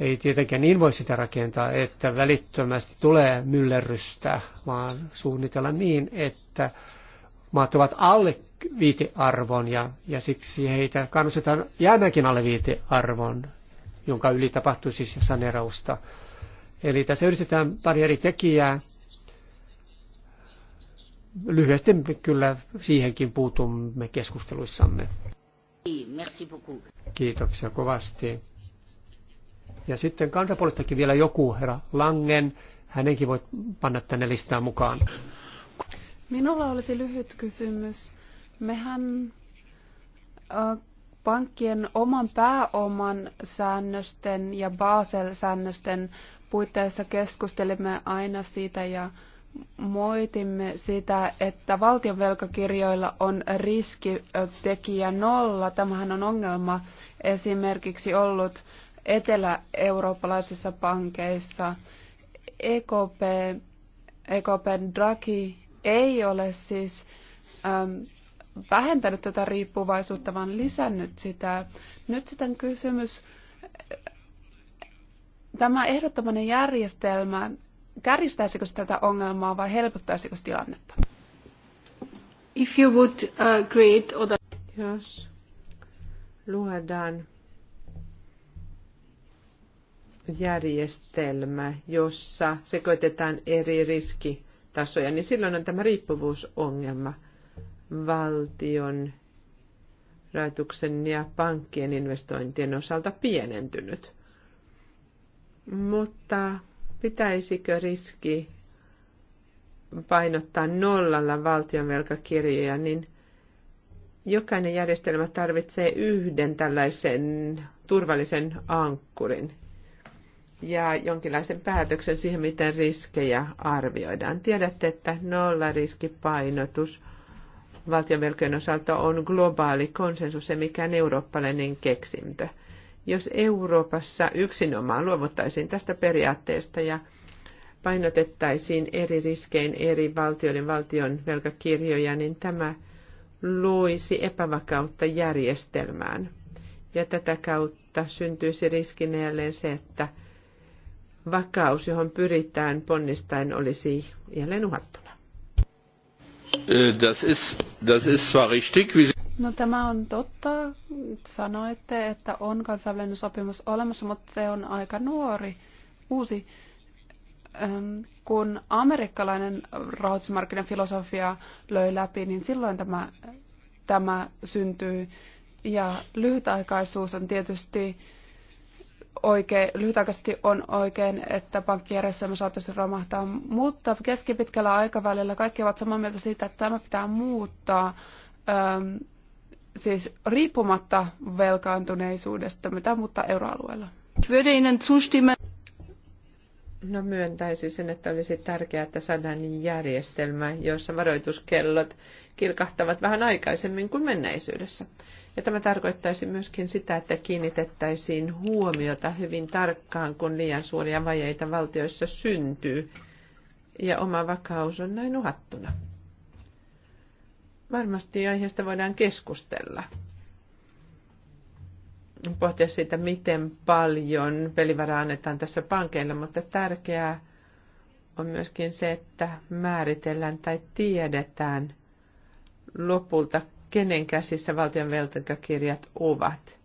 Ei tietenkään niin voi sitä rakentaa, että välittömästi tulee myllerrystä, vaan suunnitella niin, että maat ovat alle viitearvon ja, ja siksi heitä kannustetaan jäämäänkin alle viitearvon, jonka yli tapahtuu siis sanerausta. Eli tässä yritetään pari eri tekijää. Lyhyesti kyllä siihenkin puutumme keskusteluissamme. Kiitoksia kovasti. Ja sitten kansapuolestakin vielä joku, herra Langen. Hänenkin voit panna tänne listaan mukaan. Minulla olisi lyhyt kysymys. Mehän pankkien oman pääoman säännösten ja Basel-säännösten puitteissa keskustelimme aina siitä ja moitimme sitä, että valtion velkakirjoilla on riskitekijä nolla. Tämähän on ongelma esimerkiksi ollut etelä-eurooppalaisissa pankeissa. EKP, EKP Draghi ei ole siis ähm, vähentänyt tätä riippuvaisuutta, vaan lisännyt sitä. Nyt sitten kysymys, tämä ehdottomainen järjestelmä, kärjistäisikö se tätä ongelmaa vai helpottaisiko se tilannetta? If you would uh, create other... Jos luodaan järjestelmä, jossa sekoitetaan eri riskitasoja, niin silloin on tämä riippuvuusongelma – valtion rahoituksen ja pankkien investointien osalta pienentynyt. Mutta pitäisikö riski painottaa nollalla valtion velkakirjoja, niin jokainen järjestelmä tarvitsee yhden tällaisen turvallisen ankkurin ja jonkinlaisen päätöksen siihen, miten riskejä arvioidaan. Tiedätte, että nollariskipainotus riskipainotus valtionvelkojen osalta on globaali konsensus, ei mikään eurooppalainen keksintö. Jos Euroopassa yksinomaan luovuttaisiin tästä periaatteesta ja painotettaisiin eri riskein eri valtioiden valtion velkakirjoja, niin tämä luisi epävakautta järjestelmään. Ja tätä kautta syntyisi riski jälleen se, että vakaus, johon pyritään ponnistaen, olisi jälleen uhattuna. Äh, das ist, zwar richtig, wie No tämä on totta. Sanoitte, että on kansainvälinen sopimus olemassa, mutta se on aika nuori, uusi. Ähm, kun amerikkalainen rahoitusmarkkinan filosofia löi läpi, niin silloin tämä, tämä syntyi. Ja lyhytaikaisuus on tietysti oikein, lyhytaikaisesti on oikein, että pankkijärjestelmä saattaisi romahtaa, mutta keskipitkällä aikavälillä kaikki ovat samaa mieltä siitä, että tämä pitää muuttaa äm, siis riippumatta velkaantuneisuudesta, mitä mutta euroalueella. No myöntäisin sen, että olisi tärkeää, että saadaan järjestelmä, jossa varoituskellot kilkahtavat vähän aikaisemmin kuin menneisyydessä. Ja tämä tarkoittaisi myöskin sitä, että kiinnitettäisiin huomiota hyvin tarkkaan, kun liian suuria vajeita valtioissa syntyy ja oma vakaus on näin uhattuna. Varmasti aiheesta voidaan keskustella. Pohtia siitä, miten paljon pelivaraa annetaan tässä pankeille, mutta tärkeää on myöskin se, että määritellään tai tiedetään lopulta kenen käsissä valtion velkakirjat ovat.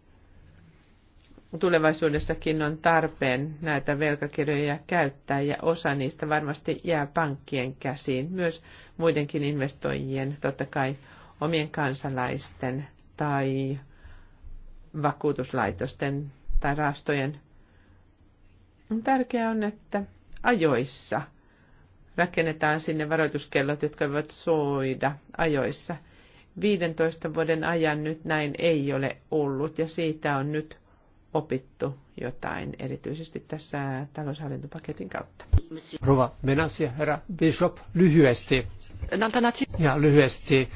Tulevaisuudessakin on tarpeen näitä velkakirjoja käyttää ja osa niistä varmasti jää pankkien käsiin, myös muidenkin investoijien, totta kai omien kansalaisten tai vakuutuslaitosten tai rahastojen. Tärkeää on, että ajoissa rakennetaan sinne varoituskellot, jotka voivat soida ajoissa – 15 vuoden ajan nyt näin ei ole ollut ja siitä on nyt opittu jotain, erityisesti tässä taloushallintopaketin kautta. Rova Menasi, herra Bishop, lyhyesti. Ja lyhyesti.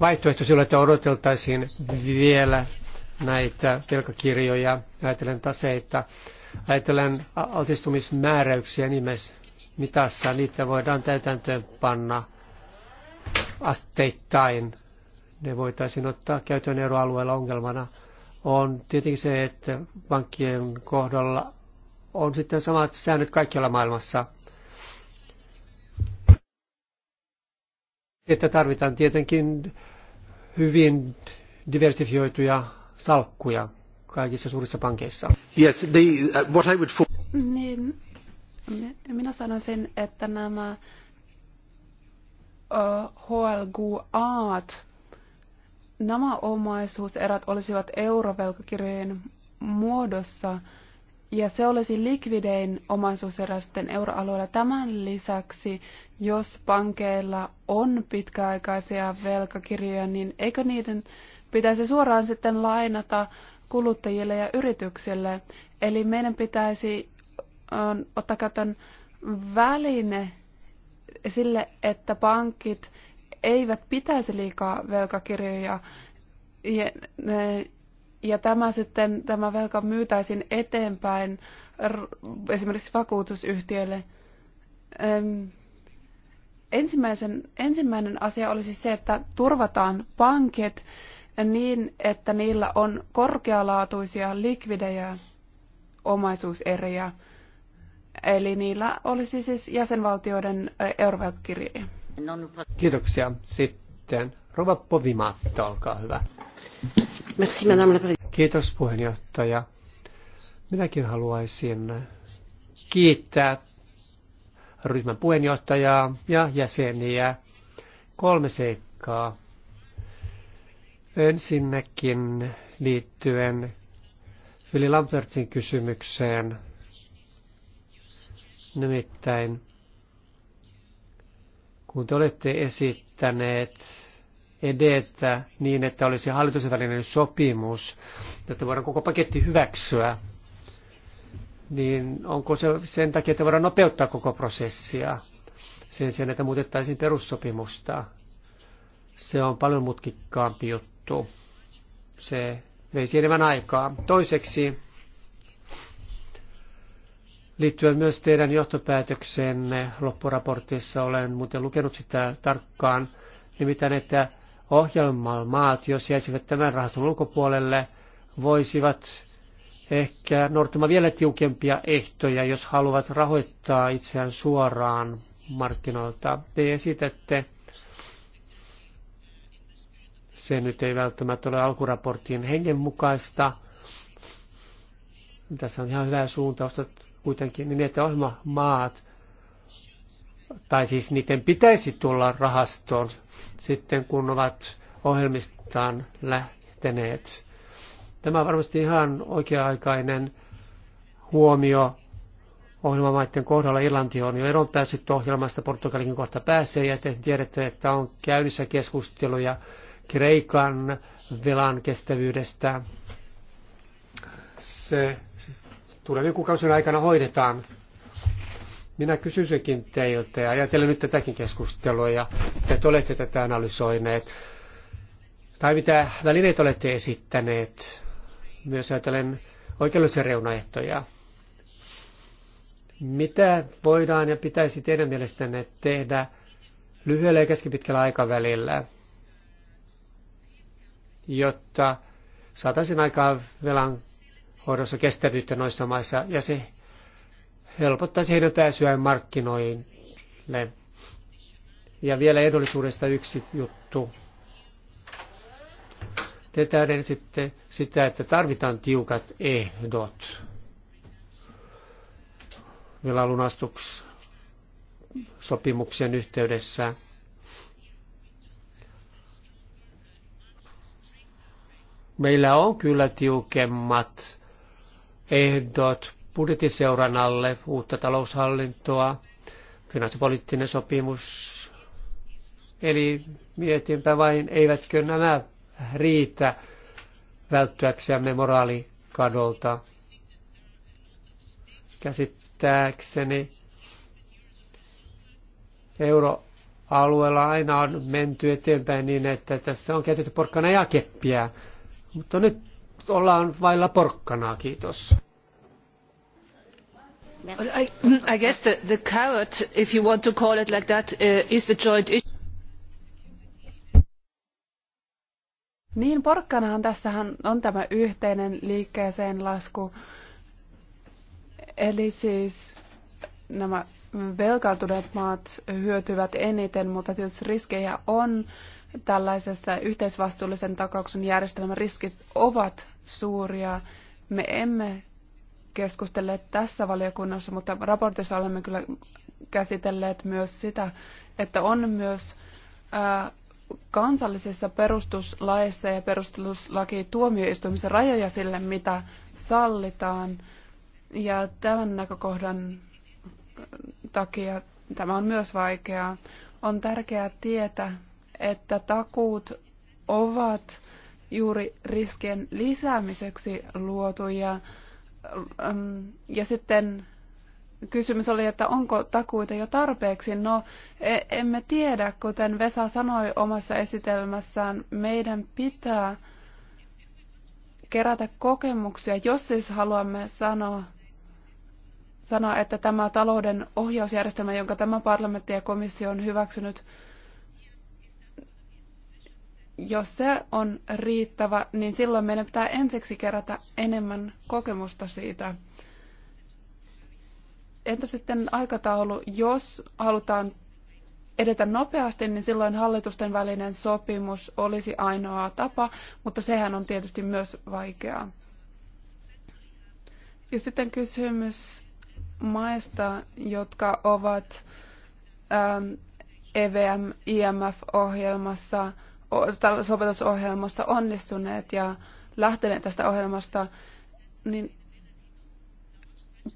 Vaihtoehto sillä, että odoteltaisiin vielä näitä velkakirjoja, ajatellen taseita, ajatellen altistumismääräyksiä nimessä mitassa, niitä voidaan täytäntöön panna asteittain. Ne voitaisiin ottaa käytön euroalueella ongelmana. On tietenkin se, että pankkien kohdalla on sitten samat säännöt kaikkialla maailmassa. Että tarvitaan tietenkin hyvin diversifioituja salkkuja kaikissa suurissa pankeissa. Yes, the, uh, what I would... Niin, minä sanoisin, että nämä HLGAat. Nämä omaisuuserät olisivat eurovelkakirjojen muodossa ja se olisi likvidein omaisuuserä sitten euroalueella. Tämän lisäksi, jos pankeilla on pitkäaikaisia velkakirjoja, niin eikö niiden pitäisi suoraan sitten lainata kuluttajille ja yrityksille? Eli meidän pitäisi ottaa käytön väline, sille, että pankit eivät pitäisi liikaa velkakirjoja ja, ja tämä sitten, tämä velka myytäisiin eteenpäin esimerkiksi vakuutusyhtiölle. Ensimmäisen, ensimmäinen asia olisi se, että turvataan pankit niin, että niillä on korkealaatuisia likvidejä omaisuuseriä. Eli niillä olisi siis jäsenvaltioiden eurovelkkirjoja. Kiitoksia. Sitten Rova Povimatta, olkaa hyvä. Merci, madame la Kiitos puheenjohtaja. Minäkin haluaisin kiittää ryhmän puheenjohtajaa ja jäseniä. Kolme seikkaa. Ensinnäkin liittyen Vili Lambertsin kysymykseen Nimittäin kun te olette esittäneet edetä niin, että olisi hallituksen välinen sopimus, jotta voidaan koko paketti hyväksyä, niin onko se sen takia, että voidaan nopeuttaa koko prosessia sen sijaan, että muutettaisiin perussopimusta? Se on paljon mutkikkaampi juttu. Se veisi enemmän aikaa. Toiseksi liittyen myös teidän johtopäätökseenne loppuraportissa. Olen muuten lukenut sitä tarkkaan, nimittäin että ohjelmalla maat, jos jäisivät tämän rahaston ulkopuolelle, voisivat ehkä noudattamaan vielä tiukempia ehtoja, jos haluavat rahoittaa itseään suoraan markkinoilta. Te esitätte, se nyt ei välttämättä ole alkuraportin hengen mukaista, tässä on ihan hyvää suuntausta kuitenkin niin, että ohjelmamaat, tai siis niiden pitäisi tulla rahastoon sitten, kun ovat ohjelmistaan lähteneet. Tämä on varmasti ihan oikea-aikainen huomio ohjelmamaiden kohdalla. Irlanti on jo eron päässyt ohjelmasta, Portugalikin kohta pääsee, ja te tiedätte, että on käynnissä keskusteluja Kreikan velan kestävyydestä. Se tulevien kuukausien aikana hoidetaan. Minä kysyisinkin teiltä ja ajatellen nyt tätäkin keskustelua ja te olette tätä analysoineet. Tai mitä välineitä olette esittäneet, myös ajatellen oikeudellisia reunaehtoja. Mitä voidaan ja pitäisi teidän mielestänne tehdä lyhyellä ja keskipitkällä aikavälillä, jotta saataisiin aikaa velan hoidossa kestävyyttä noissa maissa ja se helpottaisi heidän pääsyään markkinoille. Ja vielä edullisuudesta yksi juttu. Te sitten sitä, että tarvitaan tiukat ehdot lunastuks sopimuksen yhteydessä. Meillä on kyllä tiukemmat ehdot alle uutta taloushallintoa, finanssipoliittinen sopimus. Eli mietinpä vain, eivätkö nämä riitä välttyäksemme moraalikadolta. Käsittääkseni euroalueella aina on menty eteenpäin niin, että tässä on käytetty porkkana ja keppiä. Mutta nyt ollaan vailla porkkanaa. Kiitos. I, I guess the, the carrot, if you want to call it like that, uh, is the joint issue. Niin, porkkanahan tässähän on tämä yhteinen liikkeeseen lasku. Eli siis nämä velkaantuneet maat hyötyvät eniten, mutta tietysti riskejä on tällaisessa yhteisvastuullisen takauksen järjestelmän riskit ovat suuria. Me emme keskustele tässä valiokunnassa, mutta raportissa olemme kyllä käsitelleet myös sitä, että on myös kansallisissa perustuslaissa ja perustuslaki tuomioistuimissa rajoja sille, mitä sallitaan. Ja tämän näkökohdan takia tämä on myös vaikeaa. On tärkeää tietää, että takuut ovat juuri riskien lisäämiseksi luotuja. Ähm, ja sitten kysymys oli, että onko takuita jo tarpeeksi. No, e, emme tiedä, kuten Vesa sanoi omassa esitelmässään, meidän pitää kerätä kokemuksia, jos siis haluamme sanoa, sanoa, että tämä talouden ohjausjärjestelmä, jonka tämä parlamentti ja komissio on hyväksynyt, jos se on riittävä, niin silloin meidän pitää ensiksi kerätä enemmän kokemusta siitä. Entä sitten aikataulu, jos halutaan edetä nopeasti, niin silloin hallitusten välinen sopimus olisi ainoa tapa, mutta sehän on tietysti myös vaikeaa. Ja sitten kysymys maista, jotka ovat ähm, EVM-IMF-ohjelmassa sopetusohjelmasta onnistuneet ja lähteneet tästä ohjelmasta, niin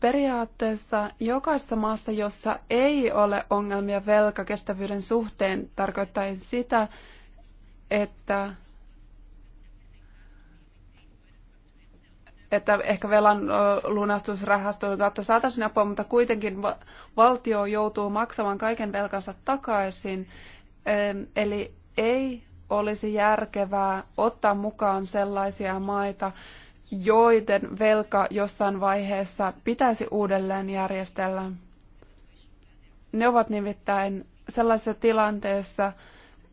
periaatteessa jokaisessa maassa, jossa ei ole ongelmia velkakestävyyden suhteen, tarkoittaa sitä, että, että ehkä velan lunastusrahaston kautta saataisiin apua, mutta kuitenkin valtio joutuu maksamaan kaiken velkansa takaisin. Eli ei olisi järkevää ottaa mukaan sellaisia maita, joiden velka jossain vaiheessa pitäisi uudelleen järjestellä. Ne ovat nimittäin sellaisessa tilanteessa,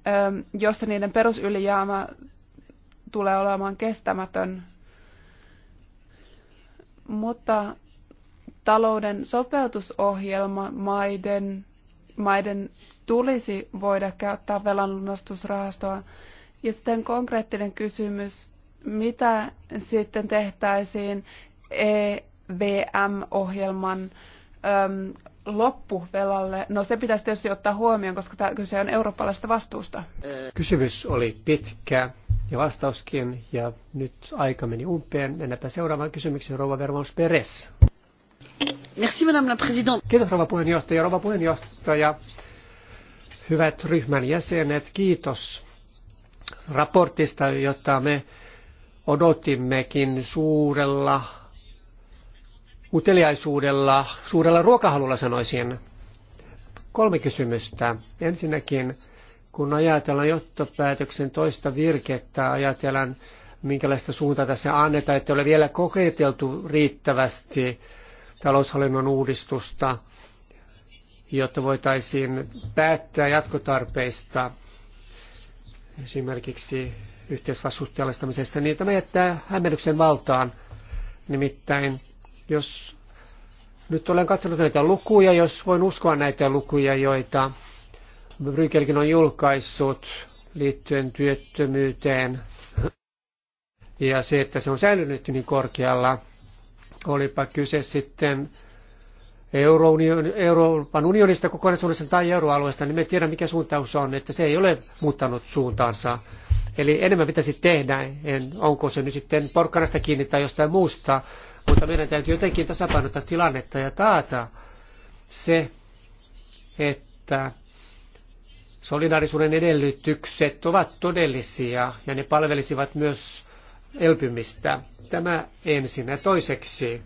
ähm, jossa niiden perusylijäämä tulee olemaan kestämätön. Mutta talouden sopeutusohjelma maiden maiden tulisi voida käyttää velanlunastusrahastoa. Ja sitten konkreettinen kysymys, mitä sitten tehtäisiin EVM-ohjelman äm, loppuvelalle? No se pitäisi tietysti ottaa huomioon, koska tämä kyse on eurooppalaisesta vastuusta. Kysymys oli pitkä ja vastauskin, ja nyt aika meni umpeen. Mennäänpä seuraavaan kysymykseen, Rouva Vermons Peres madame la Kiitos rouva puheenjohtaja. Rouva puheenjohtaja, hyvät ryhmän jäsenet, kiitos raportista, jota me odotimmekin suurella uteliaisuudella, suurella ruokahalulla sanoisin. Kolme kysymystä. Ensinnäkin, kun ajatellaan johtopäätöksen toista virkettä, ajatellaan minkälaista suuntaa tässä annetaan, että ole vielä kokeiteltu riittävästi taloushallinnon uudistusta, jotta voitaisiin päättää jatkotarpeista, esimerkiksi yhteisvastuusteellistamisesta, niin tämä jättää hämmennyksen valtaan. Nimittäin, jos nyt olen katsonut näitä lukuja, jos voin uskoa näitä lukuja, joita Brykelkin on julkaissut liittyen työttömyyteen ja se, että se on säilynyt niin korkealla, olipa kyse sitten Euroopan unionista kokonaisuudessaan tai euroalueesta, niin me tiedämme mikä suuntaus on, että se ei ole muuttanut suuntaansa. Eli enemmän pitäisi tehdä, en, onko se nyt sitten porkkanasta kiinni tai jostain muusta, mutta meidän täytyy jotenkin tasapainottaa tilannetta ja taata se, että solidaarisuuden edellytykset ovat todellisia ja ne palvelisivat myös elpymistä. Tämä ensin ja toiseksi.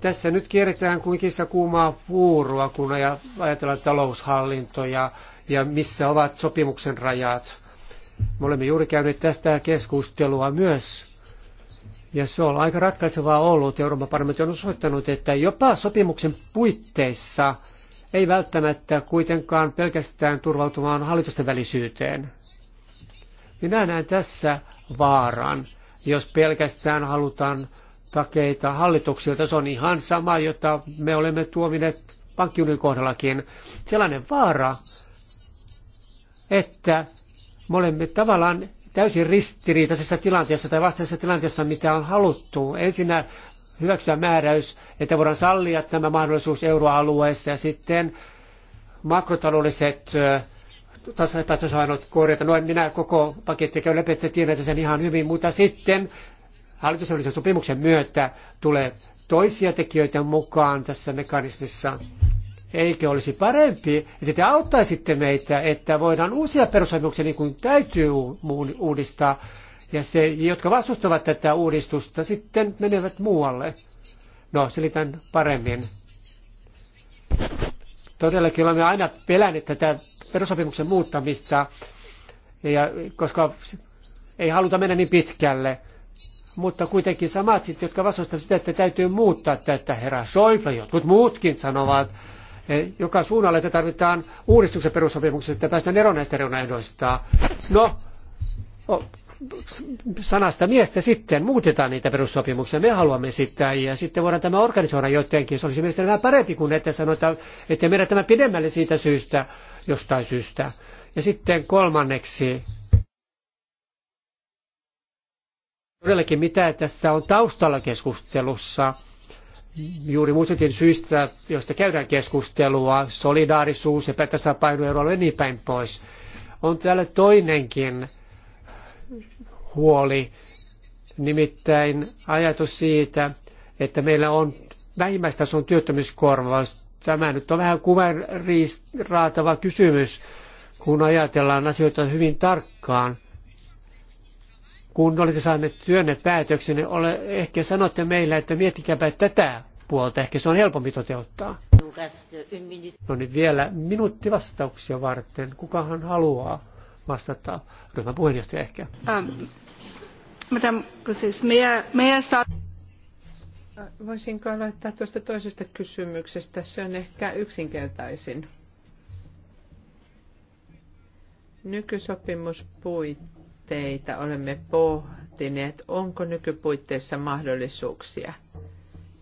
Tässä nyt kierretään kuin kissa kuumaa vuoroa, kun ajatellaan taloushallintoja ja missä ovat sopimuksen rajat. Me olemme juuri käyneet tästä keskustelua myös. Ja se on aika ratkaisevaa ollut. Euroopan parlamentti on osoittanut, että jopa sopimuksen puitteissa ei välttämättä kuitenkaan pelkästään turvautumaan hallitusten välisyyteen. Minä näen tässä vaaran, jos pelkästään halutaan takeita hallituksilta. Se on ihan sama, jota me olemme tuomineet pankkiunin kohdallakin. Sellainen vaara, että me olemme tavallaan täysin ristiriitaisessa tilanteessa tai vastaisessa tilanteessa, mitä on haluttu. Ensin hyväksytään määräys, että voidaan sallia tämä mahdollisuus euroalueessa ja sitten makrotaloudelliset tässä epätasainot korjata. Noin minä koko paketti käy läpi, että tiedän sen ihan hyvin, mutta sitten hallitusvälisen sopimuksen myötä tulee toisia tekijöitä mukaan tässä mekanismissa. Eikö olisi parempi, että te auttaisitte meitä, että voidaan uusia perussopimuksia niin kuin täytyy uudistaa, ja se, jotka vastustavat tätä uudistusta, sitten menevät muualle. No, selitän paremmin. Todellakin olemme aina pelänneet tätä perusopimuksen muuttamista, ja, koska ei haluta mennä niin pitkälle. Mutta kuitenkin samat, sitten, jotka vastustavat sitä, että täytyy muuttaa tätä herra Schäuble, jotkut muutkin sanovat, e, joka suunnalle, että tarvitaan uudistuksen perusopimuksessa, että päästään eroon näistä reunaehdoista. No, sanasta miestä sitten muutetaan niitä perussopimuksia. Me haluamme sitä ja sitten voidaan tämä organisoida jotenkin. Se olisi mielestäni vähän parempi kuin että sanotaan, että meidän tämä pidemmälle siitä syystä, jostain syystä. Ja sitten kolmanneksi, todellakin mitä tässä on taustalla keskustelussa, juuri muistutin syistä, joista käydään keskustelua, solidaarisuus, epätasapaino ja niin päin pois. On täällä toinenkin huoli, nimittäin ajatus siitä, että meillä on vähimmäistason työttömyyskorvaus Tämä nyt on vähän kuvan raatava kysymys, kun ajatellaan asioita hyvin tarkkaan. Kun olette saaneet työnne päätöksenne, niin ole, ehkä sanotte meille, että miettikääpä tätä puolta. Ehkä se on helpompi toteuttaa. No niin vielä minuutti vastauksia varten. Kukahan haluaa vastata? Ryhmän puheenjohtaja ehkä. Um, madame, Voisinko aloittaa tuosta toisesta kysymyksestä? Se on ehkä yksinkertaisin. Nykysopimuspuitteita olemme pohtineet, onko nykypuitteissa mahdollisuuksia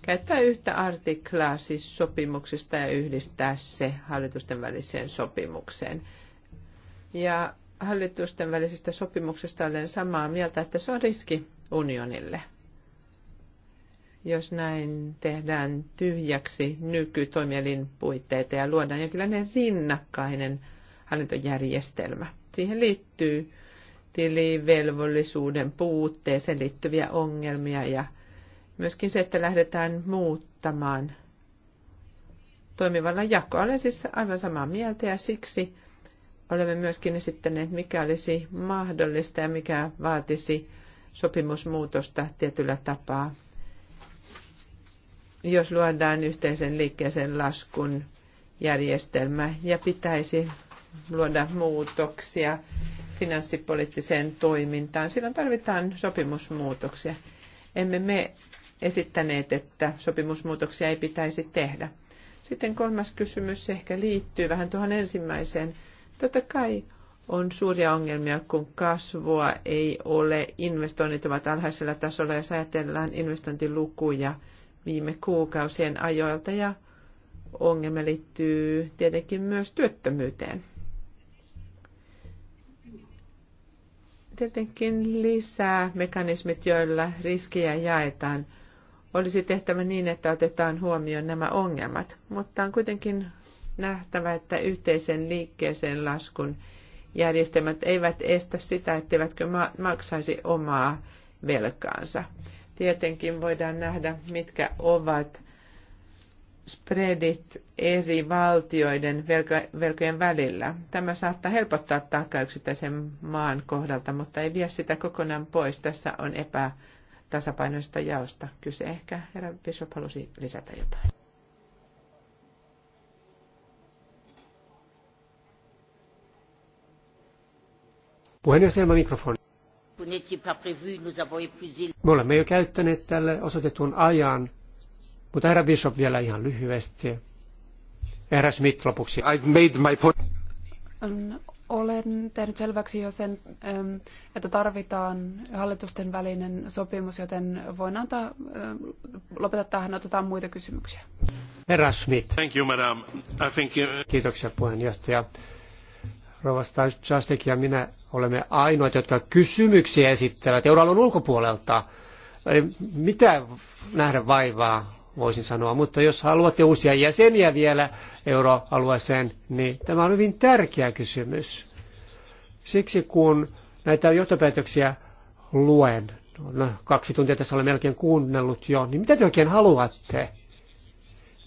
käyttää yhtä artiklaa siis sopimuksesta ja yhdistää se hallitusten väliseen sopimukseen. Ja hallitusten välisestä sopimuksesta olen samaa mieltä, että se on riski unionille jos näin tehdään tyhjäksi nykytoimielin puitteita ja luodaan jonkinlainen rinnakkainen hallintojärjestelmä. Siihen liittyy tilivelvollisuuden puutteeseen liittyviä ongelmia ja myöskin se, että lähdetään muuttamaan toimivalla jakoa. Olen siis aivan samaa mieltä ja siksi olemme myöskin esittäneet, mikä olisi mahdollista ja mikä vaatisi sopimusmuutosta tietyllä tapaa jos luodaan yhteisen liikkeeseen laskun järjestelmä ja pitäisi luoda muutoksia finanssipoliittiseen toimintaan, silloin tarvitaan sopimusmuutoksia. Emme me esittäneet, että sopimusmuutoksia ei pitäisi tehdä. Sitten kolmas kysymys ehkä liittyy vähän tuohon ensimmäiseen. Totta kai on suuria ongelmia, kun kasvua ei ole, investoinnit ovat alhaisella tasolla, jos ajatellaan investointilukuja – viime kuukausien ajoilta ja ongelma liittyy tietenkin myös työttömyyteen. Tietenkin lisää mekanismit, joilla riskejä jaetaan, olisi tehtävä niin, että otetaan huomioon nämä ongelmat, mutta on kuitenkin nähtävä, että yhteisen liikkeeseen laskun järjestelmät eivät estä sitä, etteivätkö maksaisi omaa velkaansa tietenkin voidaan nähdä, mitkä ovat spreadit eri valtioiden velkojen välillä. Tämä saattaa helpottaa taakkaa yksittäisen maan kohdalta, mutta ei vie sitä kokonaan pois. Tässä on epätasapainoista jaosta kyse. Ehkä herra Bishop halusi lisätä jotain. Puheenjohtaja, mikrofoni. Me olemme jo käyttäneet tälle osoitetun ajan, mutta herra Bishop vielä ihan lyhyesti. Herra Smith lopuksi. I've made my point. Olen tehnyt selväksi jo sen, että tarvitaan hallitusten välinen sopimus, joten voin antaa, lopeta tähän, otetaan muita kysymyksiä. Herra Smith. Thank you, madam. I think... Uh, Kiitoksia puheenjohtaja. Rova Stastek ja minä olemme ainoat, jotka kysymyksiä esittävät euroalueen ulkopuolelta. Eli mitä nähdä vaivaa, voisin sanoa. Mutta jos haluatte uusia jäseniä vielä euroalueeseen, niin tämä on hyvin tärkeä kysymys. Siksi kun näitä johtopäätöksiä luen, no, kaksi tuntia tässä olen melkein kuunnellut jo, niin mitä te oikein haluatte?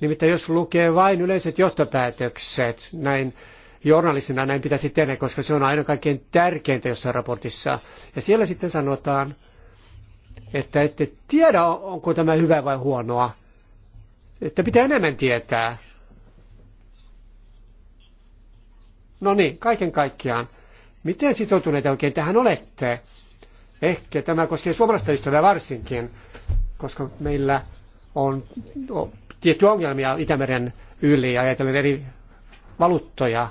Nimittäin jos lukee vain yleiset johtopäätökset näin journalistina näin pitäisi tehdä, koska se on aina kaikkein tärkeintä jossain raportissa. Ja siellä sitten sanotaan, että ette tiedä, onko tämä hyvä vai huonoa. Että pitää enemmän tietää. No niin, kaiken kaikkiaan. Miten sitoutuneita oikein tähän olette? Ehkä tämä koskee suomalaista ystävää varsinkin, koska meillä on tiettyjä ongelmia Itämeren yli ajatellen eri valuuttoja.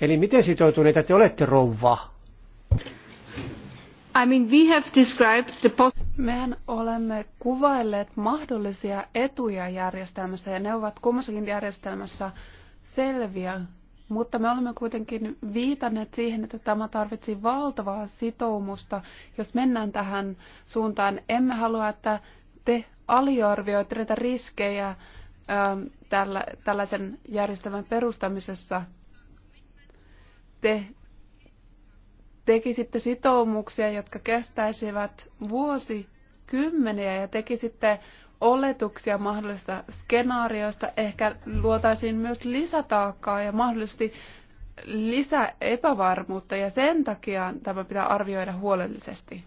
Eli miten sitoutuneita te olette, rouva? I mean, we have described the pos- Mehän olemme kuvailleet mahdollisia etuja järjestelmässä ja ne ovat kummassakin järjestelmässä selviä, mutta me olemme kuitenkin viitanneet siihen, että tämä tarvitsi valtavaa sitoumusta. Jos mennään tähän suuntaan, emme halua, että te aliarvioitte näitä riskejä tällä, tällaisen järjestelmän perustamisessa te tekisitte sitoumuksia, jotka kestäisivät vuosikymmeniä ja tekisitte oletuksia mahdollisista skenaarioista, ehkä luotaisiin myös lisätaakkaa ja mahdollisesti lisää epävarmuutta ja sen takia tämä pitää arvioida huolellisesti.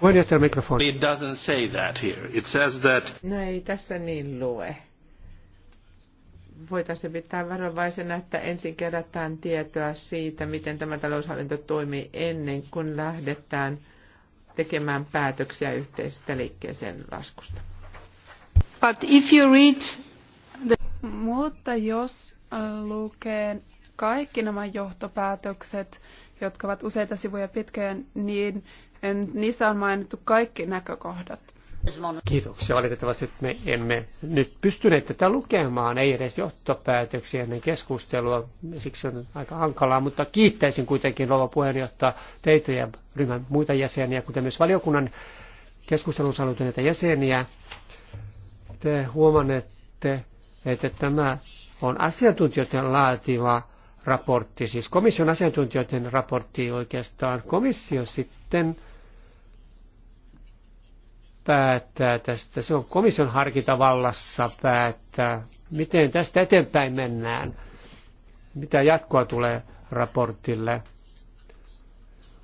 Puheenjohtaja mikrofoni. It doesn't say that here. It says that... No ei tässä niin lue voitaisiin pitää varovaisena, että ensin kerätään tietoa siitä, miten tämä taloushallinto toimii ennen kuin lähdetään tekemään päätöksiä yhteisestä liikkeeseen laskusta. But if you read the... Mutta jos äh, lukee kaikki nämä johtopäätökset, jotka ovat useita sivuja pitkään, niin niissä on mainittu kaikki näkökohdat. Kiitoksia. Valitettavasti me emme nyt pystyneet tätä lukemaan, ei edes johtopäätöksiä ennen keskustelua. Siksi on aika hankalaa, mutta kiittäisin kuitenkin rouva puheenjohtaja teitä ja ryhmän muita jäseniä, kuten myös valiokunnan keskustelun salutuneita jäseniä. Te huomannette, että tämä on asiantuntijoiden laativa raportti, siis komission asiantuntijoiden raportti oikeastaan. Komissio sitten päättää tästä. Se on komission harkintavallassa päättää, miten tästä eteenpäin mennään, mitä jatkoa tulee raportille.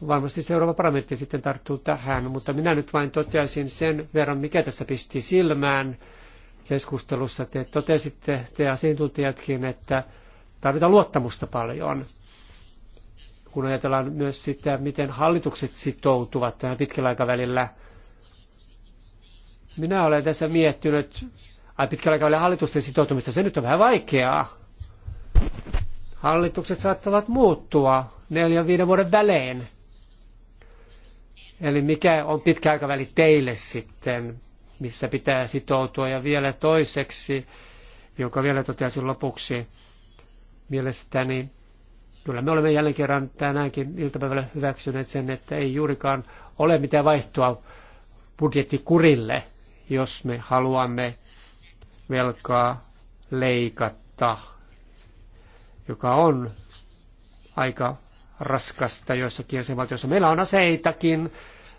Varmasti seuraava parlamentti sitten tarttuu tähän, mutta minä nyt vain toteaisin sen verran, mikä tässä pisti silmään keskustelussa. Te totesitte, te asiantuntijatkin, että tarvitaan luottamusta paljon kun ajatellaan myös sitä, miten hallitukset sitoutuvat tähän pitkällä aikavälillä – minä olen tässä miettinyt ai pitkällä aikavälillä hallitusten sitoutumista. Se nyt on vähän vaikeaa. Hallitukset saattavat muuttua neljän viiden vuoden välein. Eli mikä on pitkä aikaväli teille sitten, missä pitää sitoutua. Ja vielä toiseksi, joka vielä toteaisin lopuksi, mielestäni kyllä me olemme jälleen kerran tänäänkin iltapäivällä hyväksyneet sen, että ei juurikaan ole mitään vaihtoa budjettikurille – jos me haluamme velkaa leikata, joka on aika raskasta joissakin jäsenvaltioissa. Meillä on aseitakin,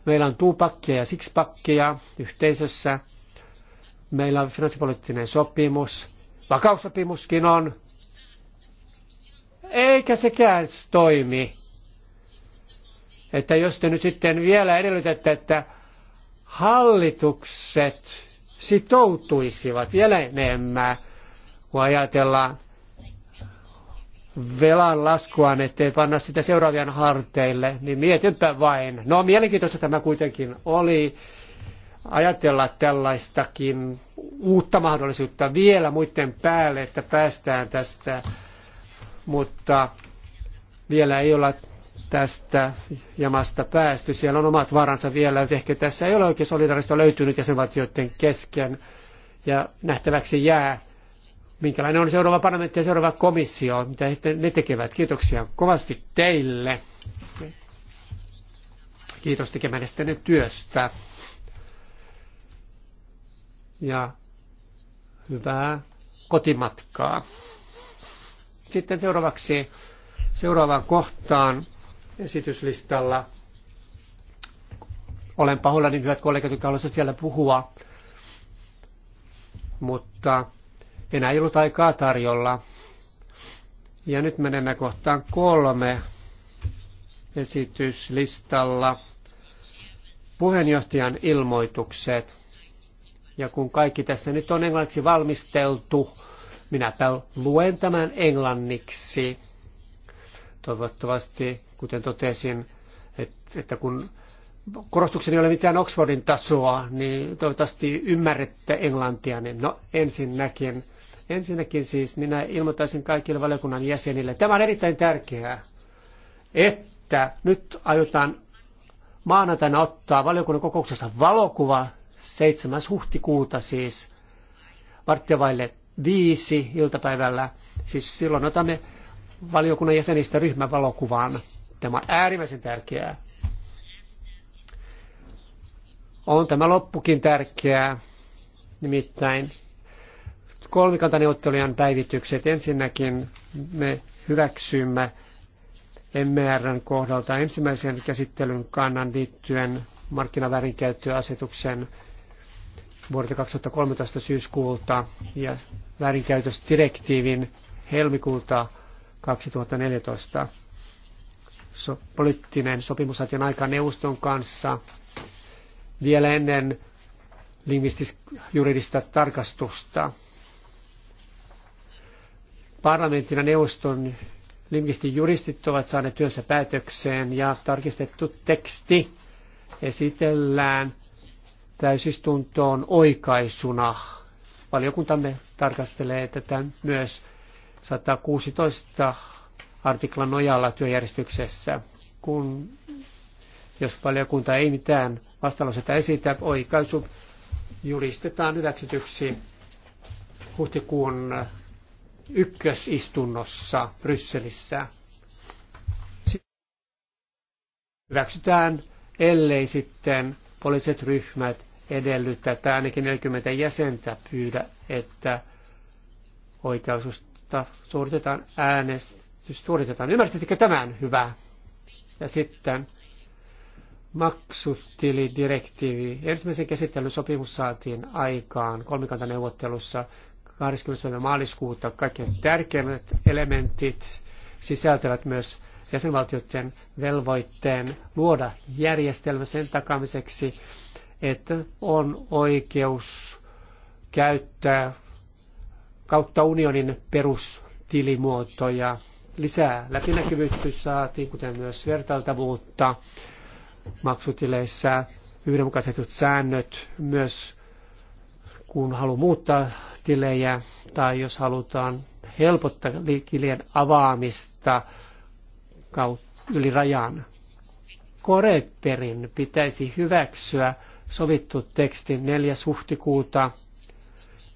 meillä on tuupakkeja ja sikspakkia yhteisössä, meillä on finanssipoliittinen sopimus, vakaussopimuskin on, eikä sekään toimi. Että jos te nyt sitten vielä edellytätte, että hallitukset sitoutuisivat vielä enemmän, kun ajatellaan velan laskua, niin ettei panna sitä seuraavien harteille, niin mietinpä vain. No mielenkiintoista tämä kuitenkin oli ajatella tällaistakin uutta mahdollisuutta vielä muiden päälle, että päästään tästä, mutta vielä ei olla tästä jamasta päästy. Siellä on omat vaaransa vielä. Ehkä tässä ei ole oikein solidaristoa löytynyt jäsenvaltioiden kesken. Ja nähtäväksi jää, minkälainen on seuraava parlamentti ja seuraava komissio, mitä ne tekevät. Kiitoksia kovasti teille. Kiitos tekemästänne työstä. Ja hyvää kotimatkaa. Sitten seuraavaksi seuraavaan kohtaan esityslistalla. Olen pahoillani, hyvät kollegat, jotka haluaisivat vielä puhua, mutta enää ei ollut aikaa tarjolla. Ja nyt menemme kohtaan kolme esityslistalla. Puheenjohtajan ilmoitukset. Ja kun kaikki tässä nyt on englanniksi valmisteltu, minäpä luen tämän englanniksi. Toivottavasti, kuten totesin, että, että kun korostukseni ei ole mitään Oxfordin tasoa, niin toivottavasti ymmärrätte englantia. Niin no ensinnäkin, ensinnäkin siis minä ilmoittaisin kaikille valiokunnan jäsenille. Tämä on erittäin tärkeää, että nyt aiotaan maanantaina ottaa valiokunnan kokouksessa valokuva 7. huhtikuuta siis varttia vaille viisi iltapäivällä. Siis silloin otamme valiokunnan jäsenistä ryhmän valokuvan. Tämä on äärimmäisen tärkeää. On tämä loppukin tärkeää, nimittäin kolmikantaneuvottelujen päivitykset. Ensinnäkin me hyväksymme MRn kohdalta ensimmäisen käsittelyn kannan liittyen markkinaväärinkäyttöasetuksen vuodelta 2013 syyskuulta ja väärinkäytösdirektiivin helmikuulta 2014. So, poliittinen sopimus aika neuvoston kanssa vielä ennen lingvistis-juridista tarkastusta. Parlamentin ja neuvoston lingvistin juristit ovat saaneet työnsä päätökseen ja tarkistettu teksti esitellään täysistuntoon oikaisuna. Valiokuntamme tarkastelee tätä myös 116 artiklan nojalla työjärjestyksessä. Kun, jos valiokunta ei mitään vastalausetta esitä, oikaisu julistetaan hyväksytyksi huhtikuun ykkösistunnossa Brysselissä. Hyväksytään, ellei sitten poliittiset ryhmät edellyttää, tai ainakin 40 jäsentä pyydä, että oikeusus jotta suoritetaan äänestys. Suoritetaan. Ymmärsittekö tämän hyvää? Ja sitten maksutilidirektiivi. Ensimmäisen käsittelyn sopimus saatiin aikaan kolmikantaneuvottelussa 20. maaliskuuta. Kaikkein tärkeimmät elementit sisältävät myös jäsenvaltioiden velvoitteen luoda järjestelmä sen takamiseksi, että on oikeus käyttää kautta unionin perustilimuotoja. Lisää läpinäkyvyyttä saatiin, kuten myös vertailtavuutta maksutileissä, yhdenmukaiset säännöt myös kun haluaa muuttaa tilejä tai jos halutaan helpottaa tilien avaamista yli rajan. Koreperin pitäisi hyväksyä sovittu teksti 4. huhtikuuta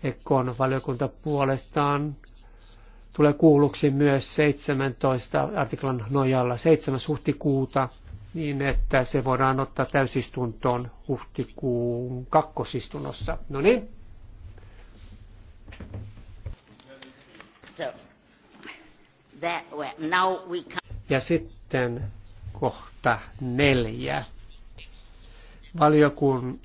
Ekon valiokunta puolestaan tulee kuulluksi myös 17 artiklan nojalla 7. huhtikuuta niin, että se voidaan ottaa täysistuntoon huhtikuun kakkosistunnossa. No niin. Ja sitten kohta neljä. Valiokun,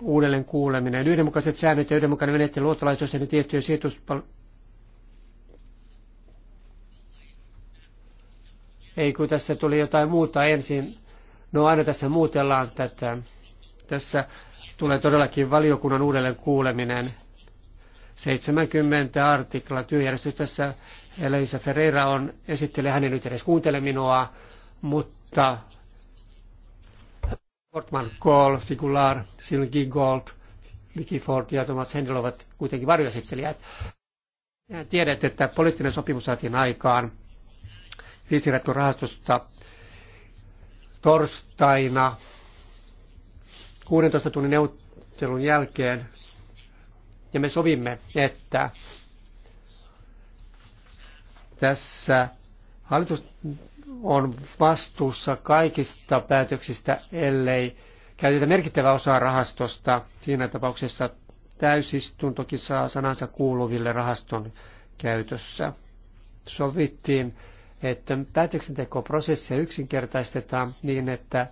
uudelleen kuuleminen. Yhdenmukaiset säännöt ja yhdenmukainen menettely luottolaitosten ja tiettyjen sijoituspal... Ei kun tässä tuli jotain muuta ensin. No aina tässä muutellaan tätä. Tässä tulee todellakin valiokunnan uudelleen kuuleminen. 70 artikla työjärjestys tässä Elisa Ferreira on, esittelee, hän ei nyt edes kuuntele minua, mutta Fortman, Gold, Figular, Silvin Gold, Mickey Ford ja Thomas Hendel ovat kuitenkin varjoesittelijät. tiedät, että poliittinen sopimus saatiin aikaan rahastosta torstaina 16 tunnin neuvottelun jälkeen. Ja me sovimme, että tässä hallitus on vastuussa kaikista päätöksistä, ellei käytetä merkittävää osaa rahastosta. Siinä tapauksessa täysistuntokin saa sanansa kuuluville rahaston käytössä. Sovittiin, että päätöksentekoprosessia yksinkertaistetaan niin, että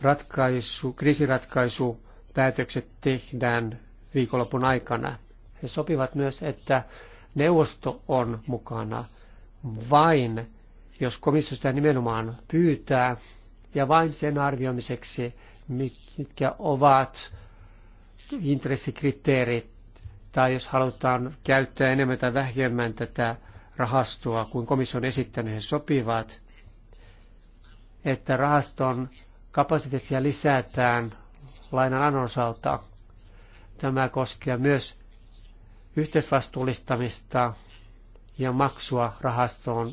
ratkaisu, kriisiratkaisu päätökset tehdään viikonlopun aikana. He sopivat myös, että neuvosto on mukana – vain, jos komissio sitä nimenomaan pyytää, ja vain sen arvioimiseksi, mitkä ovat intressikriteerit, tai jos halutaan käyttää enemmän tai vähemmän tätä rahastoa kuin esittänyt, he sopivat, että rahaston kapasiteettia lisätään lainan osalta. Tämä koskee myös yhteisvastuullistamista ja maksua rahastoon.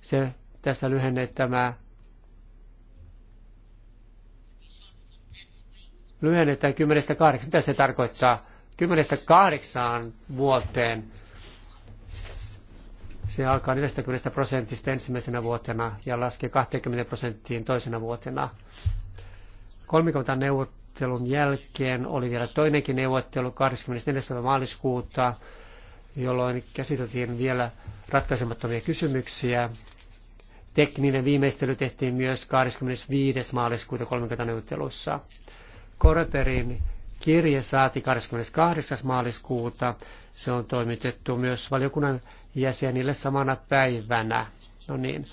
Se tässä lyhenne tämä lyhennetään 108. 8 Mitä se tarkoittaa? 108 vuoteen. Se alkaa 40 prosentista ensimmäisenä vuotena ja laskee 20 prosenttiin toisena vuotena. neuvottelun jälkeen oli vielä toinenkin neuvottelu 24. maaliskuuta jolloin käsiteltiin vielä ratkaisemattomia kysymyksiä. Tekninen viimeistely tehtiin myös 25. maaliskuuta 30 neuvottelussa. Koreperin kirje saati 28. maaliskuuta. Se on toimitettu myös valiokunnan jäsenille samana päivänä. No niin.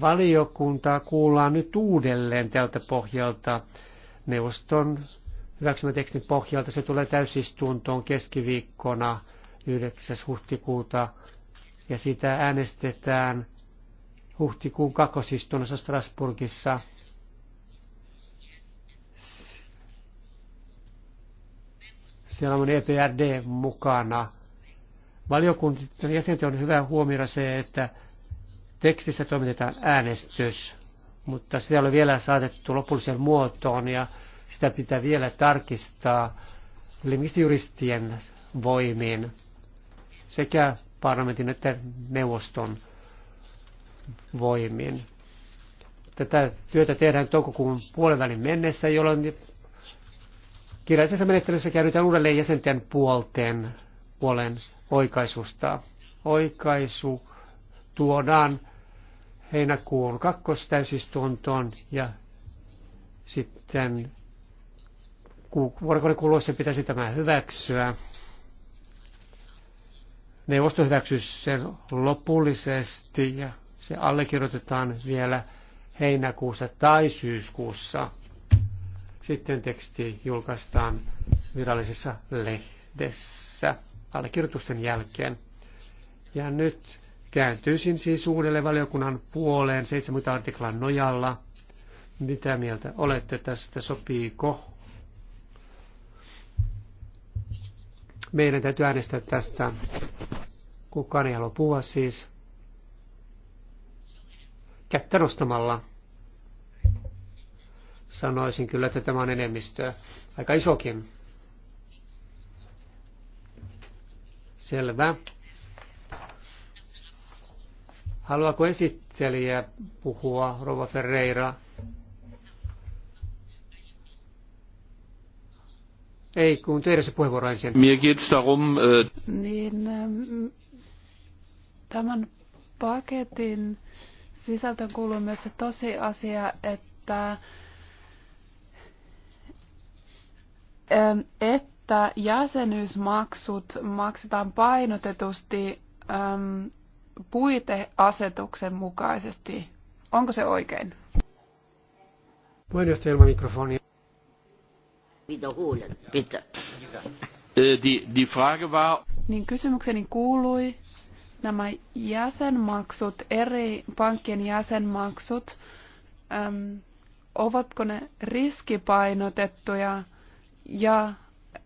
Valiokuntaa kuullaan nyt uudelleen tältä pohjalta. Neuvoston hyväksymätekstin pohjalta se tulee täysistuntoon keskiviikkona 9. huhtikuuta ja sitä äänestetään huhtikuun kakosistunnossa Strasburgissa. Siellä on EPRD mukana. Valiokunnan jäsenten on hyvä huomioida se, että tekstissä toimitetaan äänestys, mutta sitä ei ole vielä saatettu lopulliseen muotoon ja sitä pitää vielä tarkistaa, eli juristien voimin sekä parlamentin että neuvoston voimin. Tätä työtä tehdään toukokuun puolenvälin mennessä, jolloin kirjallisessa menettelyssä käydytään uudelleen jäsenten puolteen puolen oikaisusta. Oikaisu tuodaan heinäkuun kakkostäysistuntoon ja sitten vuorokauden kuluessa pitäisi tämä hyväksyä neuvosto hyväksyy sen lopullisesti ja se allekirjoitetaan vielä heinäkuussa tai syyskuussa. Sitten teksti julkaistaan virallisessa lehdessä allekirjoitusten jälkeen. Ja nyt kääntyisin siis uudelleen valiokunnan puoleen 7 artiklan nojalla. Mitä mieltä olette tästä? Sopiiko? Meidän täytyy äänestää tästä Kukaan ei halua puhua siis. Kättä nostamalla. Sanoisin kyllä, että tämä on enemmistö. Aika isokin. Selvä. Haluaako esittelijä puhua, Rova Ferreira? Ei, kun teidän se puheenvuoro ensin. Äh, niin, ähm, Tämän paketin sisältöön kuuluu myös se tosiasia, että, ähm, että jäsenyysmaksut maksetaan painotetusti ähm, puiteasetuksen mukaisesti. Onko se oikein? Puheenjohtaja ilman mikrofonia. Äh, niin kysymykseni kuului, nämä jäsenmaksut, eri pankkien jäsenmaksut, äm, ovatko ne riskipainotettuja ja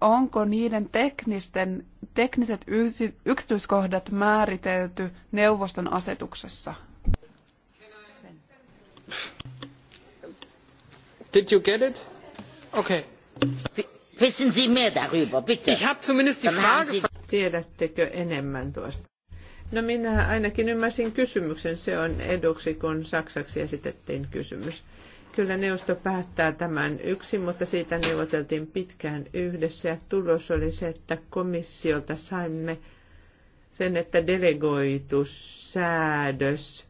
onko niiden teknisten, tekniset yksityiskohdat määritelty neuvoston asetuksessa? Did you get it? Okay. Wissen Sie mehr darüber, bitte. Ich habe zumindest die Frage. Tiedättekö enemmän tuosta? No minä ainakin ymmärsin kysymyksen. Se on eduksi, kun saksaksi esitettiin kysymys. Kyllä neuvosto päättää tämän yksin, mutta siitä neuvoteltiin pitkään yhdessä ja tulos oli se, että komissiolta saimme sen, että delegoitu säädös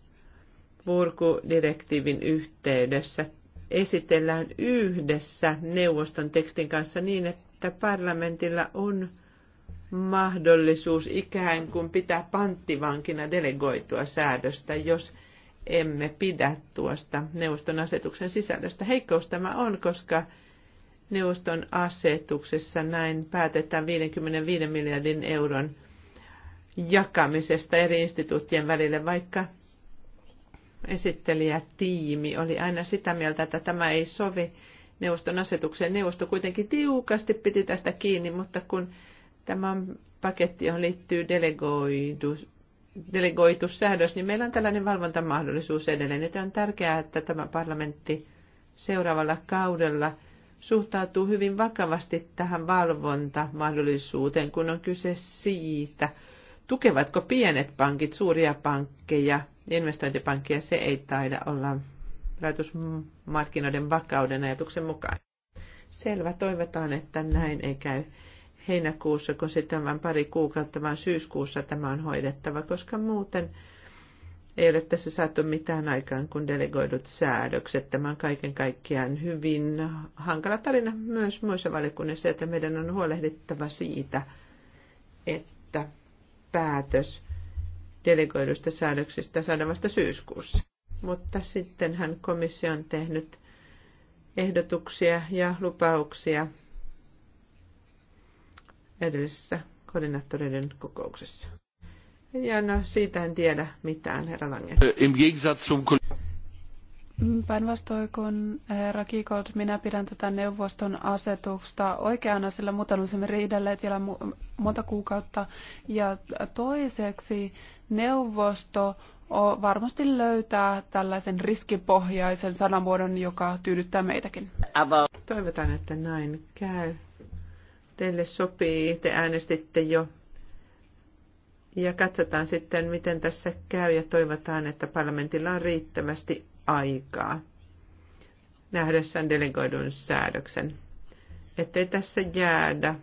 purkudirektiivin yhteydessä esitellään yhdessä neuvoston tekstin kanssa niin, että parlamentilla on mahdollisuus ikään kuin pitää panttivankina delegoitua säädöstä, jos emme pidä tuosta neuvoston asetuksen sisällöstä. Heikkous tämä on, koska neuvoston asetuksessa näin päätetään 55 miljardin euron jakamisesta eri instituuttien välille, vaikka esittelijätiimi oli aina sitä mieltä, että tämä ei sovi neuvoston asetukseen. Neuvosto kuitenkin tiukasti piti tästä kiinni, mutta kun tämä paketti, johon liittyy delegoidu, delegoitu säädös, niin meillä on tällainen valvontamahdollisuus edelleen. että on tärkeää, että tämä parlamentti seuraavalla kaudella suhtautuu hyvin vakavasti tähän valvontamahdollisuuteen, kun on kyse siitä, tukevatko pienet pankit suuria pankkeja, investointipankkeja, se ei taida olla rahoitusmarkkinoiden vakauden ajatuksen mukaan. Selvä, toivotaan, että näin ei käy heinäkuussa, kun sitten vain pari kuukautta, vaan syyskuussa tämä on hoidettava, koska muuten ei ole tässä saatu mitään aikaan, kun delegoidut säädökset. Tämä on kaiken kaikkiaan hyvin hankala tarina myös muissa valiokunnissa, että meidän on huolehdittava siitä, että päätös delegoidusta säädöksistä saadaan vasta syyskuussa. Mutta sittenhän komissio on tehnyt ehdotuksia ja lupauksia edellisessä koordinaattoreiden kokouksessa. Ja no, siitä en tiedä mitään, herra Lange. Päinvastoin kuin herra Kikold, minä pidän tätä neuvoston asetusta oikeana, sillä muuten olisimme riidelleet vielä monta kuukautta. Ja toiseksi neuvosto varmasti löytää tällaisen riskipohjaisen sanamuodon, joka tyydyttää meitäkin. Toivotaan, että näin käy teille sopii, te äänestitte jo. Ja katsotaan sitten, miten tässä käy ja toivotaan, että parlamentilla on riittävästi aikaa nähdessään delegoidun säädöksen. Ettei tässä jäädä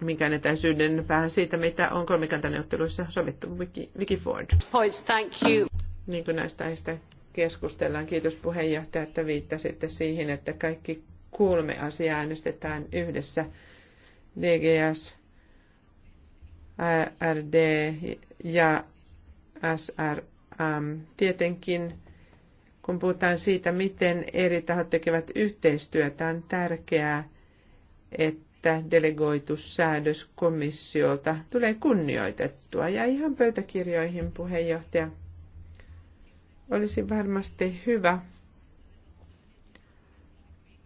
minkään etäisyyden päähän siitä, mitä on kolmikantaneuvotteluissa sovittu Vicky Ford. Points, thank you. Niin kuin näistä aiheista keskustellaan. Kiitos puheenjohtaja, että viittasitte siihen, että kaikki kolme asiaa äänestetään yhdessä. DGS, RD ja SRM. Tietenkin kun puhutaan siitä, miten eri tahot tekevät yhteistyötä, on tärkeää, että delegoitussäädös komissiolta tulee kunnioitettua. Ja ihan pöytäkirjoihin, puheenjohtaja, olisi varmasti hyvä,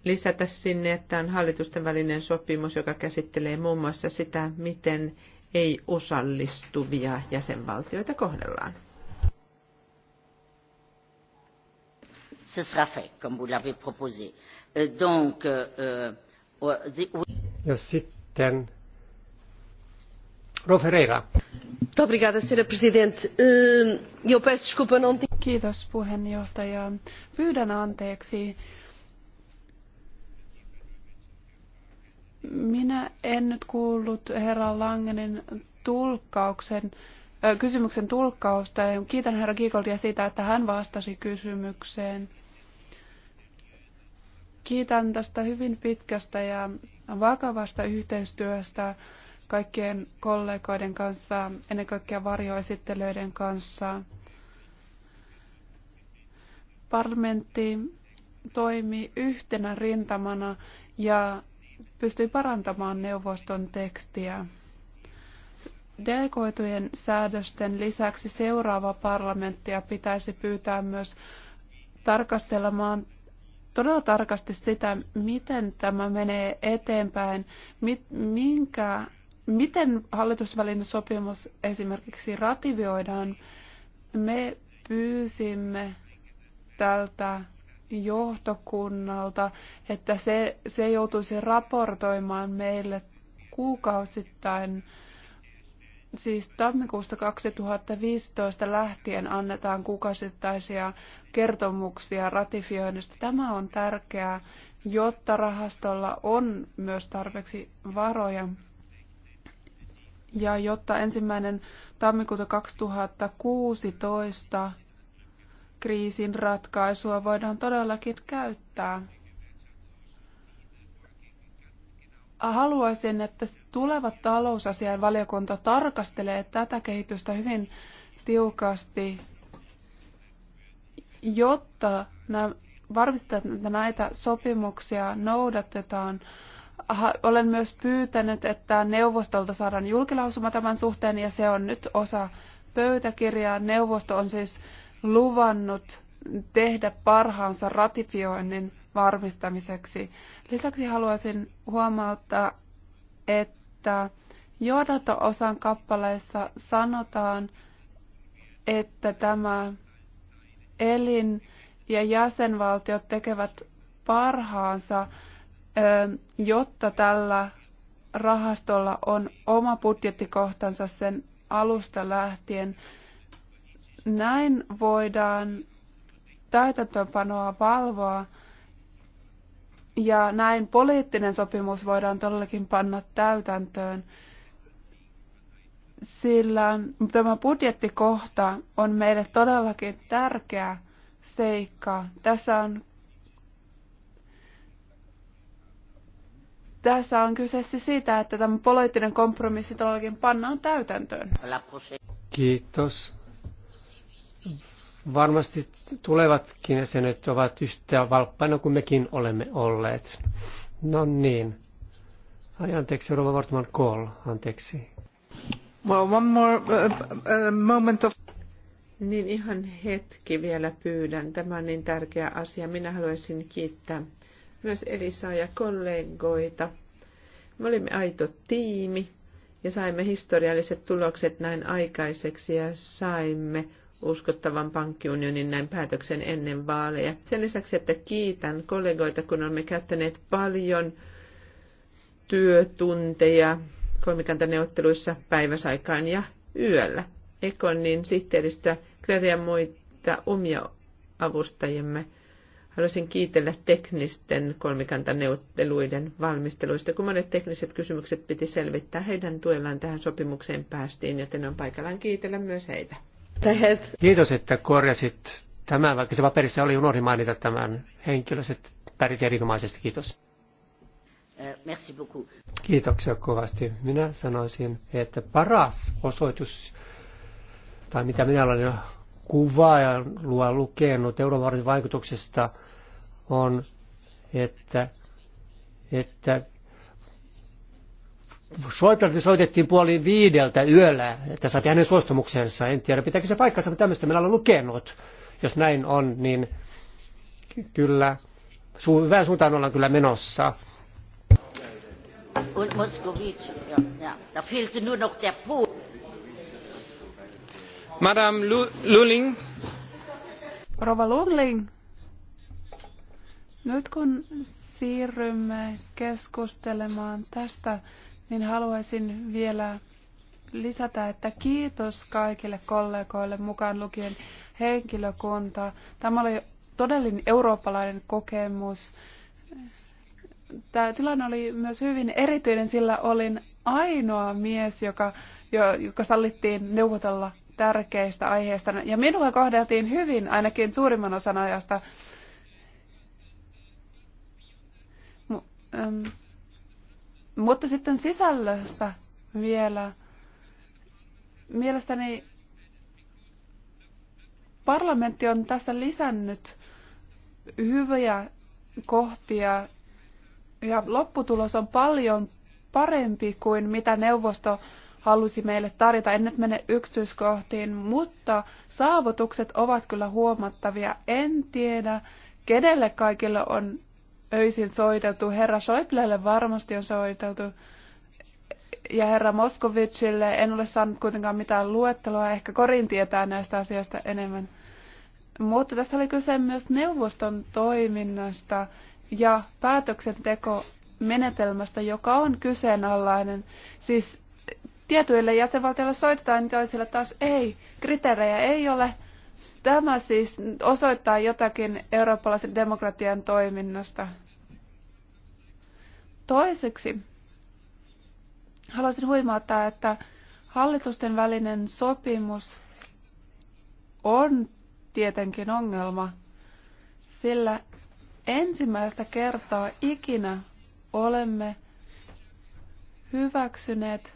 lisätä sinne, että on hallitusten välinen sopimus, joka käsittelee muun muassa sitä, miten ei-osallistuvia jäsenvaltioita kohdellaan. Se sera fait, comme vous l'avez proposé. Euh, donc, euh, euh ja sitten Roferera. Obrigada, senhora Presidente. Eu peço desculpa, não... Kiitos puheenjohtaja. Pyydän anteeksi. Minä en nyt kuullut herra Langenin tulkkauksen, äh, kysymyksen tulkkausta. Kiitän herra Kiikoltia siitä, että hän vastasi kysymykseen. Kiitän tästä hyvin pitkästä ja vakavasta yhteistyöstä kaikkien kollegoiden kanssa, ennen kaikkea varjoesittelyiden kanssa. Parlamentti toimi yhtenä rintamana ja pystyi parantamaan neuvoston tekstiä. Delegoitujen säädösten lisäksi seuraava parlamenttia pitäisi pyytää myös tarkastelemaan todella tarkasti sitä, miten tämä menee eteenpäin, mit, minkä, miten hallitusvälinen sopimus esimerkiksi ratifioidaan. Me pyysimme tältä johtokunnalta, että se, se joutuisi raportoimaan meille kuukausittain. Siis tammikuusta 2015 lähtien annetaan kuukausittaisia kertomuksia ratifioinnista. Tämä on tärkeää, jotta rahastolla on myös tarpeeksi varoja. Ja jotta ensimmäinen tammikuuta 2016 kriisin ratkaisua voidaan todellakin käyttää. Haluaisin, että tulevat talousasian valiokunta tarkastelee tätä kehitystä hyvin tiukasti, jotta varmistetaan, että näitä sopimuksia noudatetaan olen myös pyytänyt, että neuvostolta saadaan julkilausuma tämän suhteen ja se on nyt osa pöytäkirjaa. Neuvosto on siis luvannut tehdä parhaansa ratifioinnin varmistamiseksi. Lisäksi haluaisin huomauttaa, että johdanto-osan kappaleissa sanotaan, että tämä elin ja jäsenvaltiot tekevät parhaansa, jotta tällä rahastolla on oma budjettikohtansa sen alusta lähtien. Näin voidaan täytäntöpanoa valvoa ja näin poliittinen sopimus voidaan todellakin panna täytäntöön, sillä tämä budjettikohta on meille todellakin tärkeä seikka. Tässä on, tässä on kyse siis siitä, että tämä poliittinen kompromissi todellakin pannaan täytäntöön. Kiitos varmasti tulevatkin jäsenet ovat yhtä valppaina kuin mekin olemme olleet. No niin. Ai anteeksi, Rova Wortman Kohl, anteeksi. Well, one more uh, uh, moment of... Niin ihan hetki vielä pyydän. Tämä on niin tärkeä asia. Minä haluaisin kiittää myös Elisaa ja kollegoita. Me olimme aito tiimi ja saimme historialliset tulokset näin aikaiseksi ja saimme uskottavan pankkiunionin näin päätöksen ennen vaaleja. Sen lisäksi, että kiitän kollegoita, kun olemme käyttäneet paljon työtunteja kolmikantaneuvotteluissa päiväsaikaan ja yöllä. Ekonin sihteeristä Kleri ja muita omia avustajiemme haluaisin kiitellä teknisten kolmikantaneuvotteluiden valmisteluista, kun monet tekniset kysymykset piti selvittää. Heidän tuellaan tähän sopimukseen päästiin, joten on paikallaan kiitellä myös heitä. Kiitos, että korjasit tämän, vaikka se paperissa oli unohdin mainita tämän henkilöset pärjäsi erinomaisesti. Kiitos. Eh, merci beaucoup. Kiitoksia kovasti. Minä sanoisin, että paras osoitus, tai mitä minä olen kuvaa ja luo lukenut eurovaarin vaikutuksesta, on, että, että Schäuble soitettiin puoli viideltä yöllä, että saatiin hänen suostumuksensa. En tiedä, pitääkö se paikkansa, mutta tämmöistä meillä on lukenut. Jos näin on, niin kyllä, su- hyvään suuntaan ollaan kyllä menossa. Und Moskowitsch, ja, ja. Da fehlte nur noch der Madame Lulling. Rova Lulling. Nyt kun siirrymme keskustelemaan tästä niin haluaisin vielä lisätä, että kiitos kaikille kollegoille mukaan lukien henkilökunta. Tämä oli todellinen eurooppalainen kokemus. Tämä tilanne oli myös hyvin erityinen, sillä olin ainoa mies, joka, joka sallittiin neuvotella tärkeistä aiheista. Ja minua kohdeltiin hyvin, ainakin suurimman osan ajasta. Mutta sitten sisällöstä vielä. Mielestäni parlamentti on tässä lisännyt hyviä kohtia ja lopputulos on paljon parempi kuin mitä neuvosto halusi meille tarjota. En nyt mene yksityiskohtiin, mutta saavutukset ovat kyllä huomattavia. En tiedä, kenelle kaikille on öisin soiteltu. Herra Schäublelle varmasti on soiteltu. Ja herra Moskovicille en ole saanut kuitenkaan mitään luetteloa. Ehkä Korin tietää näistä asioista enemmän. Mutta tässä oli kyse myös neuvoston toiminnasta ja menetelmästä joka on kyseenalainen. Siis tietyille jäsenvaltioille soitetaan, niin toisille taas ei. Kriteerejä ei ole Tämä siis osoittaa jotakin eurooppalaisen demokratian toiminnasta. Toiseksi haluaisin huimauttaa, että hallitusten välinen sopimus on tietenkin ongelma, sillä ensimmäistä kertaa ikinä olemme hyväksyneet,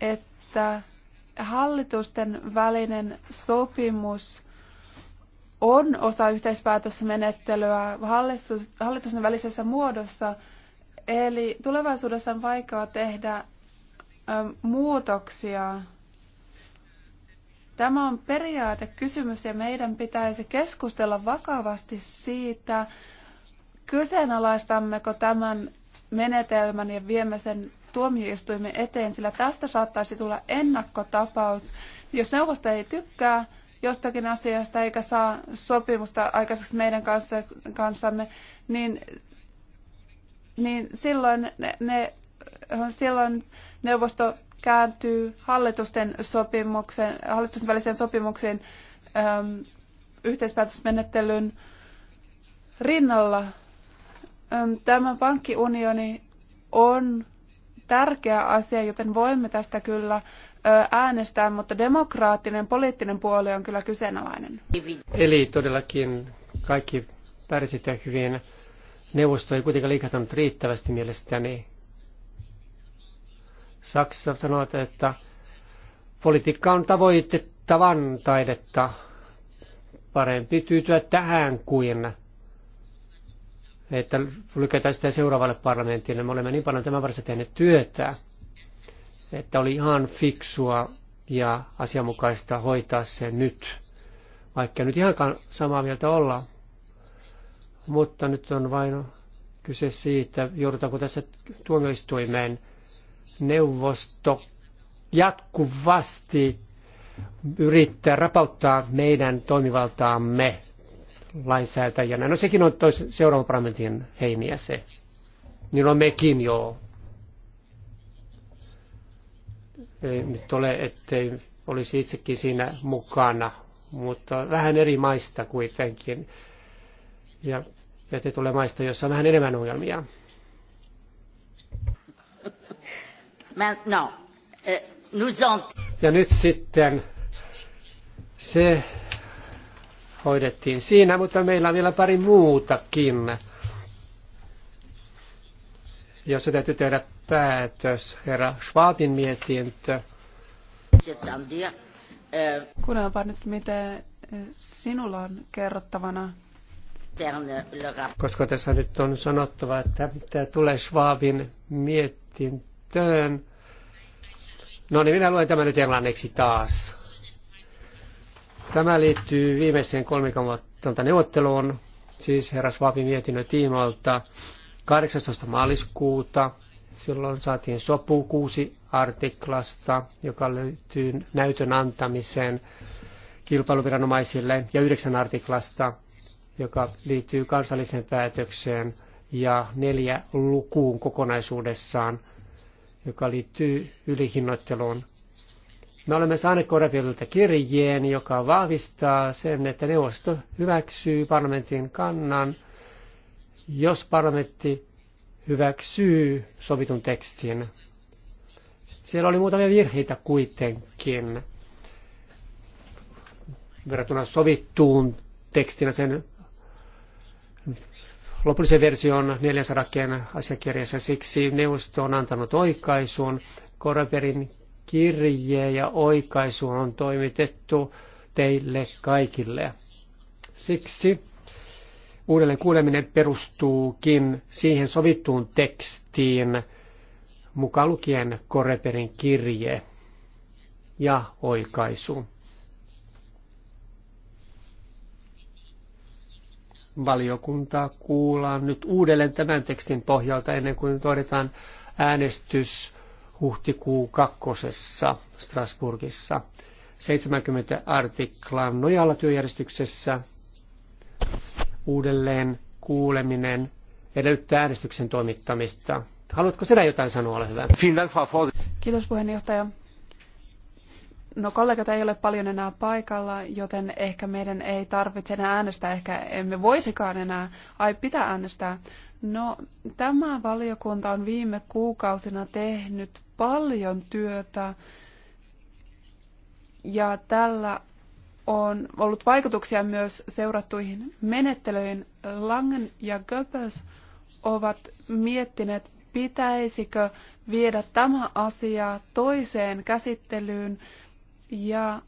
että hallitusten välinen sopimus on osa yhteispäätösmenettelyä hallitus, hallitusten välisessä muodossa, eli tulevaisuudessa on vaikea tehdä muutoksia. Tämä on periaatekysymys ja meidän pitäisi keskustella vakavasti siitä, kyseenalaistammeko tämän menetelmän ja viemme sen tuomioistuimen eteen, sillä tästä saattaisi tulla ennakkotapaus. Jos neuvosto ei tykkää jostakin asiasta eikä saa sopimusta aikaiseksi meidän kanssamme, niin, niin silloin, ne, ne, silloin neuvosto kääntyy hallitusten, sopimuksen, hallitusten väliseen sopimukseen äm, yhteispäätösmenettelyn rinnalla. Äm, tämä pankkiunioni on tärkeä asia, joten voimme tästä kyllä äänestää, mutta demokraattinen poliittinen puoli on kyllä kyseenalainen. Eli todellakin kaikki pärsitte hyvin. Neuvosto ei kuitenkaan liikahtanut riittävästi mielestäni. Saksa sanoo, että politiikka on tavoitettavan taidetta. Parempi tyytyä tähän kuin että lykätään sitä seuraavalle parlamentille. Me olemme niin paljon tämän varassa tehneet työtä, että oli ihan fiksua ja asianmukaista hoitaa se nyt, vaikka nyt ihankaan samaa mieltä olla. Mutta nyt on vain kyse siitä, joudutaanko tässä tuomioistuimeen neuvosto jatkuvasti yrittää rapauttaa meidän toimivaltaamme lainsäätäjänä. No sekin on tois, seuraavan parlamentin heiniä se. Niin on mekin jo, Ei nyt ole, ettei olisi itsekin siinä mukana, mutta vähän eri maista kuitenkin. Ja, ja te tulee maista, jossa on vähän enemmän ongelmia. No, eh, ja nyt sitten se hoidettiin siinä, mutta meillä on vielä pari muutakin, jossa täytyy tehdä päätös. Herra Schwabin mietintö. Kuunnelpa nyt, mitä eh, sinulla on kerrottavana. Koska tässä nyt on sanottava, että tämä tulee Schwabin mietintöön. No niin, minä luen tämän nyt englanniksi taas. Tämä liittyy viimeiseen kolmikanvalta neuvotteluun, siis herra Schwabin mietinnön tiimalta 18. maaliskuuta. Silloin saatiin sopu kuusi artiklasta, joka löytyy näytön antamiseen kilpailuviranomaisille, ja yhdeksän artiklasta, joka liittyy kansalliseen päätökseen, ja neljä lukuun kokonaisuudessaan, joka liittyy ylihinnoitteluun. Me olemme saaneet Korepilta kirjeen, joka vahvistaa sen, että neuvosto hyväksyy parlamentin kannan, jos parlamentti hyväksyy sovitun tekstin. Siellä oli muutamia virheitä kuitenkin verrattuna sovittuun tekstinä sen lopullisen version 400 asiakirjassa. Siksi neuvosto on antanut oikaisun Koreperin kirje ja oikaisu on toimitettu teille kaikille. Siksi uudelleen kuuleminen perustuukin siihen sovittuun tekstiin, mukaan lukien Koreperin kirje ja oikaisu. Valiokuntaa kuullaan nyt uudelleen tämän tekstin pohjalta ennen kuin todetaan äänestys huhtikuu kakkosessa Strasburgissa 70 artiklan nojalla työjärjestyksessä uudelleen kuuleminen edellyttää äänestyksen toimittamista. Haluatko sinä jotain sanoa, ole hyvä. Kiitos puheenjohtaja. No kollegat ei ole paljon enää paikalla, joten ehkä meidän ei tarvitse enää äänestää, ehkä emme voisikaan enää, ai pitää äänestää. No, tämä valiokunta on viime kuukausina tehnyt paljon työtä ja tällä on ollut vaikutuksia myös seurattuihin menettelyihin. Langen ja Goebbels ovat miettineet, pitäisikö viedä tämä asia toiseen käsittelyyn. Ja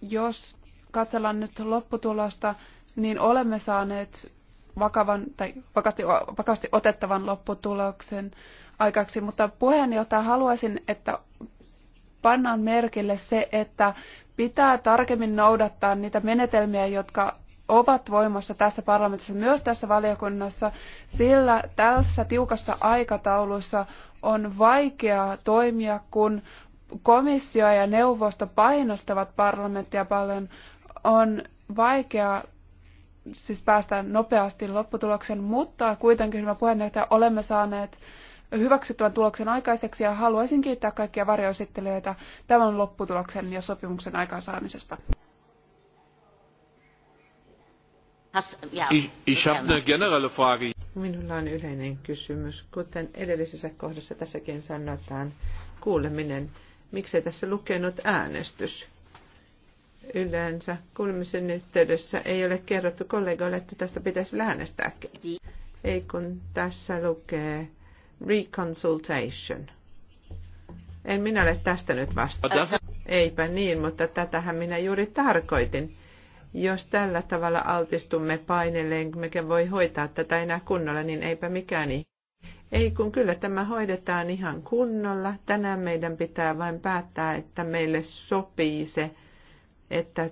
jos katsellaan nyt lopputulosta, niin olemme saaneet vakavan tai vakasti, vakavasti otettavan lopputuloksen aikaksi, mutta puheenjohtaja haluaisin, että pannaan merkille se, että pitää tarkemmin noudattaa niitä menetelmiä, jotka ovat voimassa tässä parlamentissa, myös tässä valiokunnassa, sillä tässä tiukassa aikataulussa on vaikeaa toimia, kun komissio ja neuvosto painostavat parlamenttia paljon. On vaikeaa siis päästään nopeasti lopputulokseen, mutta kuitenkin, hyvä puheenjohtaja, olemme saaneet hyväksyttävän tuloksen aikaiseksi ja haluaisin kiittää kaikkia varjoesittelijöitä tämän lopputuloksen ja sopimuksen aikaansaamisesta. Minulla on yleinen kysymys. Kuten edellisessä kohdassa tässäkin sanotaan, kuuleminen, miksei tässä lukenut äänestys? yleensä kuulemisen yhteydessä ei ole kerrottu kollegoille, että tästä pitäisi äänestääkin. Ei kun tässä lukee reconsultation. En minä ole tästä nyt vasta. Eipä niin, mutta tätähän minä juuri tarkoitin. Jos tällä tavalla altistumme paineelle, mekin voi hoitaa tätä enää kunnolla, niin eipä mikään niin. Ei kun kyllä tämä hoidetaan ihan kunnolla. Tänään meidän pitää vain päättää, että meille sopii se että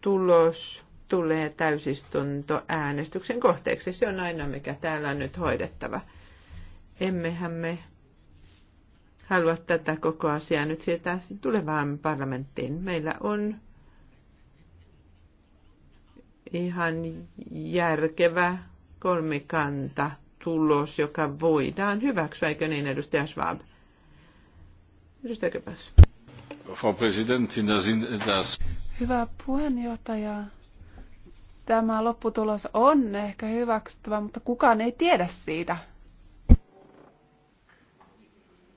tulos tulee täysistunto äänestyksen kohteeksi. Se on aina, mikä täällä on nyt hoidettava. Emmehän me halua tätä koko asiaa nyt siirtää tulevaan parlamenttiin. Meillä on ihan järkevä kolmikanta tulos, joka voidaan hyväksyä, eikö niin, edustaja Schwab? Edustaja Köpäs. Frau Präsidentin, das Hyvä puheenjohtaja, tämä lopputulos on ehkä hyväksyttävä, mutta kukaan ei tiedä siitä.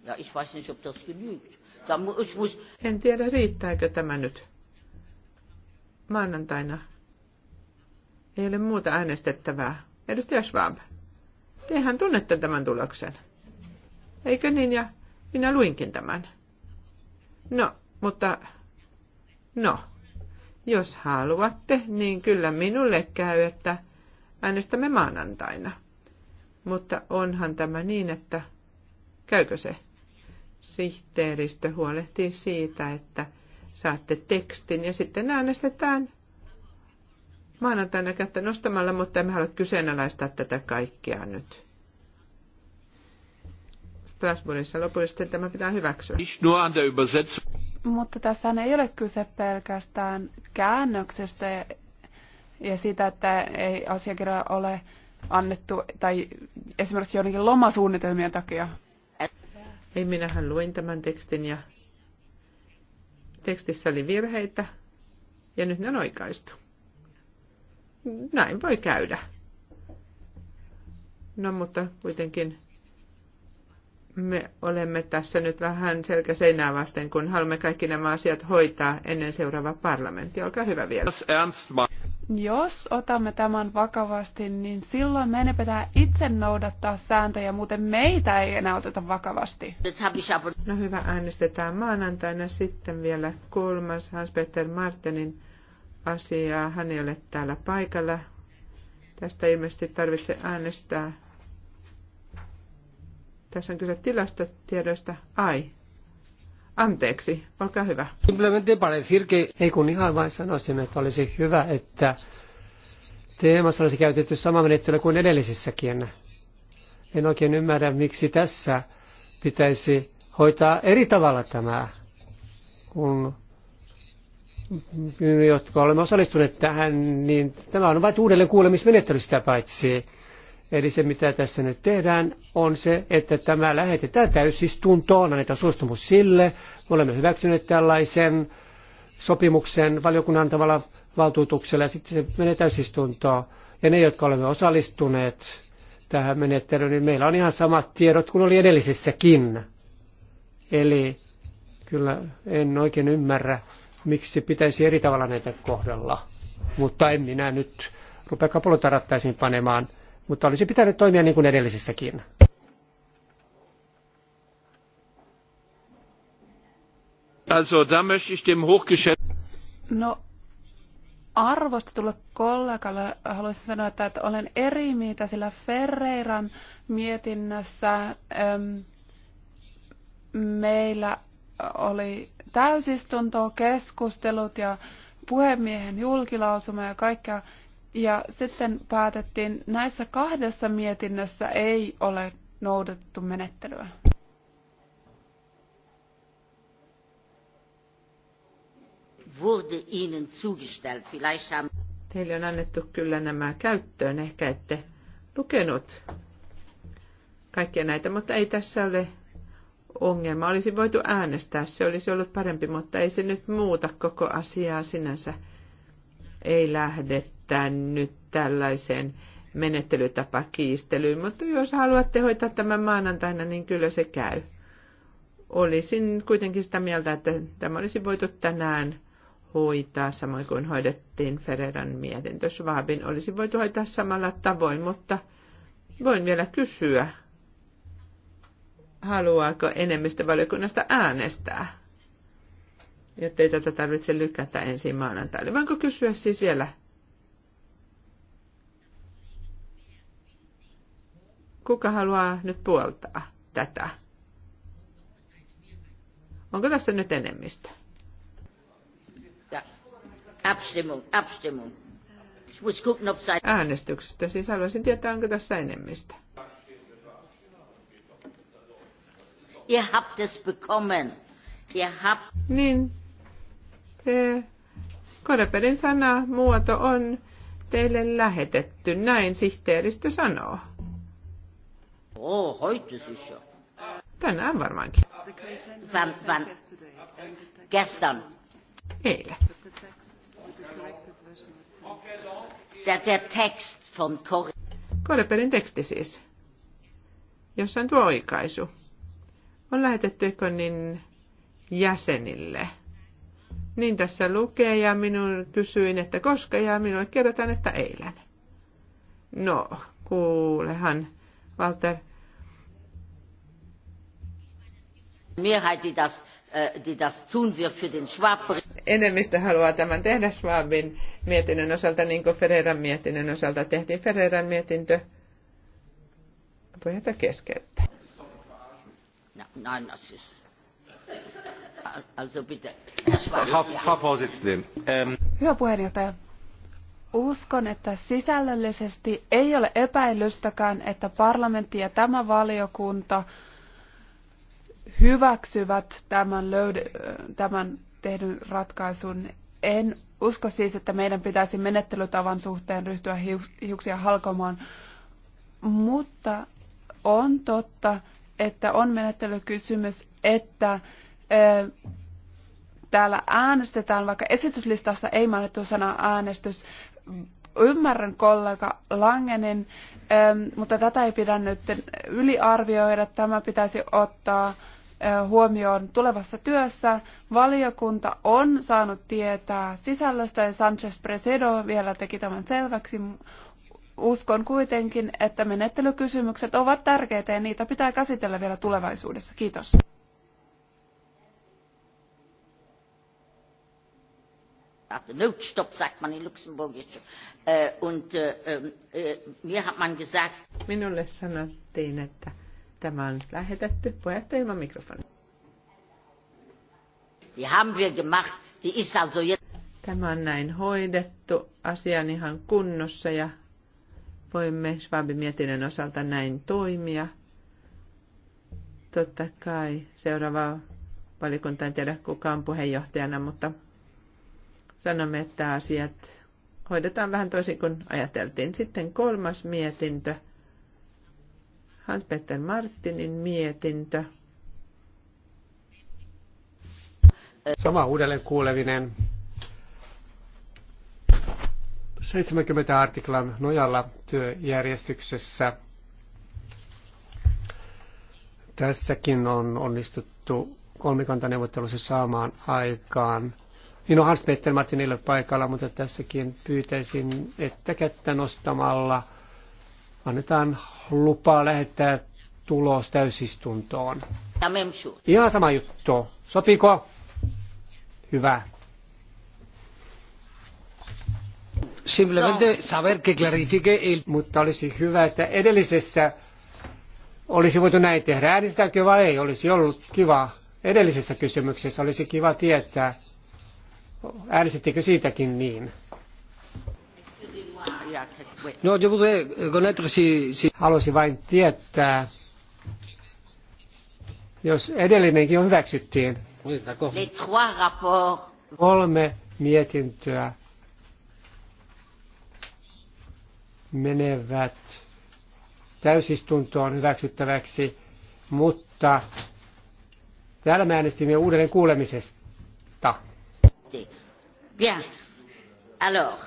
Ja, ich weiß nicht, ob das genügt. Da muss... En tiedä, riittääkö tämä nyt. Maanantaina ei ole muuta äänestettävää. Edustaja Schwab, tehän tunnette tämän tuloksen. Eikö niin? Ja minä luinkin tämän. No, mutta no, jos haluatte, niin kyllä minulle käy, että äänestämme maanantaina. Mutta onhan tämä niin, että käykö se? Sihteeristö huolehtii siitä, että saatte tekstin ja sitten äänestetään maanantaina kättä nostamalla, mutta emme halua kyseenalaistaa tätä kaikkea nyt. Strasbourgissa lopullisesti sitten tämä pitää hyväksyä. Mutta tässä ei ole kyse pelkästään käännöksestä ja siitä, että ei asiakirja ole annettu tai esimerkiksi joidenkin lomasuunnitelmien takia. Ei, minähän luin tämän tekstin ja tekstissä oli virheitä ja nyt ne on oikaistu. Näin voi käydä. No mutta kuitenkin me olemme tässä nyt vähän selkä seinää vasten, kun haluamme kaikki nämä asiat hoitaa ennen seuraava parlamentti. Olkaa hyvä vielä. Jos otamme tämän vakavasti, niin silloin meidän pitää itse noudattaa sääntöjä, muuten meitä ei enää oteta vakavasti. No hyvä, äänestetään maanantaina sitten vielä kolmas Hans-Peter Martinin asiaa. Hän ei ole täällä paikalla. Tästä ilmeisesti tarvitse äänestää tässä on kyse tilastotiedoista. Ai, anteeksi, olkaa hyvä. Simplemente para decir que... Ei kun ihan vain sanoisin, että olisi hyvä, että teemassa olisi käytetty sama menettely kuin edellisissäkin. En oikein ymmärrä, miksi tässä pitäisi hoitaa eri tavalla tämä, kun jotka olemme osallistuneet tähän, niin tämä on vain uudelleen kuulemismenettely sitä paitsi. Eli se, mitä tässä nyt tehdään, on se, että tämä lähetetään täysistuntoon, annetaan suostumus sille. Me olemme hyväksyneet tällaisen sopimuksen valiokunnan tavalla valtuutuksella ja sitten se menee täysistuntoon. Ja ne, jotka olemme osallistuneet tähän menettelyyn, niin meillä on ihan samat tiedot kuin oli edellisessäkin. Eli kyllä en oikein ymmärrä, miksi pitäisi eri tavalla näitä kohdella. Mutta en minä nyt rupea kapulotarattaisiin panemaan mutta olisi pitänyt toimia niin kuin edellisessäkin. Also, da möchte ich dem hochgeschätzten... No, arvostetulle kollegalle haluaisin sanoa, että, että olen eri mieltä, sillä Ferreiran mietinnössä Ähm, meillä oli täysistunto, keskustelut ja puhemiehen julkilausuma ja kaikkea ja sitten päätettiin, näissä kahdessa mietinnössä ei ole noudatettu menettelyä. wurde Ihnen zugestellt. Vielleicht haben Teille on annettu kyllä nämä käyttöön. Ehkä ette lukenut kaikkia näitä, mutta ei tässä ole ongelma. Olisi voitu äänestää, se olisi ollut parempi, mutta ei se nyt muuta koko asiaa sinänsä. Ei lähdetty päättää nyt tällaiseen menettelytapakiistelyyn, mutta jos haluatte hoitaa tämän maanantaina, niin kyllä se käy. Olisin kuitenkin sitä mieltä, että tämä olisi voitu tänään hoitaa, samoin kuin hoidettiin Ferreran mietintö. Schwabin olisi voitu hoitaa samalla tavoin, mutta voin vielä kysyä, haluaako enemmistö valiokunnasta äänestää, ei tätä tarvitse lykätä ensin maanantaille. Voinko kysyä siis vielä Kuka haluaa nyt puoltaa tätä? Onko tässä nyt enemmistö? Äänestyksestä siis haluaisin tietää, onko tässä enemmistö. Ihr habt es bekommen. Ihr habt... Niin. Te... Koreperin sana muoto on teille lähetetty, näin sihteeristö sanoo. Oh, heute sicher. Tänään varmaankin. Van, van. Gestern. Eilen. Der, der Text von Kori. Korepelin teksti siis, jossa on tuo oikaisu. On lähetetty Ekonin jäsenille. Niin tässä lukee ja minun kysyin, että koska ja minulle kerrotaan, että eilen. No, kuulehan, Walter, Äh, Enemmistö haluaa tämän tehdä Schwabin mietinnön osalta, niin kuin Ferreiran mietinnön osalta tehtiin. Ferreiran mietintö puheenjohtaja keskeyttää. No, no, siis. Also bitte. Ähm, Hyvä puheenjohtaja. Uskon, että sisällöllisesti ei ole epäilystäkään, että parlamentti ja tämä valiokunta – hyväksyvät tämän, löyd- tämän tehdyn ratkaisun. En usko siis, että meidän pitäisi menettelytavan suhteen ryhtyä hiuksia halkomaan, mutta on totta, että on menettelykysymys, että täällä äänestetään, vaikka esityslistassa ei mainittu sana äänestys. Ymmärrän kollega Langenin, mutta tätä ei pidä nyt yliarvioida. Tämä pitäisi ottaa huomioon tulevassa työssä. Valiokunta on saanut tietää sisällöstä ja Sanchez Presedo vielä teki tämän selväksi. Uskon kuitenkin, että menettelykysymykset ovat tärkeitä ja niitä pitää käsitellä vielä tulevaisuudessa. Kiitos. hatte Notstopp, sagt man in Luxemburgisch. Äh, und äh, äh, mir hat man gesagt... Minulle sanottiin, että Tämä on lähetetty. Puheenjohtaja ilman mikrofoni. Die haben wir gemacht. Die ist also jetzt... Tämä on näin hoidettu. Asia on ihan kunnossa ja voimme Schwabin mietinnön osalta näin toimia. Totta kai seuraava valikunta, en tiedä kuka on puheenjohtajana, mutta sanomme, että asiat hoidetaan vähän toisin kuin ajateltiin. Sitten kolmas mietintö Hans-Peter Martinin mietintö. Sama uudelleen kuuleminen. 70 artiklan nojalla työjärjestyksessä. Tässäkin on onnistuttu kolmikantaneuvottelussa saamaan aikaan. Niin on Hans-Peter Martinille paikalla, mutta tässäkin pyytäisin, että kättä nostamalla annetaan lupaa lähettää tulos täysistuntoon. Ihan sama juttu. Sopiko? Hyvä. Simplemente no. saber que clarifique el... Mutta olisi hyvä, että edellisessä olisi voitu näin tehdä. Äänestääkö vai ei? Olisi ollut kiva. Edellisessä kysymyksessä olisi kiva tietää, äänestettekö siitäkin niin. No, je voudrais connaître si, si... Haluaisin vain tietää, jos edellinenkin jo hyväksyttiin. Les trois rapports. Kolme mietintöä menevät täysistuntoon hyväksyttäväksi, mutta täällä me äänestimme uudelleen kuulemisesta. Bien. Alors,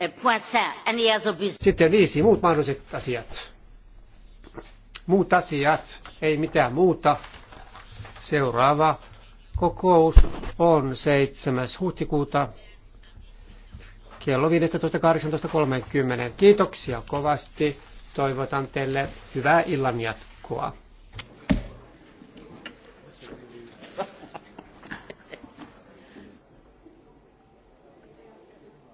Eh, Sitten viisi, muut mahdolliset asiat. Muut asiat, ei mitään muuta. Seuraava kokous on 7. huhtikuuta kello 15.18.30. Kiitoksia kovasti. Toivotan teille hyvää illanjatkoa.